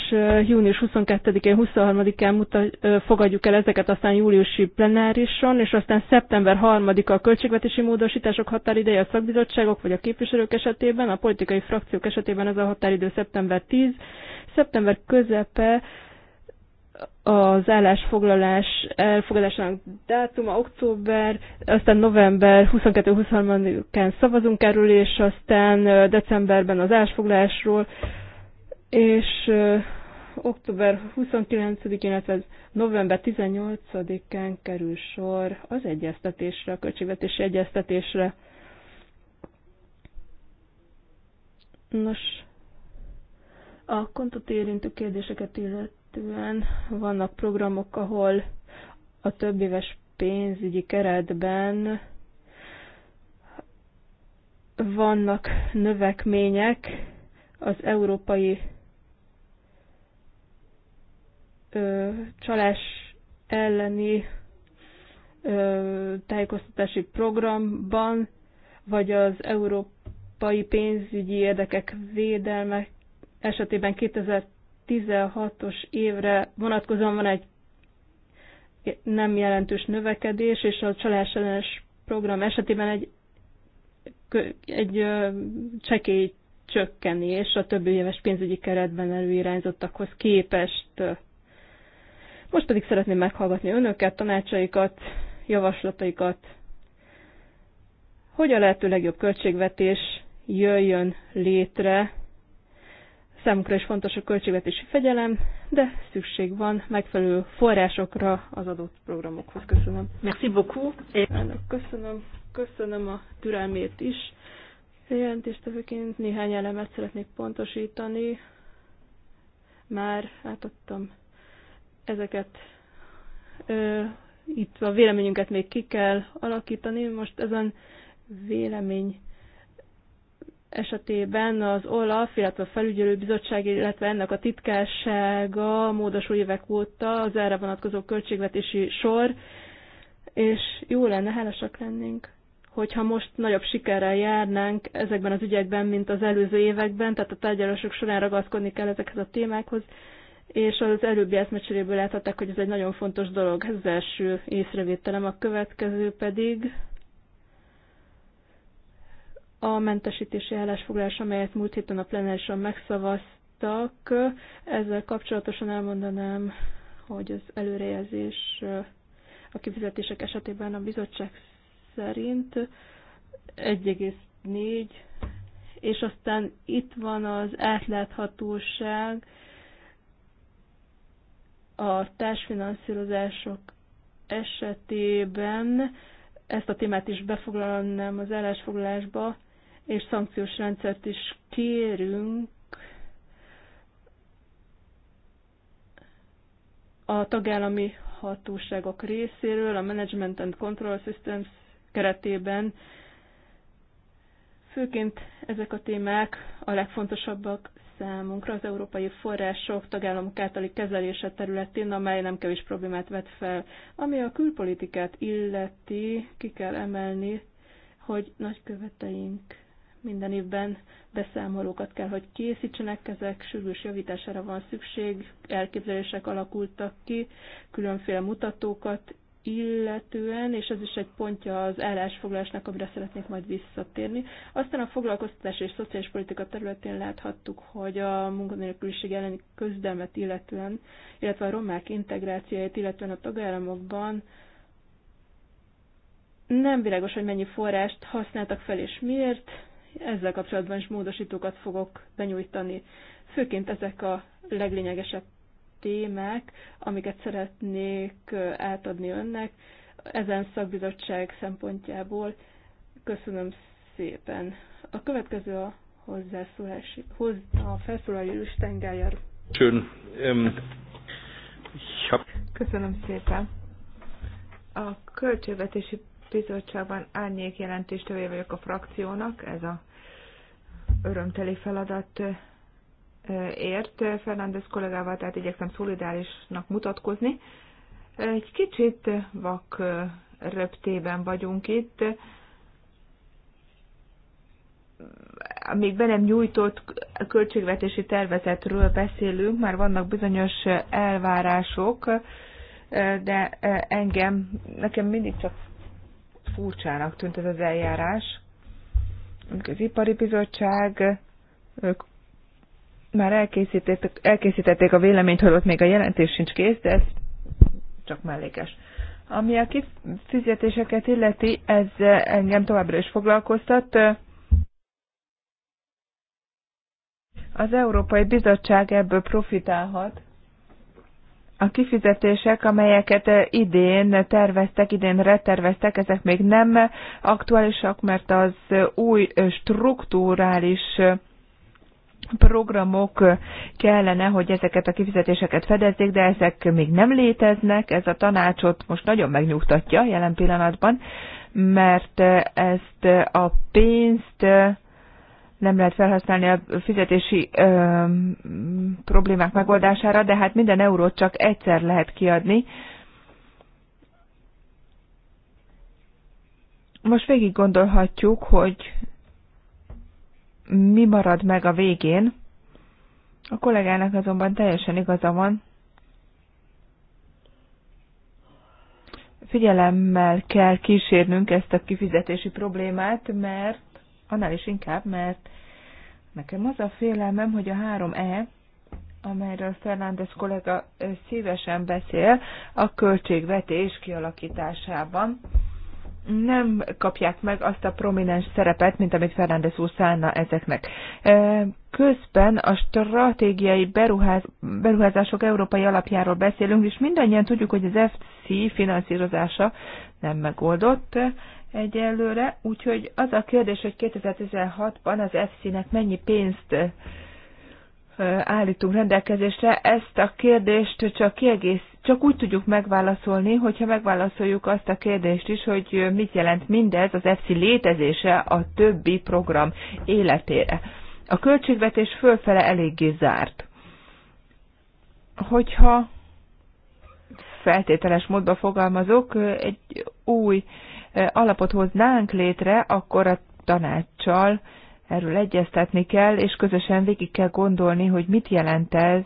Speaker 3: június 22-én, 23-án fogadjuk el ezeket, aztán júliusi plenárison, és aztán szeptember 3-a a költségvetési módosítások határideje a szakbizottságok vagy a képviselők esetében, a politikai frakciók esetében ez a határidő szeptember 10, szeptember közepe az állásfoglalás elfogadásának dátuma október, aztán november 22-23-án szavazunk erről, és aztán decemberben az állásfoglalásról, és október 29-én, illetve november 18-án kerül sor az egyeztetésre, a költségvetési egyeztetésre. Nos, a kontot érintő kérdéseket illetően vannak programok, ahol a több éves pénzügyi keretben vannak növekmények az európai ö, csalás elleni ö, tájékoztatási programban, vagy az európai pénzügyi érdekek védelme esetében 2016-os évre vonatkozóan van egy nem jelentős növekedés, és a csalás ellenes program esetében egy, egy csekély csökkenés a többi éves pénzügyi keretben előirányzottakhoz képest most pedig szeretném meghallgatni önöket, tanácsaikat, javaslataikat, hogy a lehető legjobb költségvetés jöjjön létre. Számukra is fontos a költségvetési fegyelem, de szükség van megfelelő forrásokra az adott programokhoz. Köszönöm. Merci beaucoup. Elnök, köszönöm. Köszönöm a türelmét is. Jelentéstevőként néhány elemet szeretnék pontosítani. Már átadtam Ezeket ö, itt a véleményünket még ki kell alakítani. Most ezen vélemény esetében az OLAF, illetve a felügyelőbizottság, illetve ennek a titkársága módosul évek óta az erre vonatkozó költségvetési sor, és jó lenne, hálásak lennénk hogyha most nagyobb sikerrel járnánk ezekben az ügyekben, mint az előző években, tehát a tárgyalások során ragaszkodni kell ezekhez a témákhoz, és az előbbi eszmecseréből láthatták, hogy ez egy nagyon fontos dolog. Ez az első észrevételem, a következő pedig a mentesítési állásfoglalás, amelyet múlt héten a plenárison megszavaztak. Ezzel kapcsolatosan elmondanám, hogy az előrejelzés a kifizetések esetében a bizottság szerint 1,4, és aztán itt van az átláthatóság, a társfinanszírozások esetében ezt a témát is befoglalnám az állásfoglalásba, és szankciós rendszert is kérünk a tagállami hatóságok részéről, a Management and Control Systems keretében. Főként ezek a témák a legfontosabbak számunkra az európai források tagállamok általi kezelése területén, amely nem kevés problémát vet fel. Ami a külpolitikát illeti, ki kell emelni, hogy nagyköveteink minden évben beszámolókat kell, hogy készítsenek, ezek sürgős javítására van szükség, elképzelések alakultak ki, különféle mutatókat illetően, és ez is egy pontja az állásfoglalásnak, amire szeretnék majd visszatérni. Aztán a foglalkoztatás és szociális politika területén láthattuk, hogy a munkanélküliség elleni közdelmet illetően, illetve a romák integrációját illetően a tagállamokban nem világos, hogy mennyi forrást használtak fel és miért. Ezzel kapcsolatban is módosítókat fogok benyújtani. Főként ezek a leglényegesebb témák, amiket szeretnék átadni önnek ezen szakbizottság szempontjából. Köszönöm szépen. A következő a hozzászólási, hoz, a
Speaker 2: felszólaló Stengájer.
Speaker 3: Ähm,
Speaker 2: Köszönöm szépen. A Költségvetési Bizottságban árnyék jelentéstevője vagyok a frakciónak, ez a örömteli feladat ért Fernández kollégával, tehát igyekszem szolidárisnak mutatkozni. Egy kicsit vak röptében vagyunk itt. Még be nem nyújtott költségvetési tervezetről beszélünk, már vannak bizonyos elvárások, de engem, nekem mindig csak furcsának tűnt ez az eljárás. Az ipari bizottság, már elkészítették, elkészítették a véleményt, holott még a jelentés sincs kész, de ez csak mellékes. Ami a kifizetéseket illeti, ez engem továbbra is foglalkoztat. Az Európai Bizottság ebből profitálhat. A kifizetések, amelyeket idén terveztek, idén reterveztek, ezek még nem aktuálisak, mert az új strukturális programok kellene, hogy ezeket a kifizetéseket fedezzék, de ezek még nem léteznek, ez a tanácsot most nagyon megnyugtatja jelen pillanatban, mert ezt a pénzt nem lehet felhasználni a fizetési ö, problémák megoldására, de hát minden eurót csak egyszer lehet kiadni. Most végig gondolhatjuk, hogy mi marad meg a végén. A kollégának azonban teljesen igaza van. Figyelemmel kell kísérnünk ezt a kifizetési problémát, mert annál is inkább, mert nekem az a félelmem, hogy a 3E, amelyről Fernández kollega szívesen beszél, a költségvetés kialakításában nem kapják meg azt a prominens szerepet, mint amit Fernández úr szállna ezeknek. Közben a stratégiai beruház, beruházások európai alapjáról beszélünk, és mindannyian tudjuk, hogy az FC finanszírozása nem megoldott egyelőre, úgyhogy az a kérdés, hogy 2016-ban az FC-nek mennyi pénzt állítunk rendelkezésre, ezt a kérdést csak kiegész, csak úgy tudjuk megválaszolni, hogyha megválaszoljuk azt a kérdést is, hogy mit jelent mindez az EFSI létezése a többi program életére. A költségvetés fölfele eléggé zárt. Hogyha feltételes módba fogalmazok, egy új alapot hoznánk létre, akkor a tanácssal erről egyeztetni kell, és közösen végig kell gondolni, hogy mit jelent ez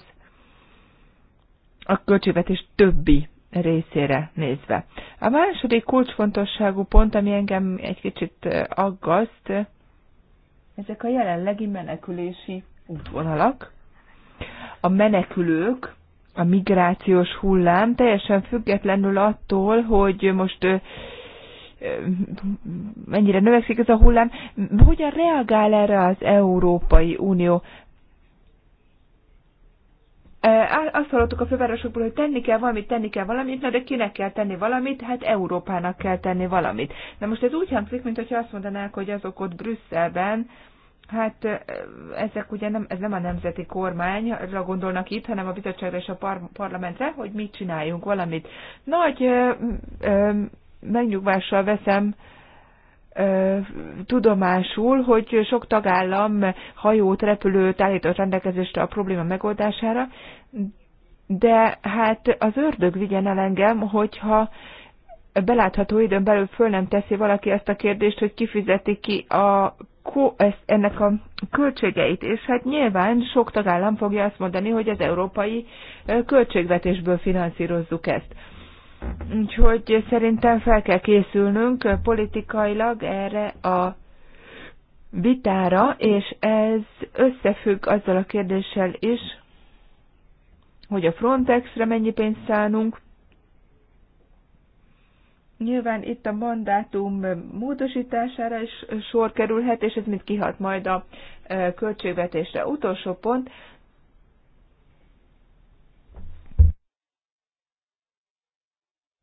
Speaker 2: a költségvetés többi részére nézve. A második kulcsfontosságú pont, ami engem egy kicsit aggaszt, ezek a jelenlegi menekülési útvonalak. A menekülők, a migrációs hullám teljesen függetlenül attól, hogy most mennyire növekszik ez a hullám, hogyan reagál erre az Európai Unió? Azt hallottuk a fővárosokból, hogy tenni kell valamit, tenni kell valamit, na de kinek kell tenni valamit? Hát Európának kell tenni valamit. Na most ez úgy hangzik, mintha azt mondanák, hogy azok ott Brüsszelben, Hát ezek ugye nem, ez nem a nemzeti kormányra gondolnak itt, hanem a bizottságra és a par- parlamentre, hogy mit csináljunk valamit. Nagy ö, ö, megnyugvással veszem tudomásul, hogy sok tagállam hajót, repülőt állított rendelkezésre a probléma megoldására, de hát az ördög vigyen el engem, hogyha belátható időn belül föl nem teszi valaki ezt a kérdést, hogy kifizeti ki a, ennek a költségeit, és hát nyilván sok tagállam fogja azt mondani, hogy az európai költségvetésből finanszírozzuk ezt. Úgyhogy szerintem fel kell készülnünk politikailag erre a vitára, és ez összefügg azzal a kérdéssel is, hogy a Frontexre mennyi pénzt szánunk. Nyilván itt a mandátum módosítására is sor kerülhet, és ez mind kihat majd a költségvetésre. Utolsó pont,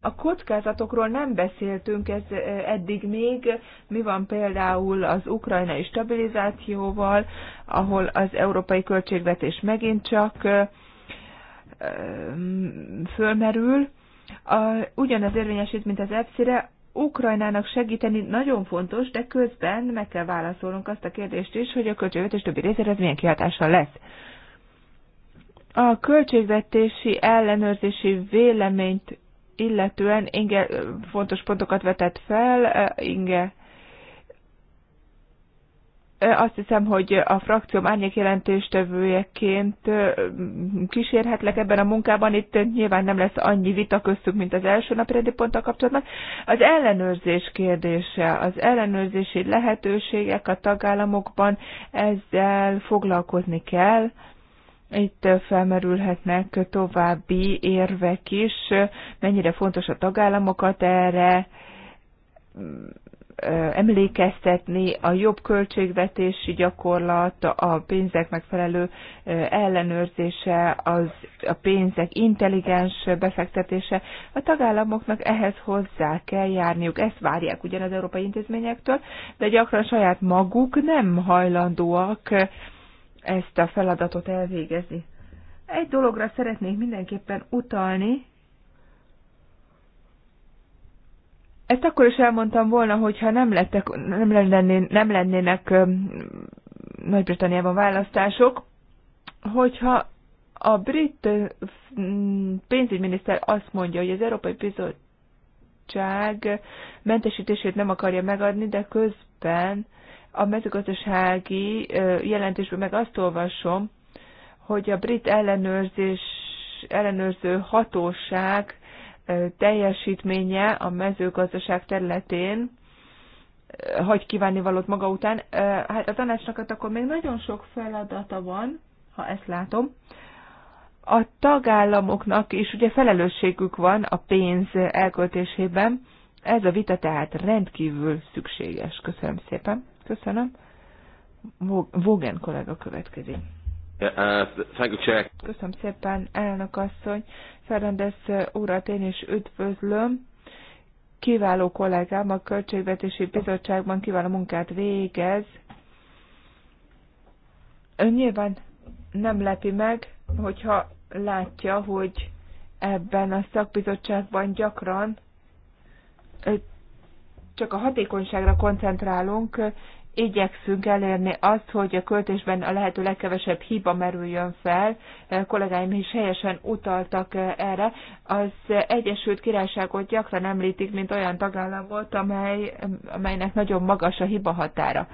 Speaker 2: A kockázatokról nem beszéltünk ez eddig még. Mi van például az ukrajnai stabilizációval, ahol az európai költségvetés megint csak fölmerül. Ugyanez érvényesít, mint az EPSZ-re, Ukrajnának segíteni nagyon fontos, de közben meg kell válaszolnunk azt a kérdést is, hogy a költségvetés többi részére ez milyen kihatással lesz. A költségvetési ellenőrzési véleményt illetően Inge fontos pontokat vetett fel, Inge azt hiszem, hogy a frakcióm árnyék jelentéstevőjeként kísérhetlek ebben a munkában. Itt nyilván nem lesz annyi vita köztük, mint az első napi ponttal kapcsolatban. Az ellenőrzés kérdése, az ellenőrzési lehetőségek a tagállamokban, ezzel foglalkozni kell. Itt felmerülhetnek további érvek is, mennyire fontos a tagállamokat erre emlékeztetni, a jobb költségvetési gyakorlat, a pénzek megfelelő ellenőrzése, az, a pénzek intelligens befektetése. A tagállamoknak ehhez hozzá kell járniuk. Ezt várják ugyan az európai intézményektől, de gyakran saját maguk nem hajlandóak ezt a feladatot elvégezni. Egy dologra szeretnék mindenképpen utalni, Ezt akkor is elmondtam volna, hogyha nem, lettek, nem, lennének, nem lennének Nagy-Britanniában választások, hogyha a brit pénzügyminiszter azt mondja, hogy az Európai Bizottság mentesítését nem akarja megadni, de közben a mezőgazdasági jelentésben meg azt olvasom, hogy a brit ellenőrzés, ellenőrző hatóság teljesítménye a mezőgazdaság területén hagy kívánni valót maga után. Hát a tanácsnak akkor még nagyon sok feladata van, ha ezt látom. A tagállamoknak is ugye felelősségük van a pénz elköltésében. Ez a vita tehát rendkívül szükséges. Köszönöm szépen. Köszönöm. Vogan kollega következik. Uh, Köszönöm szépen, elnök asszony. Fernandez uh, urat én is üdvözlöm. Kiváló kollégám a Költségvetési Bizottságban kiváló munkát végez. Ön nyilván nem lepi meg, hogyha látja, hogy ebben a szakbizottságban gyakran csak a hatékonyságra koncentrálunk, igyekszünk elérni azt, hogy a költésben a lehető legkevesebb hiba merüljön fel. Eh, kollégáim is helyesen utaltak eh, erre. Az Egyesült Királyságot gyakran említik, mint olyan tagállamot, amely, amelynek nagyon magas a hiba határa.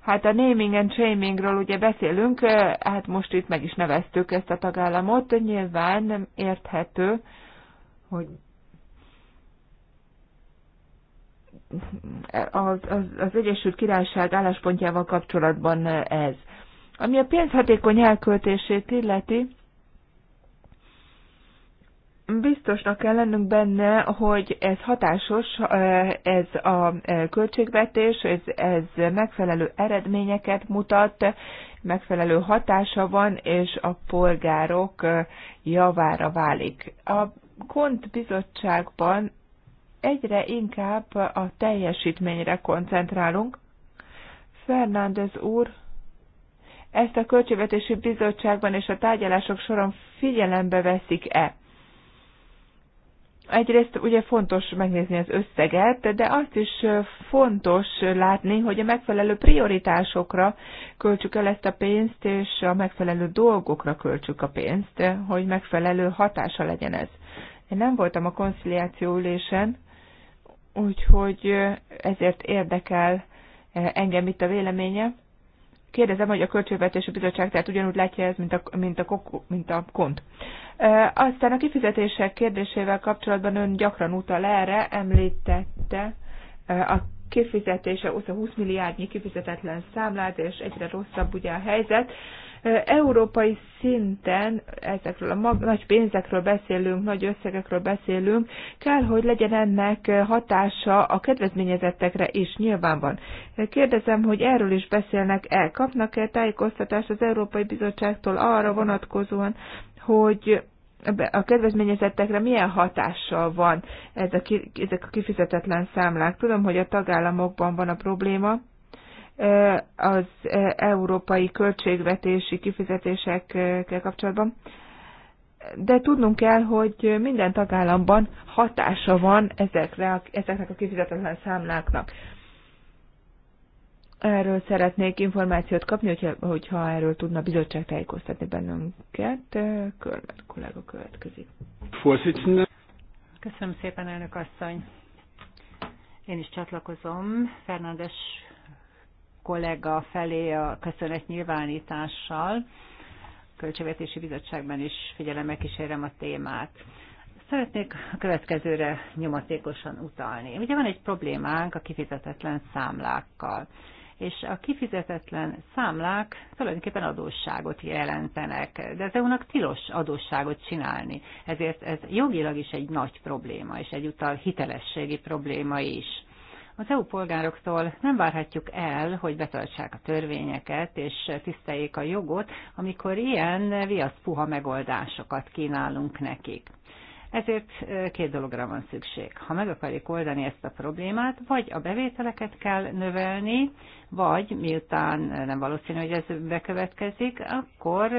Speaker 2: Hát a naming and shamingről ugye beszélünk, eh, hát most itt meg is neveztük ezt a tagállamot, nyilván nem érthető, hogy az, az, az Egyesült Királyság álláspontjával kapcsolatban ez. Ami a pénzhatékony elköltését illeti, biztosnak kell lennünk benne, hogy ez hatásos, ez a költségvetés, ez, ez megfelelő eredményeket mutat, megfelelő hatása van, és a polgárok javára válik. A Kont bizottságban egyre inkább a teljesítményre koncentrálunk. Fernández úr ezt a Költségvetési Bizottságban és a tárgyalások soron figyelembe veszik-e? Egyrészt ugye fontos megnézni az összeget, de azt is fontos látni, hogy a megfelelő prioritásokra költsük el ezt a pénzt, és a megfelelő dolgokra költsük a pénzt, hogy megfelelő hatása legyen ez. Én nem voltam a konciliáció ülésen, úgyhogy ezért érdekel engem itt a véleménye. Kérdezem, hogy a Költségvetési Bizottság tehát ugyanúgy látja ez, mint a, mint a, mint a kont. Aztán a kifizetések kérdésével kapcsolatban ön gyakran utal erre, említette a kifizetése, 20 milliárdnyi kifizetetlen számlát, és egyre rosszabb ugye a helyzet. Európai szinten ezekről a nagy pénzekről beszélünk, nagy összegekről beszélünk, kell, hogy legyen ennek hatása a kedvezményezettekre is nyilvánban. Kérdezem, hogy erről is beszélnek-e? Kapnak-e tájékoztatást az Európai Bizottságtól arra vonatkozóan, hogy a kedvezményezettekre milyen hatással van ez a ki, ezek a kifizetetlen számlák. Tudom, hogy a tagállamokban van a probléma, az európai költségvetési kifizetésekkel kapcsolatban. De tudnunk kell, hogy minden tagállamban hatása van ezekre ezeknek a kifizetetlen számláknak. Erről szeretnék információt kapni, hogyha, hogyha erről tudna a bizottság tájékoztatni bennünket. Körmer kollega következik. Köszönöm
Speaker 1: szépen, elnök asszony. Én is csatlakozom Fernandes kollega felé a köszönet nyilvánítással. A Költségvetési Bizottságban is figyelemmel kísérem a témát. Szeretnék a következőre nyomatékosan utalni. Ugye van egy problémánk a kifizetetlen számlákkal és a kifizetetlen számlák tulajdonképpen adósságot jelentenek, de az EU-nak tilos adósságot csinálni. Ezért ez jogilag is egy nagy probléma, és egyúttal hitelességi probléma is. Az EU polgároktól nem várhatjuk el, hogy betartsák a törvényeket és tiszteljék a jogot, amikor ilyen viaszpuha megoldásokat kínálunk nekik. Ezért két dologra van szükség. Ha meg akarjuk oldani ezt a problémát, vagy a bevételeket kell növelni, vagy miután nem valószínű, hogy ez bekövetkezik, akkor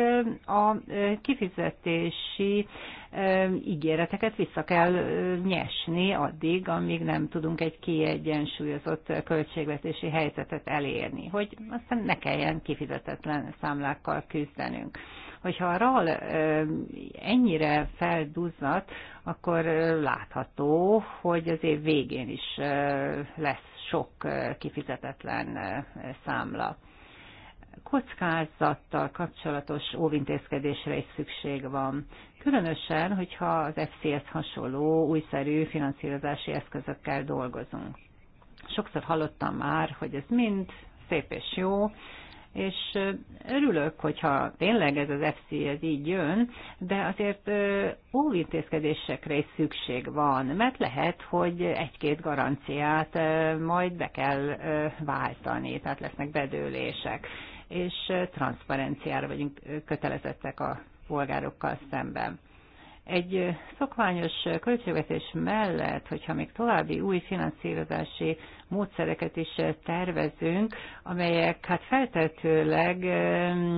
Speaker 1: a kifizetési ígéreteket vissza kell nyesni addig, amíg nem tudunk egy kiegyensúlyozott költségvetési helyzetet elérni, hogy aztán ne kelljen kifizetetlen számlákkal küzdenünk. Hogyha a RAL ennyire felduzzat, akkor látható, hogy az év végén is lesz sok kifizetetlen számla kockázattal kapcsolatos óvintézkedésre is szükség van. Különösen, hogyha az FCS hasonló újszerű finanszírozási eszközökkel dolgozunk. Sokszor hallottam már, hogy ez mind szép és jó, és örülök, hogyha tényleg ez az FC ez így jön, de azért óvintézkedésekre is szükség van, mert lehet, hogy egy-két garanciát majd be kell váltani, tehát lesznek bedőlések, és transzparenciára vagyunk kötelezettek a polgárokkal szemben. Egy szokványos költségvetés mellett, hogyha még további új finanszírozási módszereket is tervezünk, amelyek hát feltetőleg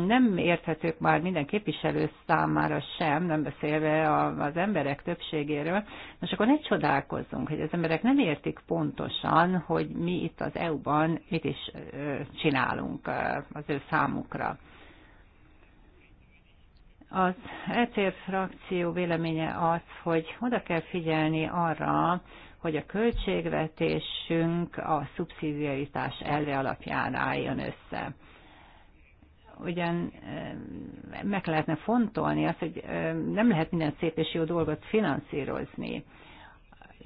Speaker 1: nem érthetők már minden képviselő számára sem, nem beszélve az emberek többségéről, most akkor ne csodálkozzunk, hogy az emberek nem értik pontosan, hogy mi itt az EU-ban mit is csinálunk az ő számukra. Az ETF frakció véleménye az, hogy oda kell figyelni arra, hogy a költségvetésünk a szubszidiaritás elve alapján álljon össze. Ugyan eh, meg lehetne fontolni azt, hogy eh, nem lehet minden szép és jó dolgot finanszírozni.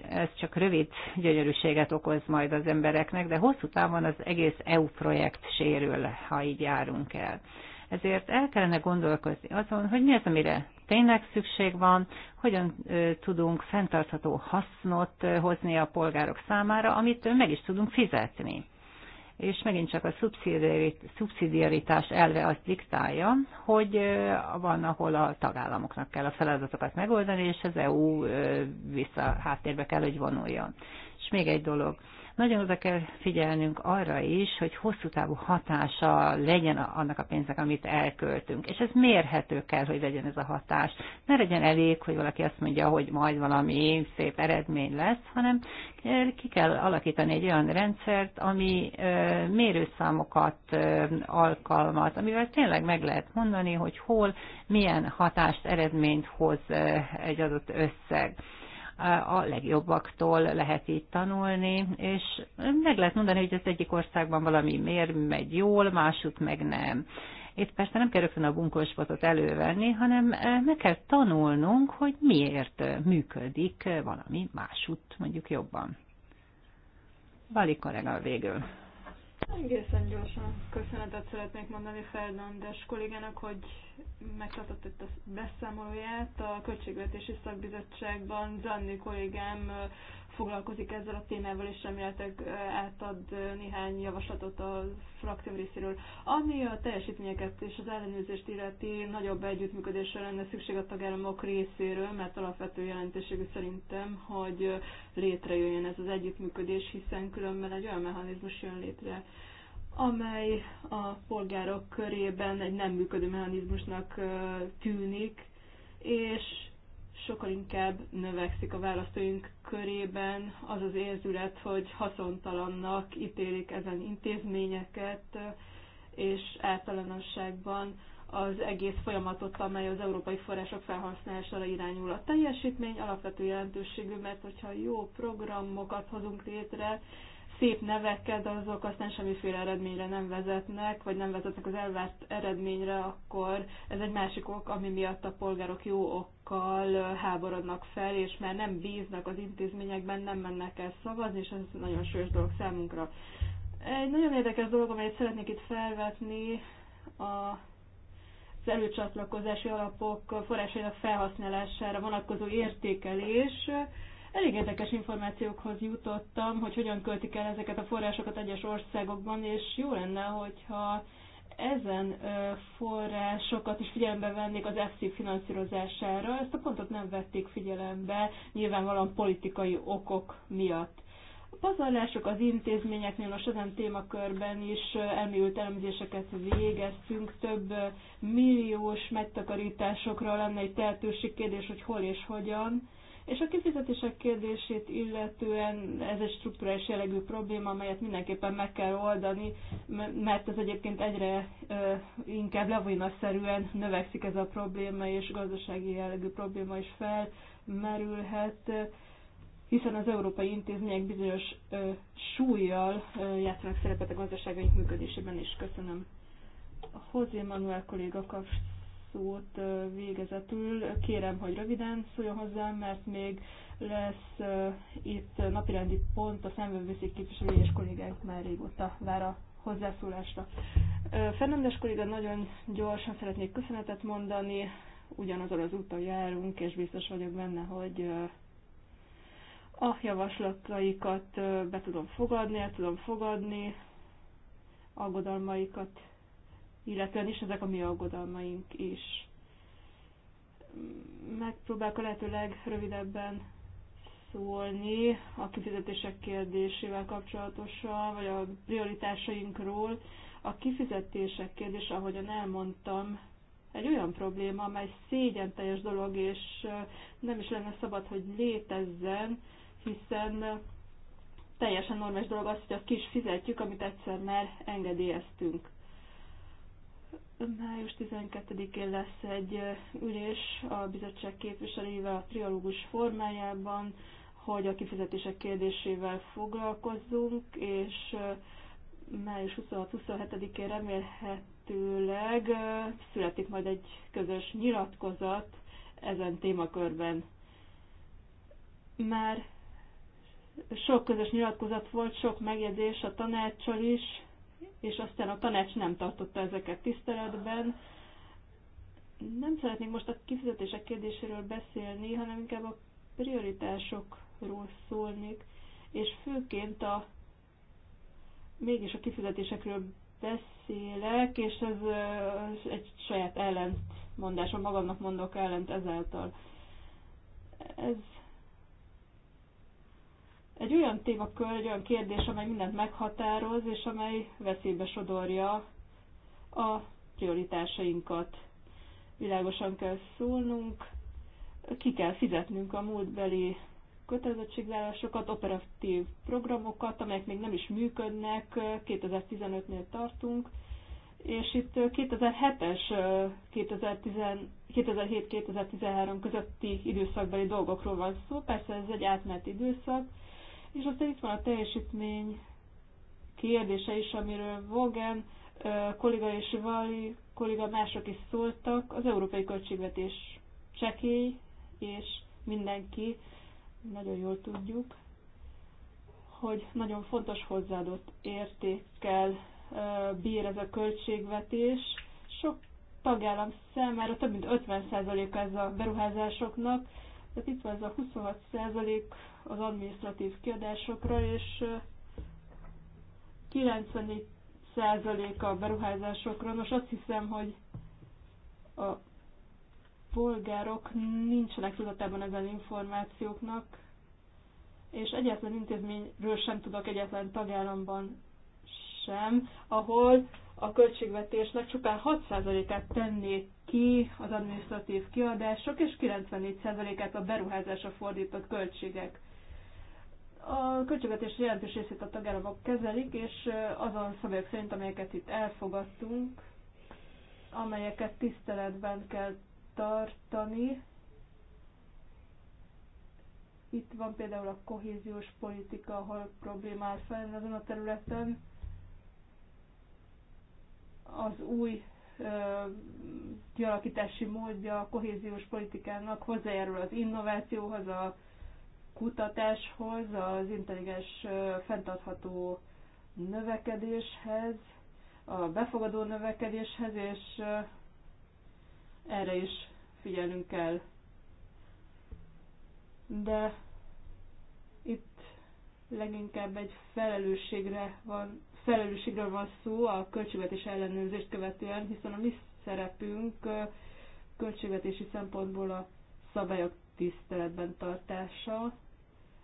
Speaker 1: Ez csak rövid gyönyörűséget okoz majd az embereknek, de hosszú távon az egész EU projekt sérül, ha így járunk el. Ezért el kellene gondolkozni azon, hogy mi az, amire tényleg szükség van, hogyan tudunk fenntartható hasznot hozni a polgárok számára, amit meg is tudunk fizetni. És megint csak a szubszidiaritás elve azt diktálja, hogy van, ahol a tagállamoknak kell a feladatokat megoldani, és az EU vissza háttérbe kell, hogy vonuljon. És még egy dolog nagyon oda kell figyelnünk arra is, hogy hosszú távú hatása legyen annak a pénznek, amit elköltünk. És ez mérhető kell, hogy legyen ez a hatás. Ne legyen elég, hogy valaki azt mondja, hogy majd valami szép eredmény lesz, hanem ki kell alakítani egy olyan rendszert, ami mérőszámokat alkalmaz, amivel tényleg meg lehet mondani, hogy hol milyen hatást, eredményt hoz egy adott összeg a legjobbaktól lehet itt tanulni, és meg lehet mondani, hogy az egyik országban valami miért megy jól, másút meg nem. Itt persze nem kell rögtön a bunkóspotot elővenni, hanem eh, meg kell tanulnunk, hogy miért eh, működik eh, valami másút mondjuk jobban. Valik kollega végül.
Speaker 3: Egészen gyorsan köszönetet szeretnék mondani Fernandes kollégának, hogy megtartott itt a beszámolóját a Költségvetési Szakbizottságban. Zanni kollégám foglalkozik ezzel a témával, és remélhetőleg átad néhány javaslatot a frakció részéről. Ami a teljesítményeket és az ellenőrzést illeti, nagyobb együttműködésre lenne szükség a tagállamok részéről, mert alapvető jelentőségű szerintem, hogy létrejöjjön ez az együttműködés, hiszen különben egy olyan mechanizmus jön létre, amely a polgárok körében egy nem működő mechanizmusnak tűnik, és sokkal inkább növekszik a választóink körében az az érzület, hogy haszontalannak ítélik ezen intézményeket, és általánosságban az egész folyamatot, amely az európai források felhasználására irányul. A teljesítmény alapvető jelentőségű, mert hogyha jó programokat hozunk létre, szép nevekkel, de azok aztán semmiféle eredményre nem vezetnek, vagy nem vezetnek az elvárt eredményre, akkor ez egy másik ok, ami miatt a polgárok jó okkal háborodnak fel, és már nem bíznak az intézményekben, nem mennek el szavazni, és ez nagyon sős dolog számunkra. Egy nagyon érdekes dolog, amelyet szeretnék itt felvetni, a az előcsatlakozási alapok forrásainak felhasználására vonatkozó értékelés, Elég érdekes információkhoz jutottam, hogy hogyan költik el ezeket a forrásokat egyes országokban, és jó lenne, hogyha ezen forrásokat is figyelembe vennék az FC finanszírozására. Ezt a pontot nem vették figyelembe, nyilvánvalóan politikai okok miatt. A pazarlások az intézményeknél, most ezen témakörben is elmélyült elemzéseket végeztünk, több milliós megtakarításokra lenne egy tehetőség kérdés, hogy hol és hogyan és a kifizetések kérdését illetően ez egy strukturális jellegű probléma, amelyet mindenképpen meg kell oldani, mert ez egyébként egyre inkább levonyaszerűen növekszik ez a probléma, és gazdasági jellegű probléma is felmerülhet hiszen az európai intézmények bizonyos ö, súlyjal ö, játszanak szerepet a gazdaságaink működésében is. Köszönöm. Hozé Manuel kolléga kapsz szót végezetül. Kérem, hogy röviden szóljon hozzá, mert még lesz itt napirendi pont a szemvevőszék képviselői és kollégáink már régóta vár a hozzászólásra. Fernandes kolléga nagyon gyorsan szeretnék köszönetet mondani, ugyanazon az úton járunk, és biztos vagyok benne, hogy a javaslataikat be tudom fogadni, el tudom fogadni, aggodalmaikat illetően is ezek a mi aggodalmaink is. Megpróbálok a lehető legrövidebben szólni a kifizetések kérdésével kapcsolatosan, vagy a prioritásainkról. A kifizetések kérdése, ahogyan elmondtam, egy olyan probléma, amely szégyen teljes dolog, és nem is lenne szabad, hogy létezzen, hiszen teljesen normális dolog az, hogy a kis fizetjük, amit egyszer már engedélyeztünk. Május 12-én lesz egy ülés a bizottság képviselőivel a triológus formájában, hogy a kifizetések kérdésével foglalkozzunk, és május 26-27-én remélhetőleg születik majd egy közös nyilatkozat ezen témakörben. Már sok közös nyilatkozat volt, sok megjegyzés a tanácssal is, és aztán a tanács nem tartotta ezeket tiszteletben. Nem szeretnék most a kifizetések kérdéséről beszélni, hanem inkább a prioritásokról szólnék, és főként a mégis a kifizetésekről beszélek, és ez egy saját ellentmondás, magamnak mondok ellent ezáltal. Ez egy olyan témakör, egy olyan kérdés, amely mindent meghatároz, és amely veszélybe sodorja a prioritásainkat. Világosan kell szólnunk, ki kell fizetnünk a múltbeli kötelezettségvállalásokat, operatív programokat, amelyek még nem is működnek, 2015-nél tartunk, és itt 2007-es 2007-2013 közötti időszakbeli dolgokról van szó, persze ez egy átmeneti időszak, és aztán itt van a teljesítmény kérdése is, amiről Vogan kolléga és Vali kolléga mások is szóltak. Az európai költségvetés csekély, és mindenki, nagyon jól tudjuk, hogy nagyon fontos hozzáadott értékkel bír ez a költségvetés. Sok tagállam számára több mint 50%-a ez a beruházásoknak, tehát itt van ez a 26 százalék az administratív kiadásokra, és 94 százalék a beruházásokra. Most azt hiszem, hogy a polgárok nincsenek tudatában ezen információknak, és egyetlen intézményről sem tudok egyetlen tagállamban sem, ahol a költségvetésnek csupán 6%-át tenné ki az adminisztratív kiadások, és 94%-át a beruházásra fordított költségek. A költségvetés jelentős részét a tagállamok kezelik, és azon szabályok szerint, amelyeket itt elfogadtunk, amelyeket tiszteletben kell tartani. Itt van például a kohéziós politika, ahol problémál fel azon a területen. Az új kialakítási módja a kohéziós politikának hozzájárul az innovációhoz, a kutatáshoz, az intelligens fenntartható növekedéshez, a befogadó növekedéshez, és erre is figyelnünk kell. De itt leginkább egy felelősségre van felelősségről van szó a költségvetés ellenőrzést követően, hiszen a mi szerepünk költségvetési szempontból a szabályok tiszteletben tartása,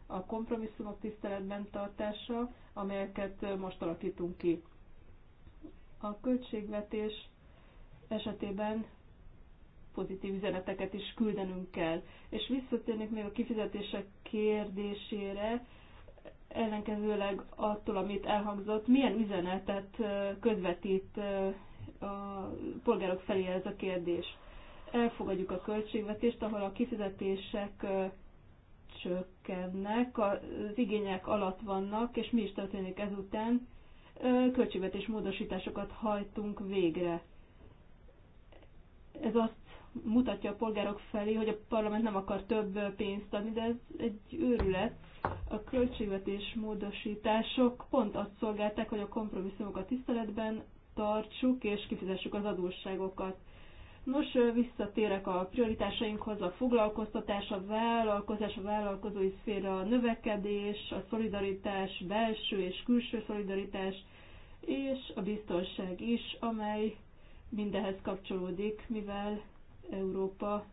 Speaker 3: a kompromisszumok tiszteletben tartása, amelyeket most alakítunk ki. A költségvetés esetében pozitív üzeneteket is küldenünk kell. És visszatérnék még a kifizetések kérdésére, ellenkezőleg attól, amit elhangzott, milyen üzenetet közvetít a polgárok felé ez a kérdés. Elfogadjuk a költségvetést, ahol a kifizetések csökkennek, az igények alatt vannak, és mi is történik ezután? Költségvetés módosításokat hajtunk végre. Ez azt mutatja a polgárok felé, hogy a parlament nem akar több pénzt adni, de ez egy őrület. A költségvetés módosítások pont azt szolgálták, hogy a kompromisszumokat tiszteletben tartsuk és kifizessük az adósságokat. Nos, visszatérek a prioritásainkhoz, a foglalkoztatás, a vállalkozás, a vállalkozói szféra, a növekedés, a szolidaritás, belső és külső szolidaritás, és a biztonság is, amely mindenhez kapcsolódik, mivel Európa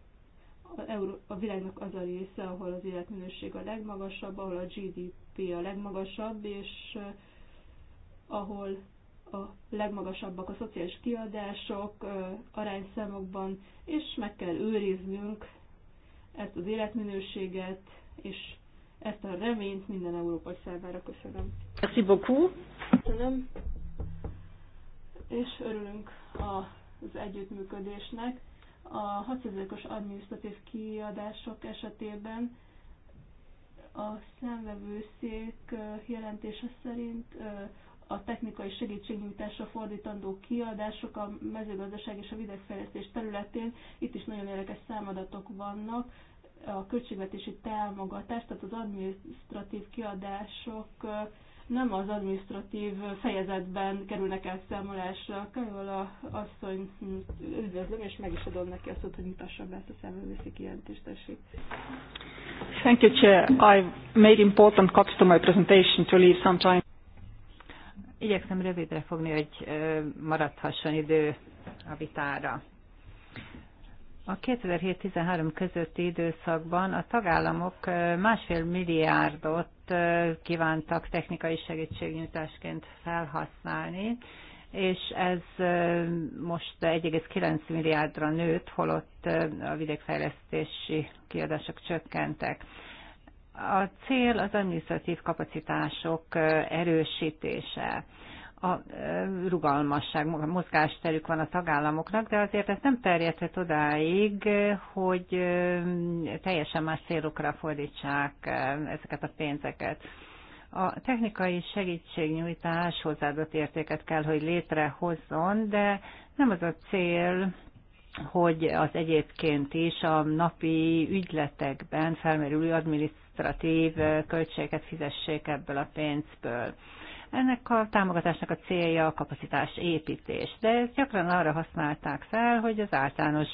Speaker 3: a világnak az a része, ahol az életminőség a legmagasabb, ahol a GDP a legmagasabb, és eh, ahol a legmagasabbak a szociális kiadások eh, arányszámokban, és meg kell őriznünk ezt az életminőséget, és ezt a reményt minden európai számára köszönöm. Merci beaucoup. Köszönöm. És örülünk az együttműködésnek. A 6%-os adminisztratív kiadások esetében a számvevőszék jelentése szerint a technikai segítségnyújtásra fordítandó kiadások a mezőgazdaság és a vidékfejlesztés területén, itt is nagyon érdekes számadatok vannak, a költségvetési támogatás, tehát az adminisztratív kiadások nem az administratív fejezetben kerülnek elszámolásra. Kajola asszony üdvözlöm, és meg is adom neki azt, hogy mutassa be ezt a számövőszi kijelentést, tessék. Thank you, Chair. I made
Speaker 1: important cuts to my presentation to leave some time. Igyekszem rövidre fogni, hogy maradhasson idő a vitára. A 2007-13 közötti időszakban a tagállamok másfél milliárdot kívántak technikai segítségnyújtásként felhasználni, és ez most 1,9 milliárdra nőtt, holott a vidékfejlesztési kiadások csökkentek. A cél az administratív kapacitások erősítése a rugalmasság, mozgásterük van a tagállamoknak, de azért ez nem terjedhet odáig, hogy teljesen más célokra fordítsák ezeket a pénzeket. A technikai segítségnyújtás hozzáadott értéket kell, hogy létrehozzon, de nem az a cél, hogy az egyébként is a napi ügyletekben felmerülő adminisztratív költségeket fizessék ebből a pénzből. Ennek a támogatásnak a célja a kapacitás építés, de ezt gyakran arra használták fel, hogy az általános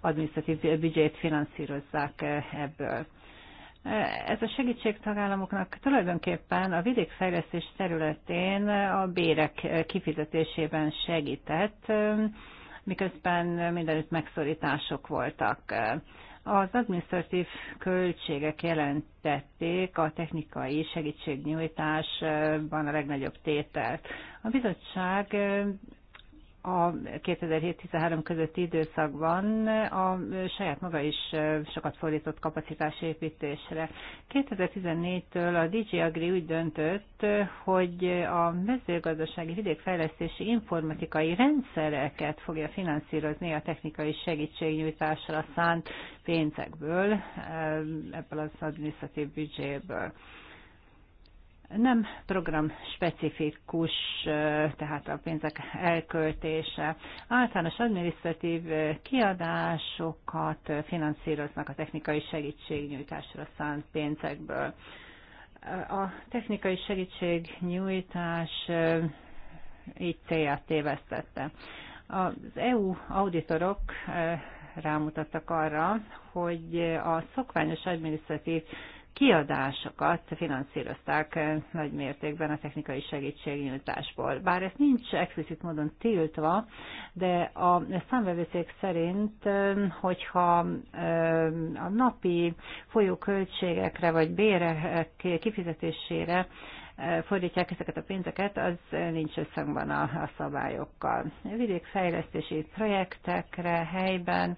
Speaker 1: adminisztratív büdzsét finanszírozzák ebből. Ez a segítség tagállamoknak tulajdonképpen a vidékfejlesztés területén a bérek kifizetésében segített, miközben mindenütt megszorítások voltak. Az administratív költségek jelentették a technikai segítségnyújtásban a legnagyobb tételt. A bizottság a 2007-13 közötti időszakban a saját maga is sokat fordított kapacitás építésre. 2014-től a DG Agri úgy döntött, hogy a mezőgazdasági vidékfejlesztési informatikai rendszereket fogja finanszírozni a technikai segítségnyújtásra szánt pénzekből, ebből az adminisztratív büdzséből nem program specifikus, tehát a pénzek elköltése. Általános administratív kiadásokat finanszíroznak a technikai segítségnyújtásra szánt pénzekből. A technikai segítségnyújtás így célját tévesztette. Az EU auditorok rámutattak arra, hogy a szokványos administratív kiadásokat finanszírozták nagy mértékben a technikai segítségnyújtásból. Bár ez nincs explicit módon tiltva, de a számvevőszék szerint, hogyha a napi folyóköltségekre vagy bérek kifizetésére fordítják ezeket a pénzeket, az nincs összhangban a, a szabályokkal. Vidékfejlesztési projektekre helyben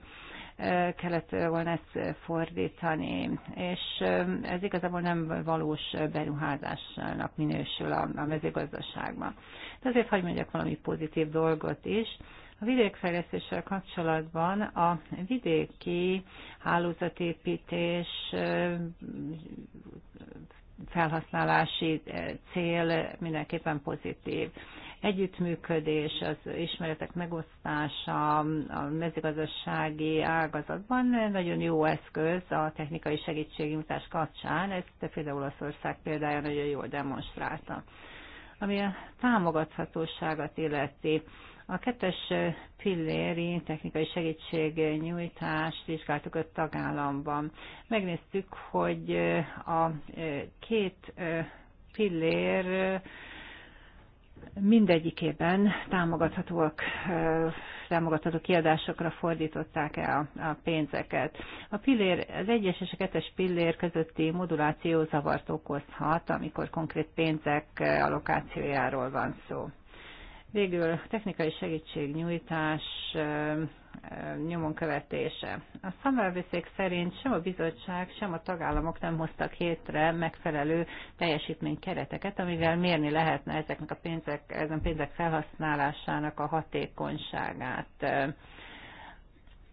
Speaker 1: kellett volna ezt fordítani, és ez igazából nem valós beruházásnak minősül a, mezőgazdaságban. De azért hagyd mondjak valami pozitív dolgot is. A vidékfejlesztéssel kapcsolatban a vidéki hálózatépítés felhasználási eh, cél mindenképpen pozitív. Együttműködés, az ismeretek megosztása a mezőgazdasági ágazatban eh, nagyon jó eszköz a technikai segítségnyújtás kapcsán, ezt például Olaszország példája nagyon jól demonstrálta. Ami a támogathatóságot illeti, a kettes pilléri technikai segítségnyújtást vizsgáltuk a tagállamban. Megnéztük, hogy a két pillér mindegyikében támogathatóak, támogatható kiadásokra fordították el a pénzeket. A pillér, az egyes és a kettes pillér közötti moduláció zavart okozhat, amikor konkrét pénzek allokációjáról van szó. Végül technikai segítségnyújtás nyomon követése. A számvevőszék szerint sem a bizottság, sem a tagállamok nem hoztak hétre megfelelő kereteket, amivel mérni lehetne ezeknek a pénzek, ezen pénzek felhasználásának a hatékonyságát.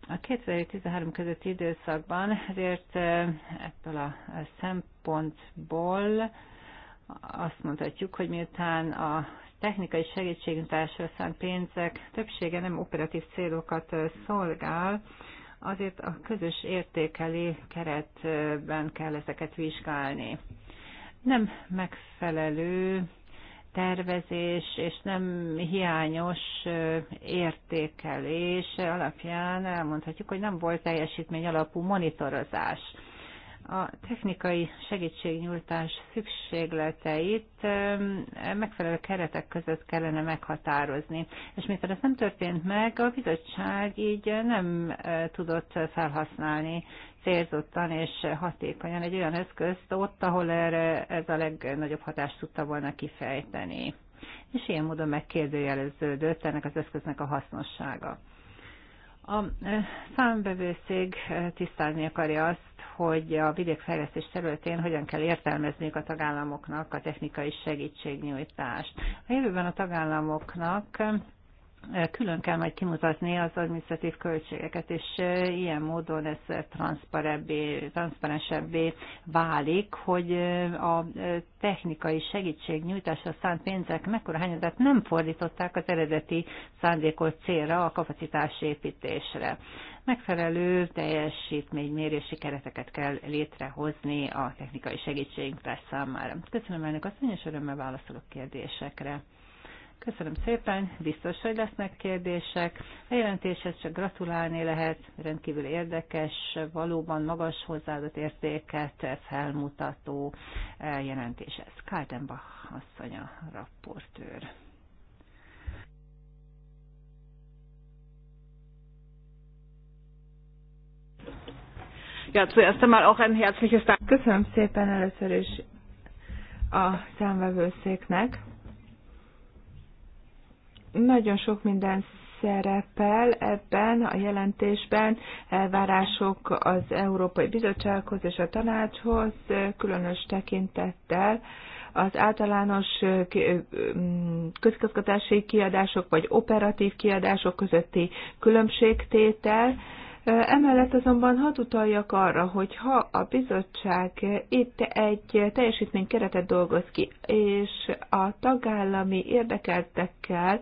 Speaker 1: A 2013 közötti időszakban ezért ebből a szempontból azt mondhatjuk, hogy miután a technikai segítségnyújtásra szánt pénzek többsége nem operatív célokat szolgál, azért a közös értékeli keretben kell ezeket vizsgálni. Nem megfelelő tervezés és nem hiányos értékelés alapján elmondhatjuk, hogy nem volt teljesítmény alapú monitorozás a technikai segítségnyújtás szükségleteit megfelelő keretek között kellene meghatározni. És mivel ez nem történt meg, a bizottság így nem tudott felhasználni célzottan és hatékonyan egy olyan eszközt ott, ahol erre ez a legnagyobb hatást tudta volna kifejteni. És ilyen módon megkérdőjeleződött ennek az eszköznek a hasznossága. A számbevőszég tisztázni akarja azt, hogy a vidékfejlesztés területén hogyan kell értelmezniük a tagállamoknak a technikai segítségnyújtást. A jövőben a tagállamoknak külön kell majd kimutatni az administratív költségeket, és ilyen módon ez transzparensebbé válik, hogy a technikai segítségnyújtásra szánt pénzek mekkora hányadat nem fordították az eredeti szándékolt célra, a építésre. Megfelelő teljesítménymérési kereteket kell létrehozni a technikai segítségnyújtás számára. Köszönöm elnök azt, és örömmel válaszolok kérdésekre. Köszönöm szépen, biztos, hogy lesznek kérdések. A jelentéshez csak gratulálni lehet, rendkívül érdekes, valóban magas hozzáadott értéket felmutató jelentéshez. ez. Kaltenbach asszony a rapportőr.
Speaker 2: Ja, Köszönöm szépen először is a számvevőszéknek nagyon sok minden szerepel ebben a jelentésben elvárások az Európai Bizottsághoz és a Tanácshoz, különös tekintettel az általános közigazgatási kiadások vagy operatív kiadások közötti különbségtétel, Emellett azonban hadd utaljak arra, hogy ha a bizottság itt egy teljesítménykeretet dolgoz ki, és a tagállami érdekeltekkel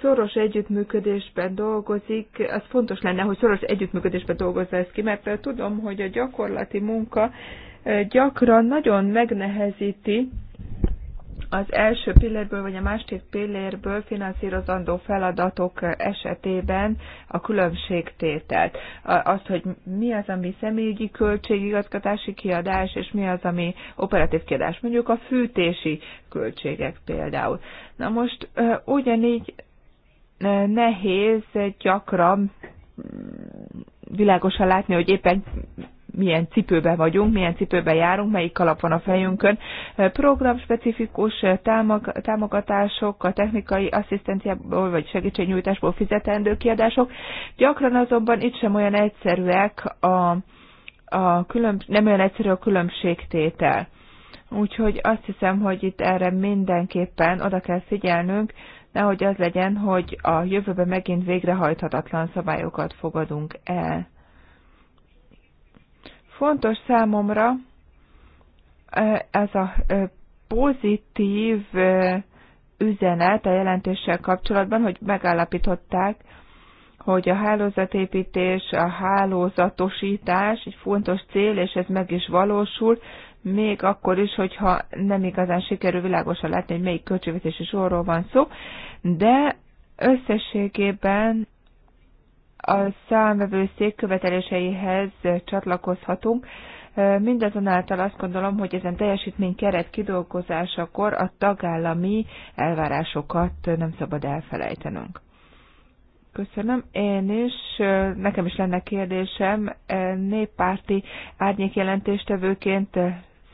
Speaker 2: szoros együttműködésben dolgozik, az fontos lenne, hogy szoros együttműködésben dolgozza ezt ki, mert tudom, hogy a gyakorlati munka gyakran nagyon megnehezíti az első pillérből vagy a második pillérből finanszírozandó feladatok esetében a különbségtételt. Azt, hogy mi az, ami személyügyi költségigazgatási kiadás, és mi az, ami operatív kiadás, mondjuk a fűtési költségek például. Na most ugyanígy nehéz gyakran világosan látni, hogy éppen milyen cipőben vagyunk, milyen cipőben járunk, melyik kalap van a fejünkön. Programspecifikus támogatások, a technikai asszisztenciából vagy segítségnyújtásból fizetendő kiadások. Gyakran azonban itt sem olyan egyszerűek a, a különb, nem olyan egyszerű a különbségtétel. Úgyhogy azt hiszem, hogy itt erre mindenképpen oda kell figyelnünk, nehogy az legyen, hogy a jövőben megint végrehajthatatlan szabályokat fogadunk el. Fontos számomra ez a pozitív üzenet a jelentéssel kapcsolatban, hogy megállapították, hogy a hálózatépítés, a hálózatosítás egy fontos cél, és ez meg is valósul, még akkor is, hogyha nem igazán sikerül világosan látni, hogy melyik költségvetési sorról van szó, de összességében a számvevőszék követeléseihez csatlakozhatunk. Mindazonáltal azt gondolom, hogy ezen teljesítmény keret kidolgozásakor a tagállami elvárásokat nem szabad elfelejtenünk. Köszönöm. Én is, nekem is lenne kérdésem, néppárti árnyékjelentéstevőként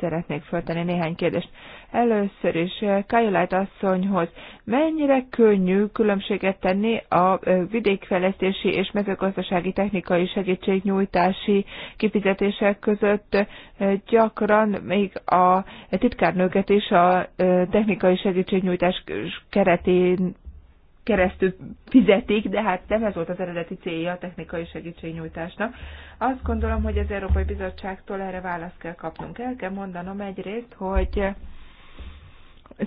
Speaker 2: szeretnék föltenni néhány kérdést. Először is eh, Kajolát asszonyhoz, mennyire könnyű különbséget tenni a eh, vidékfejlesztési és mezőgazdasági technikai segítségnyújtási kifizetések között eh, gyakran még a titkárnőket is a technikai segítségnyújtás keretén keresztül fizetik, de hát nem ez volt az eredeti célja a technikai segítségnyújtásnak. Azt gondolom, hogy az Európai Bizottságtól erre választ kell kapnunk. El kell mondanom egyrészt, hogy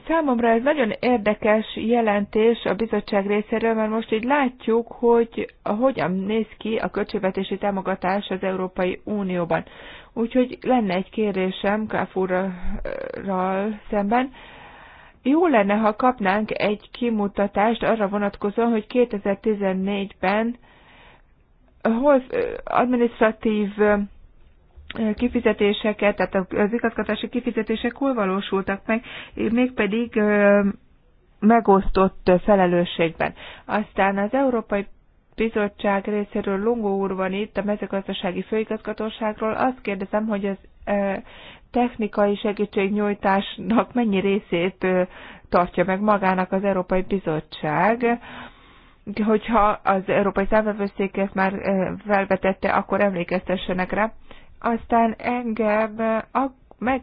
Speaker 2: Számomra ez nagyon érdekes jelentés a bizottság részéről, mert most így látjuk, hogy hogyan néz ki a költségvetési támogatás az Európai Unióban. Úgyhogy lenne egy kérésem Káfúrral szemben, jó lenne, ha kapnánk egy kimutatást arra vonatkozóan, hogy 2014-ben hol administratív kifizetéseket, tehát az igazgatási kifizetések hol valósultak meg, mégpedig megosztott felelősségben. Aztán az Európai Bizottság részéről Lungó úr van itt, a mezőgazdasági főigazgatóságról. Azt kérdezem, hogy az technikai segítségnyújtásnak mennyi részét tartja meg magának az Európai Bizottság. Hogyha az Európai Számvevőszék ezt már felvetette, akkor emlékeztessenek rá. Aztán engem meg,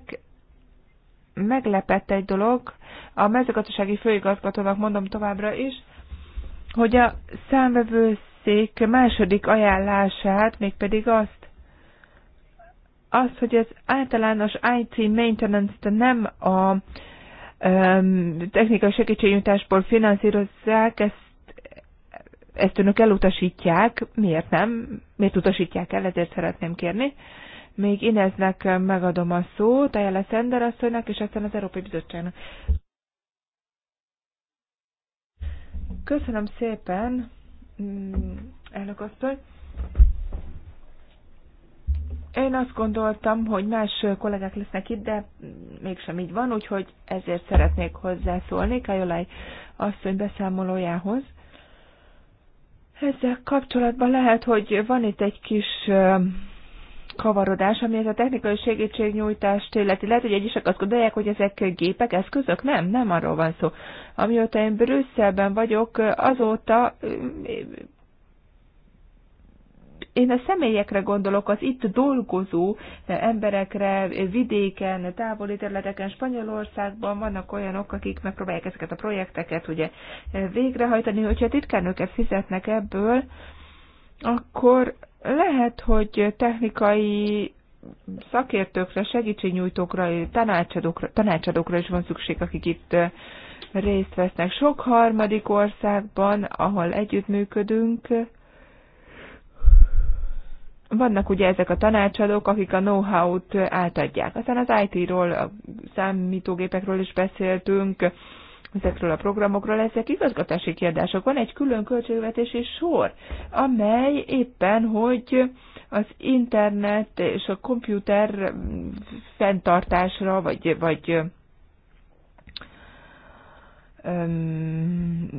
Speaker 2: meglepett egy dolog, a mezőgazdasági főigazgatónak mondom továbbra is, hogy a számvevőszék második ajánlását, mégpedig azt, az, hogy az általános IT maintenance t nem a technikai segítségnyújtásból finanszírozzák, ezt, ezt önök elutasítják. Miért nem? Miért utasítják el? Ezért szeretném kérni. Még Ineznek megadom a szót, Jelle Szender asszonynak, és aztán az Európai Bizottságnak. Köszönöm szépen, mm, elnök asszony. Én azt gondoltam, hogy más kollégák lesznek itt, de mégsem így van, úgyhogy ezért szeretnék hozzászólni Kajolaj asszony beszámolójához. Ezzel kapcsolatban lehet, hogy van itt egy kis kavarodás, ami ez a technikai segítségnyújtást illeti. Lehet, hogy is azt gondolják, hogy ezek gépek, eszközök. Nem, nem arról van szó. Amióta én Brüsszelben vagyok, azóta én a személyekre gondolok, az itt dolgozó eh, emberekre, vidéken, távoli területeken, Spanyolországban vannak olyanok, akik megpróbálják ezeket a projekteket ugye eh, végrehajtani, hogyha titkárnőket fizetnek ebből, akkor lehet, hogy technikai szakértőkre, segítségnyújtókra, tanácsadókra, tanácsadókra is van szükség, akik itt eh, részt vesznek. Sok harmadik országban, ahol együttműködünk, vannak ugye ezek a tanácsadók, akik a know-how-t átadják. Aztán az IT-ról, a számítógépekről is beszéltünk, ezekről a programokról, ezek igazgatási kérdések. Van egy külön költségvetési sor, amely éppen, hogy az internet és a komputer fenntartásra, vagy, vagy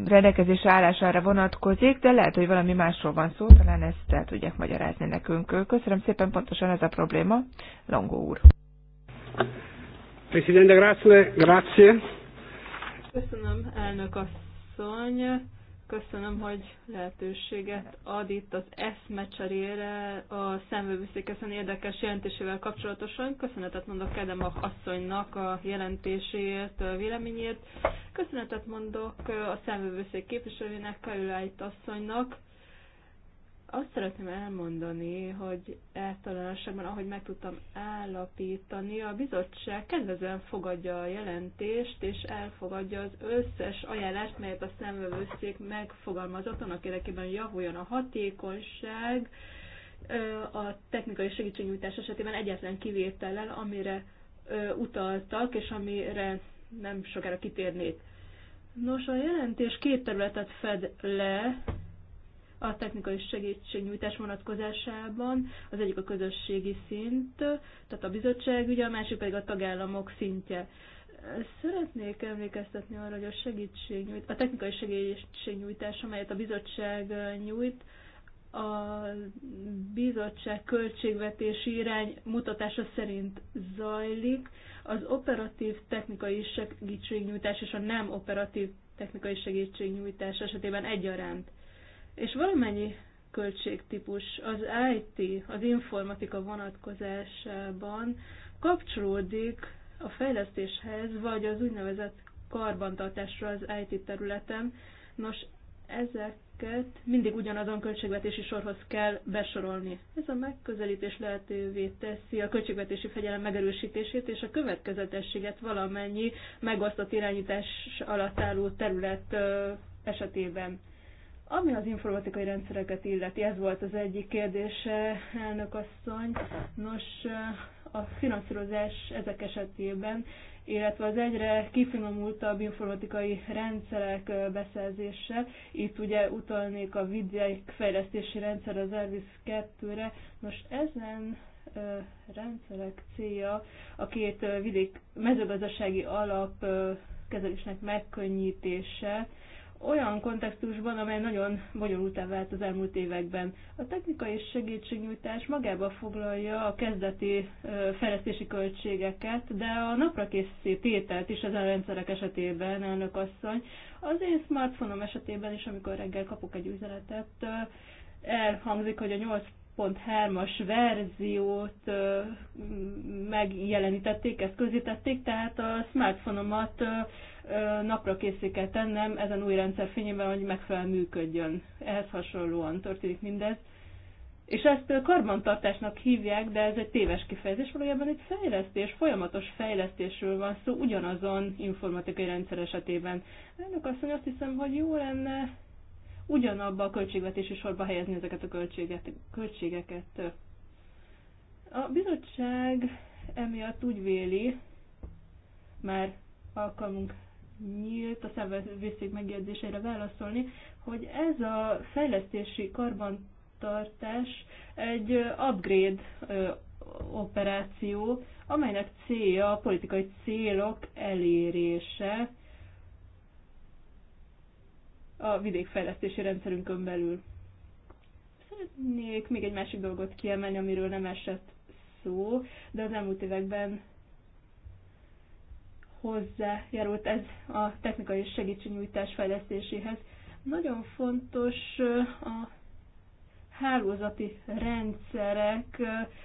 Speaker 2: rendelkezés állására vonatkozik, de lehet, hogy valami másról van szó, talán ezt el tudják magyarázni nekünk. Köszönöm szépen, pontosan ez a probléma. Longó úr. Presidente, grazie. grazie.
Speaker 3: Köszönöm, elnök asszony. Köszönöm, hogy lehetőséget ad itt az eszmecserére a szemvőviszék érdekes jelentésével kapcsolatosan. Köszönetet mondok Kedem a asszonynak a jelentéséért, a véleményért. Köszönetet mondok a szemvőviszék képviselőjének, Kajulájt asszonynak azt szeretném elmondani, hogy általánosságban, ahogy meg tudtam állapítani, a bizottság kedvezően fogadja a jelentést, és elfogadja az összes ajánlást, melyet a szemvevőszék megfogalmazott, annak érdekében javuljon a hatékonyság, a technikai segítségnyújtás esetében egyetlen kivétellel, amire utaltak, és amire nem sokára kitérnék. Nos, a jelentés két területet fed le, a technikai segítségnyújtás vonatkozásában. Az egyik a közösségi szint, tehát a bizottság, ugye a másik pedig a tagállamok szintje. Szeretnék emlékeztetni arra, hogy a, segítségnyújt, a technikai segítségnyújtás, amelyet a bizottság nyújt, a bizottság költségvetési irány mutatása szerint zajlik. Az operatív technikai segítségnyújtás és a nem operatív technikai segítségnyújtás esetében egyaránt és valamennyi költségtípus az IT, az informatika vonatkozásában kapcsolódik a fejlesztéshez, vagy az úgynevezett karbantartásra az IT területen. Nos, ezeket mindig ugyanazon költségvetési sorhoz kell besorolni. Ez a megközelítés lehetővé teszi a költségvetési fegyelem megerősítését és a következetességet valamennyi megosztott irányítás alatt álló terület esetében. Ami az informatikai rendszereket illeti, ez volt az egyik kérdése, elnök asszony. Nos, a finanszírozás ezek esetében, illetve az egyre kifinomultabb informatikai rendszerek beszerzése. Itt ugye utalnék a vidék fejlesztési rendszer az Elvis 2-re. most ezen rendszerek célja a két vidék mezőgazdasági alap kezelésnek megkönnyítése, olyan kontextusban, amely nagyon bonyolultá vált az elmúlt években. A technikai segítségnyújtás magába foglalja a kezdeti fejlesztési költségeket, de a napra tételt is ezen a rendszerek esetében, elnök asszony. Az én smartphoneom esetében is, amikor reggel kapok egy üzenetet, elhangzik, hogy a pont as verziót megjelenítették, ezt közítették, tehát a smartphoneomat napra készé kell tennem ezen új rendszer fényében, hogy megfelelően működjön. Ehhez hasonlóan történik mindez. És ezt karbantartásnak hívják, de ez egy téves kifejezés, valójában egy fejlesztés, folyamatos fejlesztésről van szó ugyanazon informatikai rendszer esetében. Elnök asszony azt hiszem, hogy jó lenne ugyanabba a költségvetési sorba helyezni ezeket a költséget, költségeket. A bizottság emiatt úgy véli, már alkalmunk nyílt a szervezőszék megjegyzésére válaszolni, hogy ez a fejlesztési karbantartás egy upgrade operáció, amelynek célja a politikai célok elérése a vidékfejlesztési rendszerünkön belül. Szeretnék még egy másik dolgot kiemelni, amiről nem esett szó, de az elmúlt években hozzájárult ez a technikai segítségnyújtás fejlesztéséhez. Nagyon fontos a hálózati rendszerek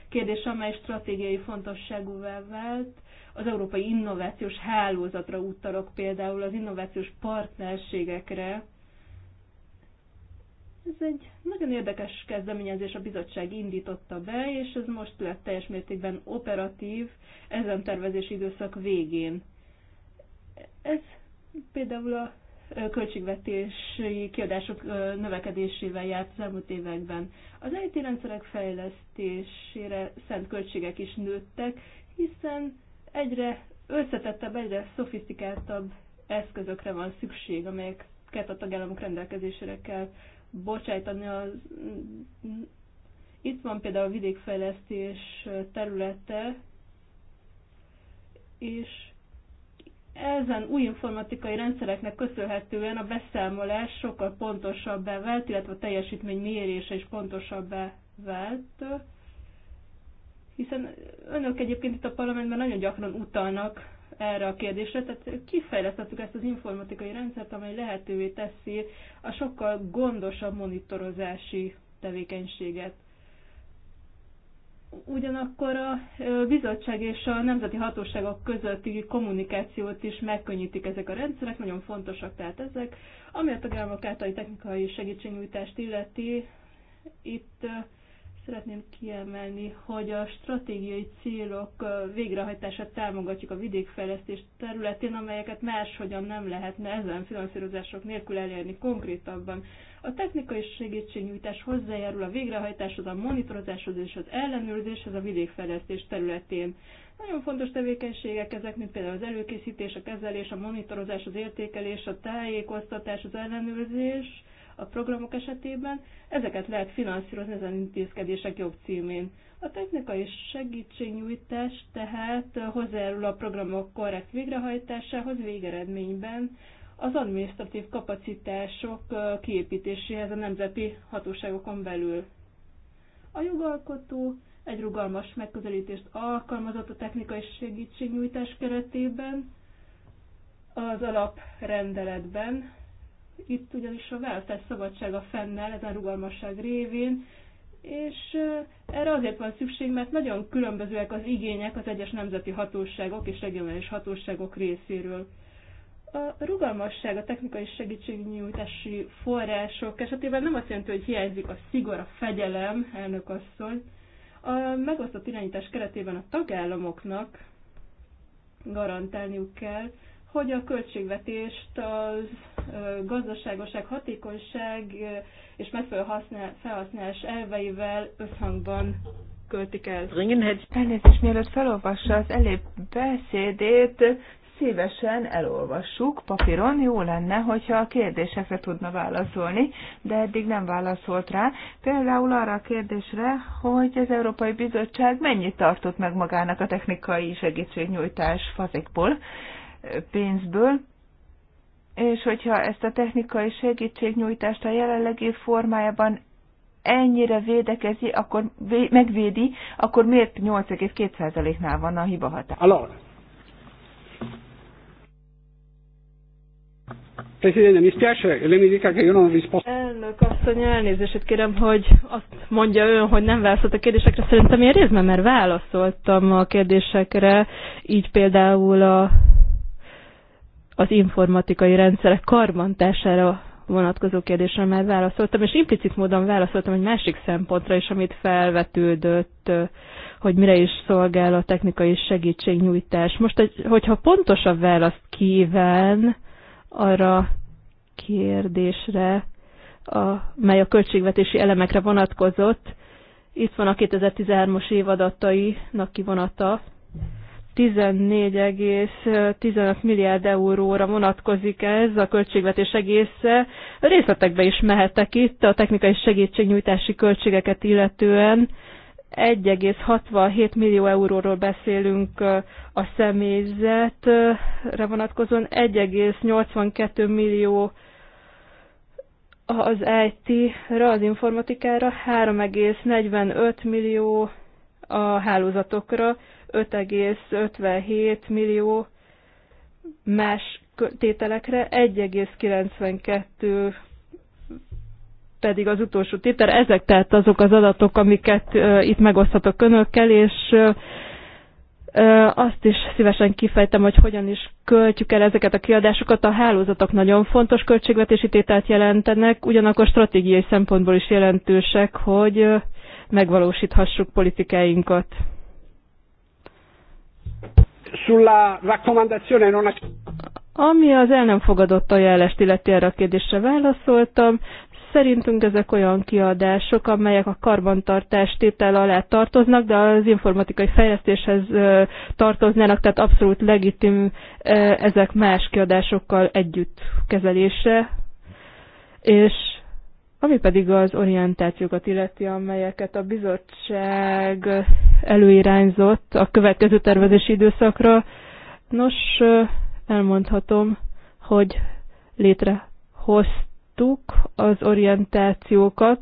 Speaker 3: kérdése, amely stratégiai fontosságúvá vált. Az európai innovációs hálózatra utalok például az innovációs partnerségekre. Ez egy nagyon érdekes kezdeményezés, a bizottság indította be, és ez most lett teljes mértékben operatív ezen tervezési időszak végén. Ez például a költségvetési kiadások növekedésével járt az elmúlt években. Az IT rendszerek fejlesztésére szent költségek is nőttek, hiszen egyre összetettebb, egyre szofisztikáltabb eszközökre van szükség, amelyeket a tagállamok rendelkezésére kell bocsájtani. Az... Mm, itt van például a vidékfejlesztés területe, és ezen új informatikai rendszereknek köszönhetően a beszámolás sokkal pontosabbá vált, illetve a teljesítmény mérése is pontosabbá vált, hiszen önök egyébként itt a parlamentben nagyon gyakran utalnak erre a kérdésre, tehát kifejlesztettük ezt az informatikai rendszert, amely lehetővé teszi a sokkal gondosabb monitorozási tevékenységet. Ugyanakkor a bizottság és a nemzeti hatóságok közötti kommunikációt is megkönnyítik ezek a rendszerek, nagyon fontosak tehát ezek. Ami a tagállamok általi technikai segítségnyújtást illeti, itt szeretném kiemelni, hogy a stratégiai célok végrehajtását támogatjuk a vidékfejlesztés területén, amelyeket máshogyan nem lehetne ezen finanszírozások nélkül elérni konkrétabban. A technikai segítségnyújtás hozzájárul a végrehajtáshoz, a monitorozáshoz és az ellenőrzéshez a vidékfejlesztés területén. Nagyon fontos tevékenységek ezek, mint például az előkészítés, a kezelés, a monitorozás, az értékelés, a tájékoztatás, az ellenőrzés a programok esetében. Ezeket lehet finanszírozni ezen intézkedések jobb címén. A technikai segítségnyújtás tehát hozzájárul a programok korrekt végrehajtásához végeredményben, az administratív kapacitások kiépítéséhez a nemzeti hatóságokon belül. A jogalkotó egy rugalmas megközelítést alkalmazott a technikai segítségnyújtás keretében, az alaprendeletben. Itt ugyanis a választás szabadsága fennáll ezen rugalmasság révén, és erre azért van szükség, mert nagyon különbözőek az igények az egyes nemzeti hatóságok és regionális hatóságok részéről. A rugalmasság a technikai segítségnyújtási források esetében nem azt jelenti, hogy hiányzik a szigor, a fegyelem, elnök asszony. A megosztott irányítás keretében a tagállamoknak garantálniuk kell, hogy a költségvetést az gazdaságoság, hatékonyság és megfelelő felhasználás elveivel összhangban
Speaker 2: költik el. Elnézést, mielőtt felolvassa az elébb beszédét, szívesen elolvassuk papíron. Jó lenne, hogyha a kérdésekre tudna válaszolni, de eddig nem válaszolt rá. Például arra a kérdésre, hogy az Európai Bizottság mennyit tartott meg magának a technikai segítségnyújtás fazékból, pénzből, és hogyha ezt a technikai segítségnyújtást a jelenlegi formájában ennyire védekezi, akkor vé, megvédi, akkor miért 8,2%-nál van a hiba határ?
Speaker 3: Presidente, mi spiace, mi dica che io non risposto. Elnök asszony, elnézését kérem, hogy azt mondja ön, hogy nem válaszolt a kérdésekre. Szerintem én részben, mert válaszoltam a kérdésekre, így például a, az informatikai rendszerek karbantására vonatkozó kérdésre már válaszoltam, és implicit módon válaszoltam egy másik szempontra is, amit felvetődött, hogy mire is szolgál a technikai segítségnyújtás. Most, hogyha pontosabb választ kíván, arra kérdésre, a, mely a költségvetési elemekre vonatkozott. Itt van a 2013-os év adatainak kivonata. 14,15 milliárd euróra vonatkozik ez a költségvetés egésze. A részletekbe is mehetek itt a technikai segítségnyújtási költségeket illetően. 1,67 millió euróról beszélünk a személyzetre vonatkozóan, 1,82 millió az it re az informatikára, 3,45 millió a hálózatokra, 5,57 millió más tételekre, 1,92 millió pedig az utolsó tétel. Ezek tehát azok az adatok, amiket itt megoszthatok önökkel, és azt is szívesen kifejtem, hogy hogyan is költjük el ezeket a kiadásokat. A hálózatok nagyon fontos költségvetési tételt jelentenek, ugyanakkor stratégiai szempontból is jelentősek, hogy megvalósíthassuk politikáinkat. Ami az el nem fogadott ajánlást illeti erre a kérdésre válaszoltam, Szerintünk ezek olyan kiadások, amelyek a karbantartás tétel alá tartoznak, de az informatikai fejlesztéshez tartoznának, tehát abszolút legitim ezek más kiadásokkal együtt kezelése. És ami pedig az orientációkat illeti, amelyeket a
Speaker 2: bizottság
Speaker 3: előirányzott a következő tervezési időszakra, nos, elmondhatom, hogy létrehoz láttuk az orientációkat,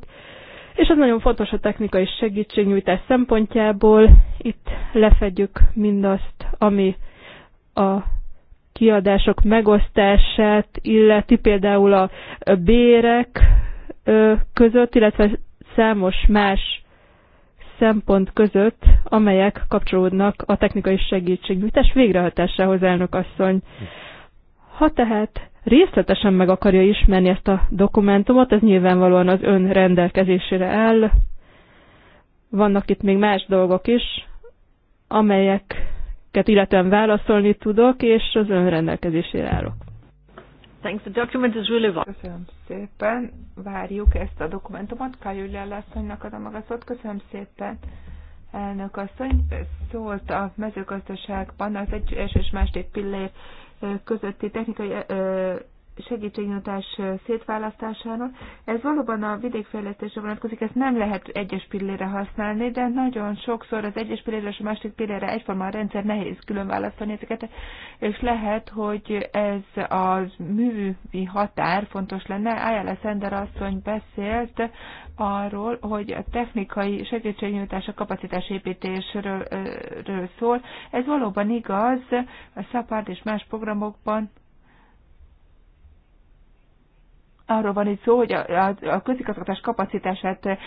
Speaker 3: és ez nagyon fontos a technikai segítségnyújtás szempontjából. Itt lefedjük mindazt, ami a kiadások megosztását illeti, például a bérek között, illetve számos más szempont között, amelyek kapcsolódnak a technikai segítségnyújtás végrehajtásához, elnök asszony. Ha tehát részletesen meg akarja ismerni ezt a dokumentumot, ez nyilvánvalóan az ön rendelkezésére áll. Vannak itt még más dolgok is, amelyeket illetően válaszolni tudok, és az ön rendelkezésére állok.
Speaker 2: Thanks. The document is really Köszönöm szépen. Várjuk ezt a dokumentumot. Kajüli asszonynak adom a szót. Köszönöm szépen. Elnök asszony szólt a mezőgazdaságban az egyes és más pillér közötti technikai segítségnyújtás szétválasztásáról. Ez valóban a vidékfejlesztésre vonatkozik, ezt nem lehet egyes pillére használni, de nagyon sokszor az egyes pillére és a másik pillére egyforma a rendszer nehéz külön választani ezeket, és lehet, hogy ez az művi határ fontos lenne. Ájála Szender asszony beszélt arról, hogy a technikai segítségnyújtás a kapacitásépítésről szól. Ez valóban igaz, a SAPARD és más programokban arról van itt szó, hogy a, a, a közigazgatás kapacitását e,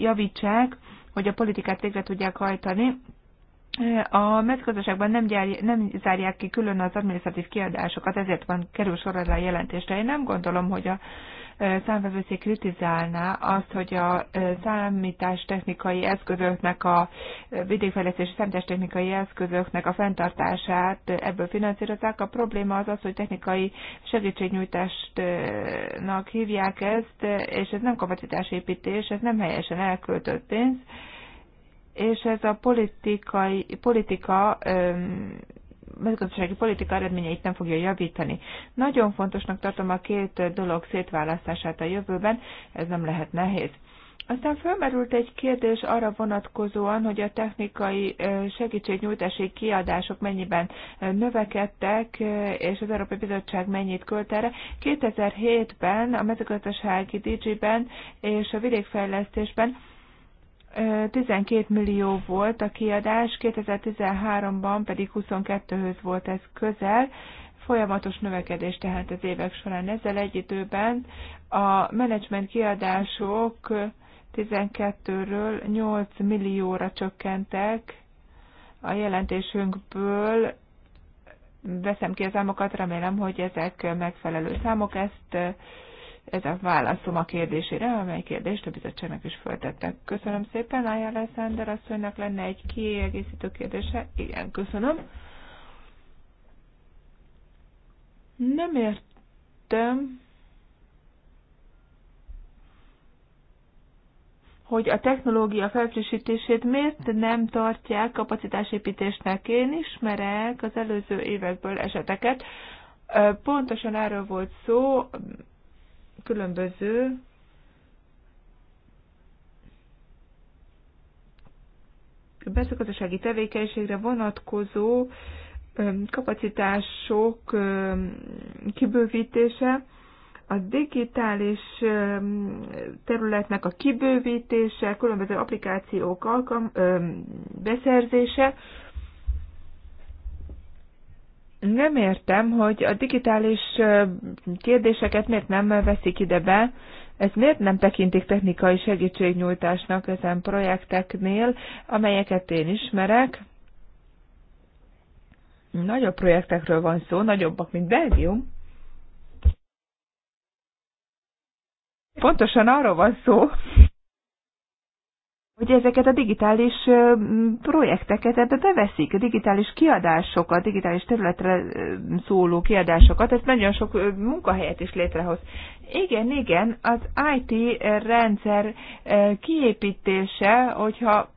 Speaker 2: javítsák, hogy a politikát végre tudják hajtani. A mezőgazdaságban nem, nem zárják ki külön az adminisztratív kiadásokat, ezért van kerül sor erre a jelentésre. Én nem gondolom, hogy a számvevőszé kritizálná azt, hogy a technikai eszközöknek, a vidékfejlesztési technikai eszközöknek a fenntartását ebből finanszírozzák. A probléma az az, hogy technikai segítségnyújtásnak hívják ezt, és ez nem kapacitásépítés, ez nem helyesen elköltött pénz és ez a politikai, politika öm, mezőgazdasági politika eredményeit nem fogja javítani. Nagyon fontosnak tartom a két dolog szétválasztását a jövőben, ez nem lehet nehéz. Aztán felmerült egy kérdés arra vonatkozóan, hogy a technikai segítségnyújtási kiadások mennyiben növekedtek, és az Európai Bizottság mennyit költ erre. 2007-ben a mezőgazdasági DG-ben és a vidékfejlesztésben 12 millió volt a kiadás, 2013-ban pedig 22-höz volt ez közel, folyamatos növekedés tehát az évek során. Ezzel egy időben a menedzsment kiadások 12-ről 8 millióra csökkentek, a jelentésünkből veszem ki a számokat, remélem, hogy ezek megfelelő számok, ezt ez a válaszom a kérdésére, amely kérdést a bizottságnak is föltettek. Köszönöm szépen, Ája Leszender asszonynak lenne egy kiegészítő kérdése. Igen, köszönöm. Nem értem, hogy a technológia felfrissítését miért nem tartják kapacitásépítésnek. Én ismerek az előző évekből eseteket. Pontosan erről volt szó, különböző mezőgazdasági tevékenységre vonatkozó kapacitások kibővítése, a digitális területnek a kibővítése, különböző applikációk alkalm, beszerzése, nem értem, hogy a digitális kérdéseket miért nem veszik ide be, ez miért nem tekintik technikai segítségnyújtásnak ezen projekteknél, amelyeket én ismerek. Nagyobb projektekről van szó, nagyobbak, mint Belgium. Pontosan arról van szó, hogy ezeket a digitális projekteket ebbe beveszik, a digitális kiadásokat, digitális területre szóló kiadásokat, ez nagyon sok munkahelyet is létrehoz. Igen, igen, az IT rendszer kiépítése, hogyha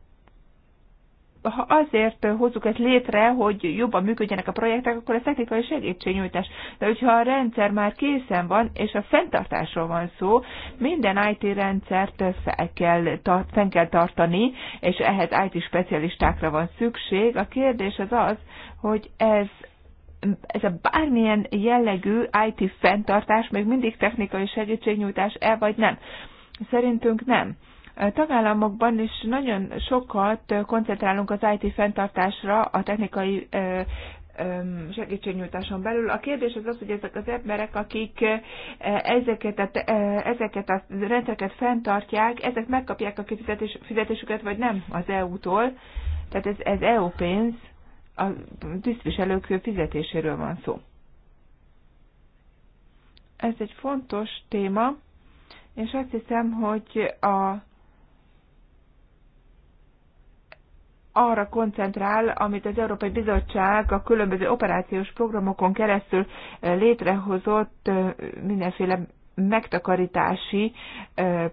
Speaker 2: ha azért hozzuk ezt létre, hogy jobban működjenek a projektek, akkor ez technikai segítségnyújtás. De hogyha a rendszer már készen van, és a fenntartásról van szó, minden IT rendszert fel kell, fenn kell tartani, és ehhez IT specialistákra van szükség. A kérdés az az, hogy ez ez a bármilyen jellegű IT fenntartás még mindig technikai segítségnyújtás-e, vagy nem? Szerintünk nem tagállamokban is nagyon sokat koncentrálunk az IT fenntartásra, a technikai segítségnyújtáson belül. A kérdés az az, hogy ezek az emberek, akik ezeket a, ezeket a rendszereket fenntartják, ezek megkapják a kifizetés, fizetésüket, vagy nem az EU-tól. Tehát ez, ez EU pénz, a tisztviselők fizetéséről van szó. Ez egy fontos téma, és azt hiszem, hogy a arra koncentrál, amit az Európai Bizottság a különböző operációs programokon keresztül létrehozott mindenféle megtakarítási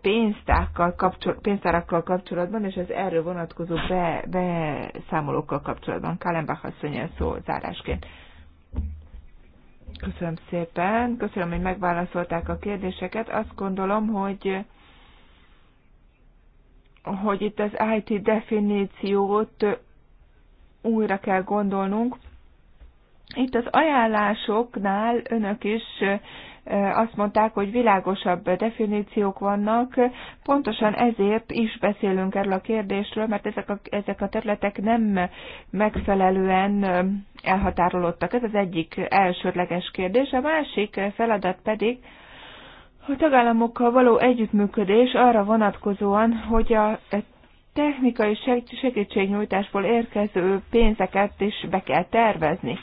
Speaker 2: pénztákkal kapcsol, pénztárakkal kapcsolatban, és az erről vonatkozó be, beszámolókkal kapcsolatban. Kálenbach asszony szó zárásként. Köszönöm szépen, köszönöm, hogy megválaszolták a kérdéseket. Azt gondolom, hogy hogy itt az IT definíciót újra kell gondolnunk. Itt az ajánlásoknál önök is azt mondták, hogy világosabb definíciók vannak. Pontosan ezért is beszélünk erről a kérdésről, mert ezek a, ezek a területek nem megfelelően elhatárolódtak. Ez az egyik elsődleges kérdés. A másik feladat pedig, a tagállamokkal való együttműködés arra vonatkozóan, hogy a technikai segítségnyújtásból érkező pénzeket is be kell tervezni.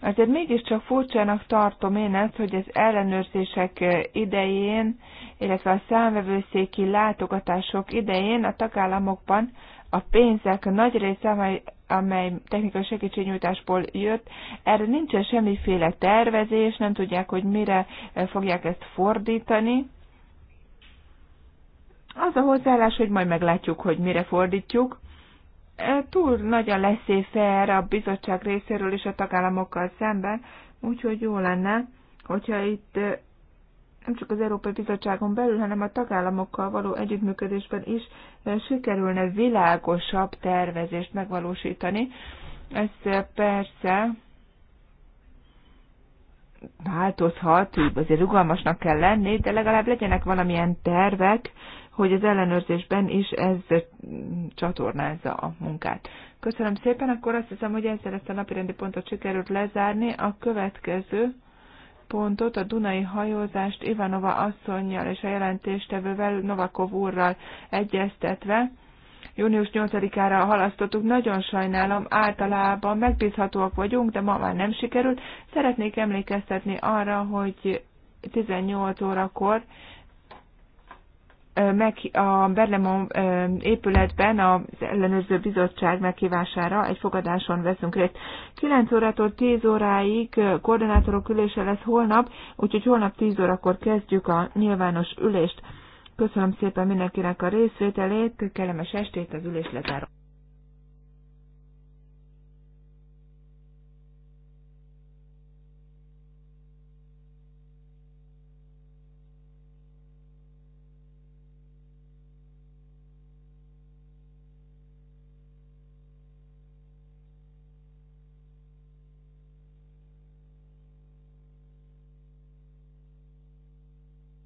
Speaker 2: Azért mégiscsak furcsának tartom én ezt, hogy az ellenőrzések idején, illetve a számvevőszéki látogatások idején a tagállamokban a pénzek nagy része, amely amely technikai segítségnyújtásból jött, erre nincsen semmiféle tervezés, nem tudják, hogy mire eh, fogják ezt fordítani. Az a hozzáállás, hogy majd meglátjuk, hogy mire fordítjuk. Eh, túl nagy a leszéfer a bizottság részéről és a tagállamokkal szemben, úgyhogy jó lenne, hogyha itt eh, nem csak az Európai Bizottságon belül, hanem a tagállamokkal való együttműködésben is eh, sikerülne világosabb tervezést megvalósítani. Ez eh, persze változhat, azért rugalmasnak kell lenni, de legalább legyenek valamilyen tervek, hogy az ellenőrzésben is ez eh, csatornázza a munkát. Köszönöm szépen, akkor azt hiszem, hogy ezzel ezt a napirendi pontot sikerült lezárni. A következő pontot, a Dunai hajózást Ivanova asszonynal és a jelentéstevővel Novakov úrral egyeztetve. Június 8-ára halasztottuk, nagyon sajnálom, általában megbízhatóak vagyunk, de ma már nem sikerült. Szeretnék emlékeztetni arra, hogy 18 órakor meg a Berlemon épületben az ellenőrző bizottság meghívására egy fogadáson veszünk részt. 9 órától 10 óráig koordinátorok ülése lesz holnap, úgyhogy holnap 10 órakor kezdjük a nyilvános ülést. Köszönöm szépen mindenkinek a részvételét, kellemes estét, az ülés lezárom.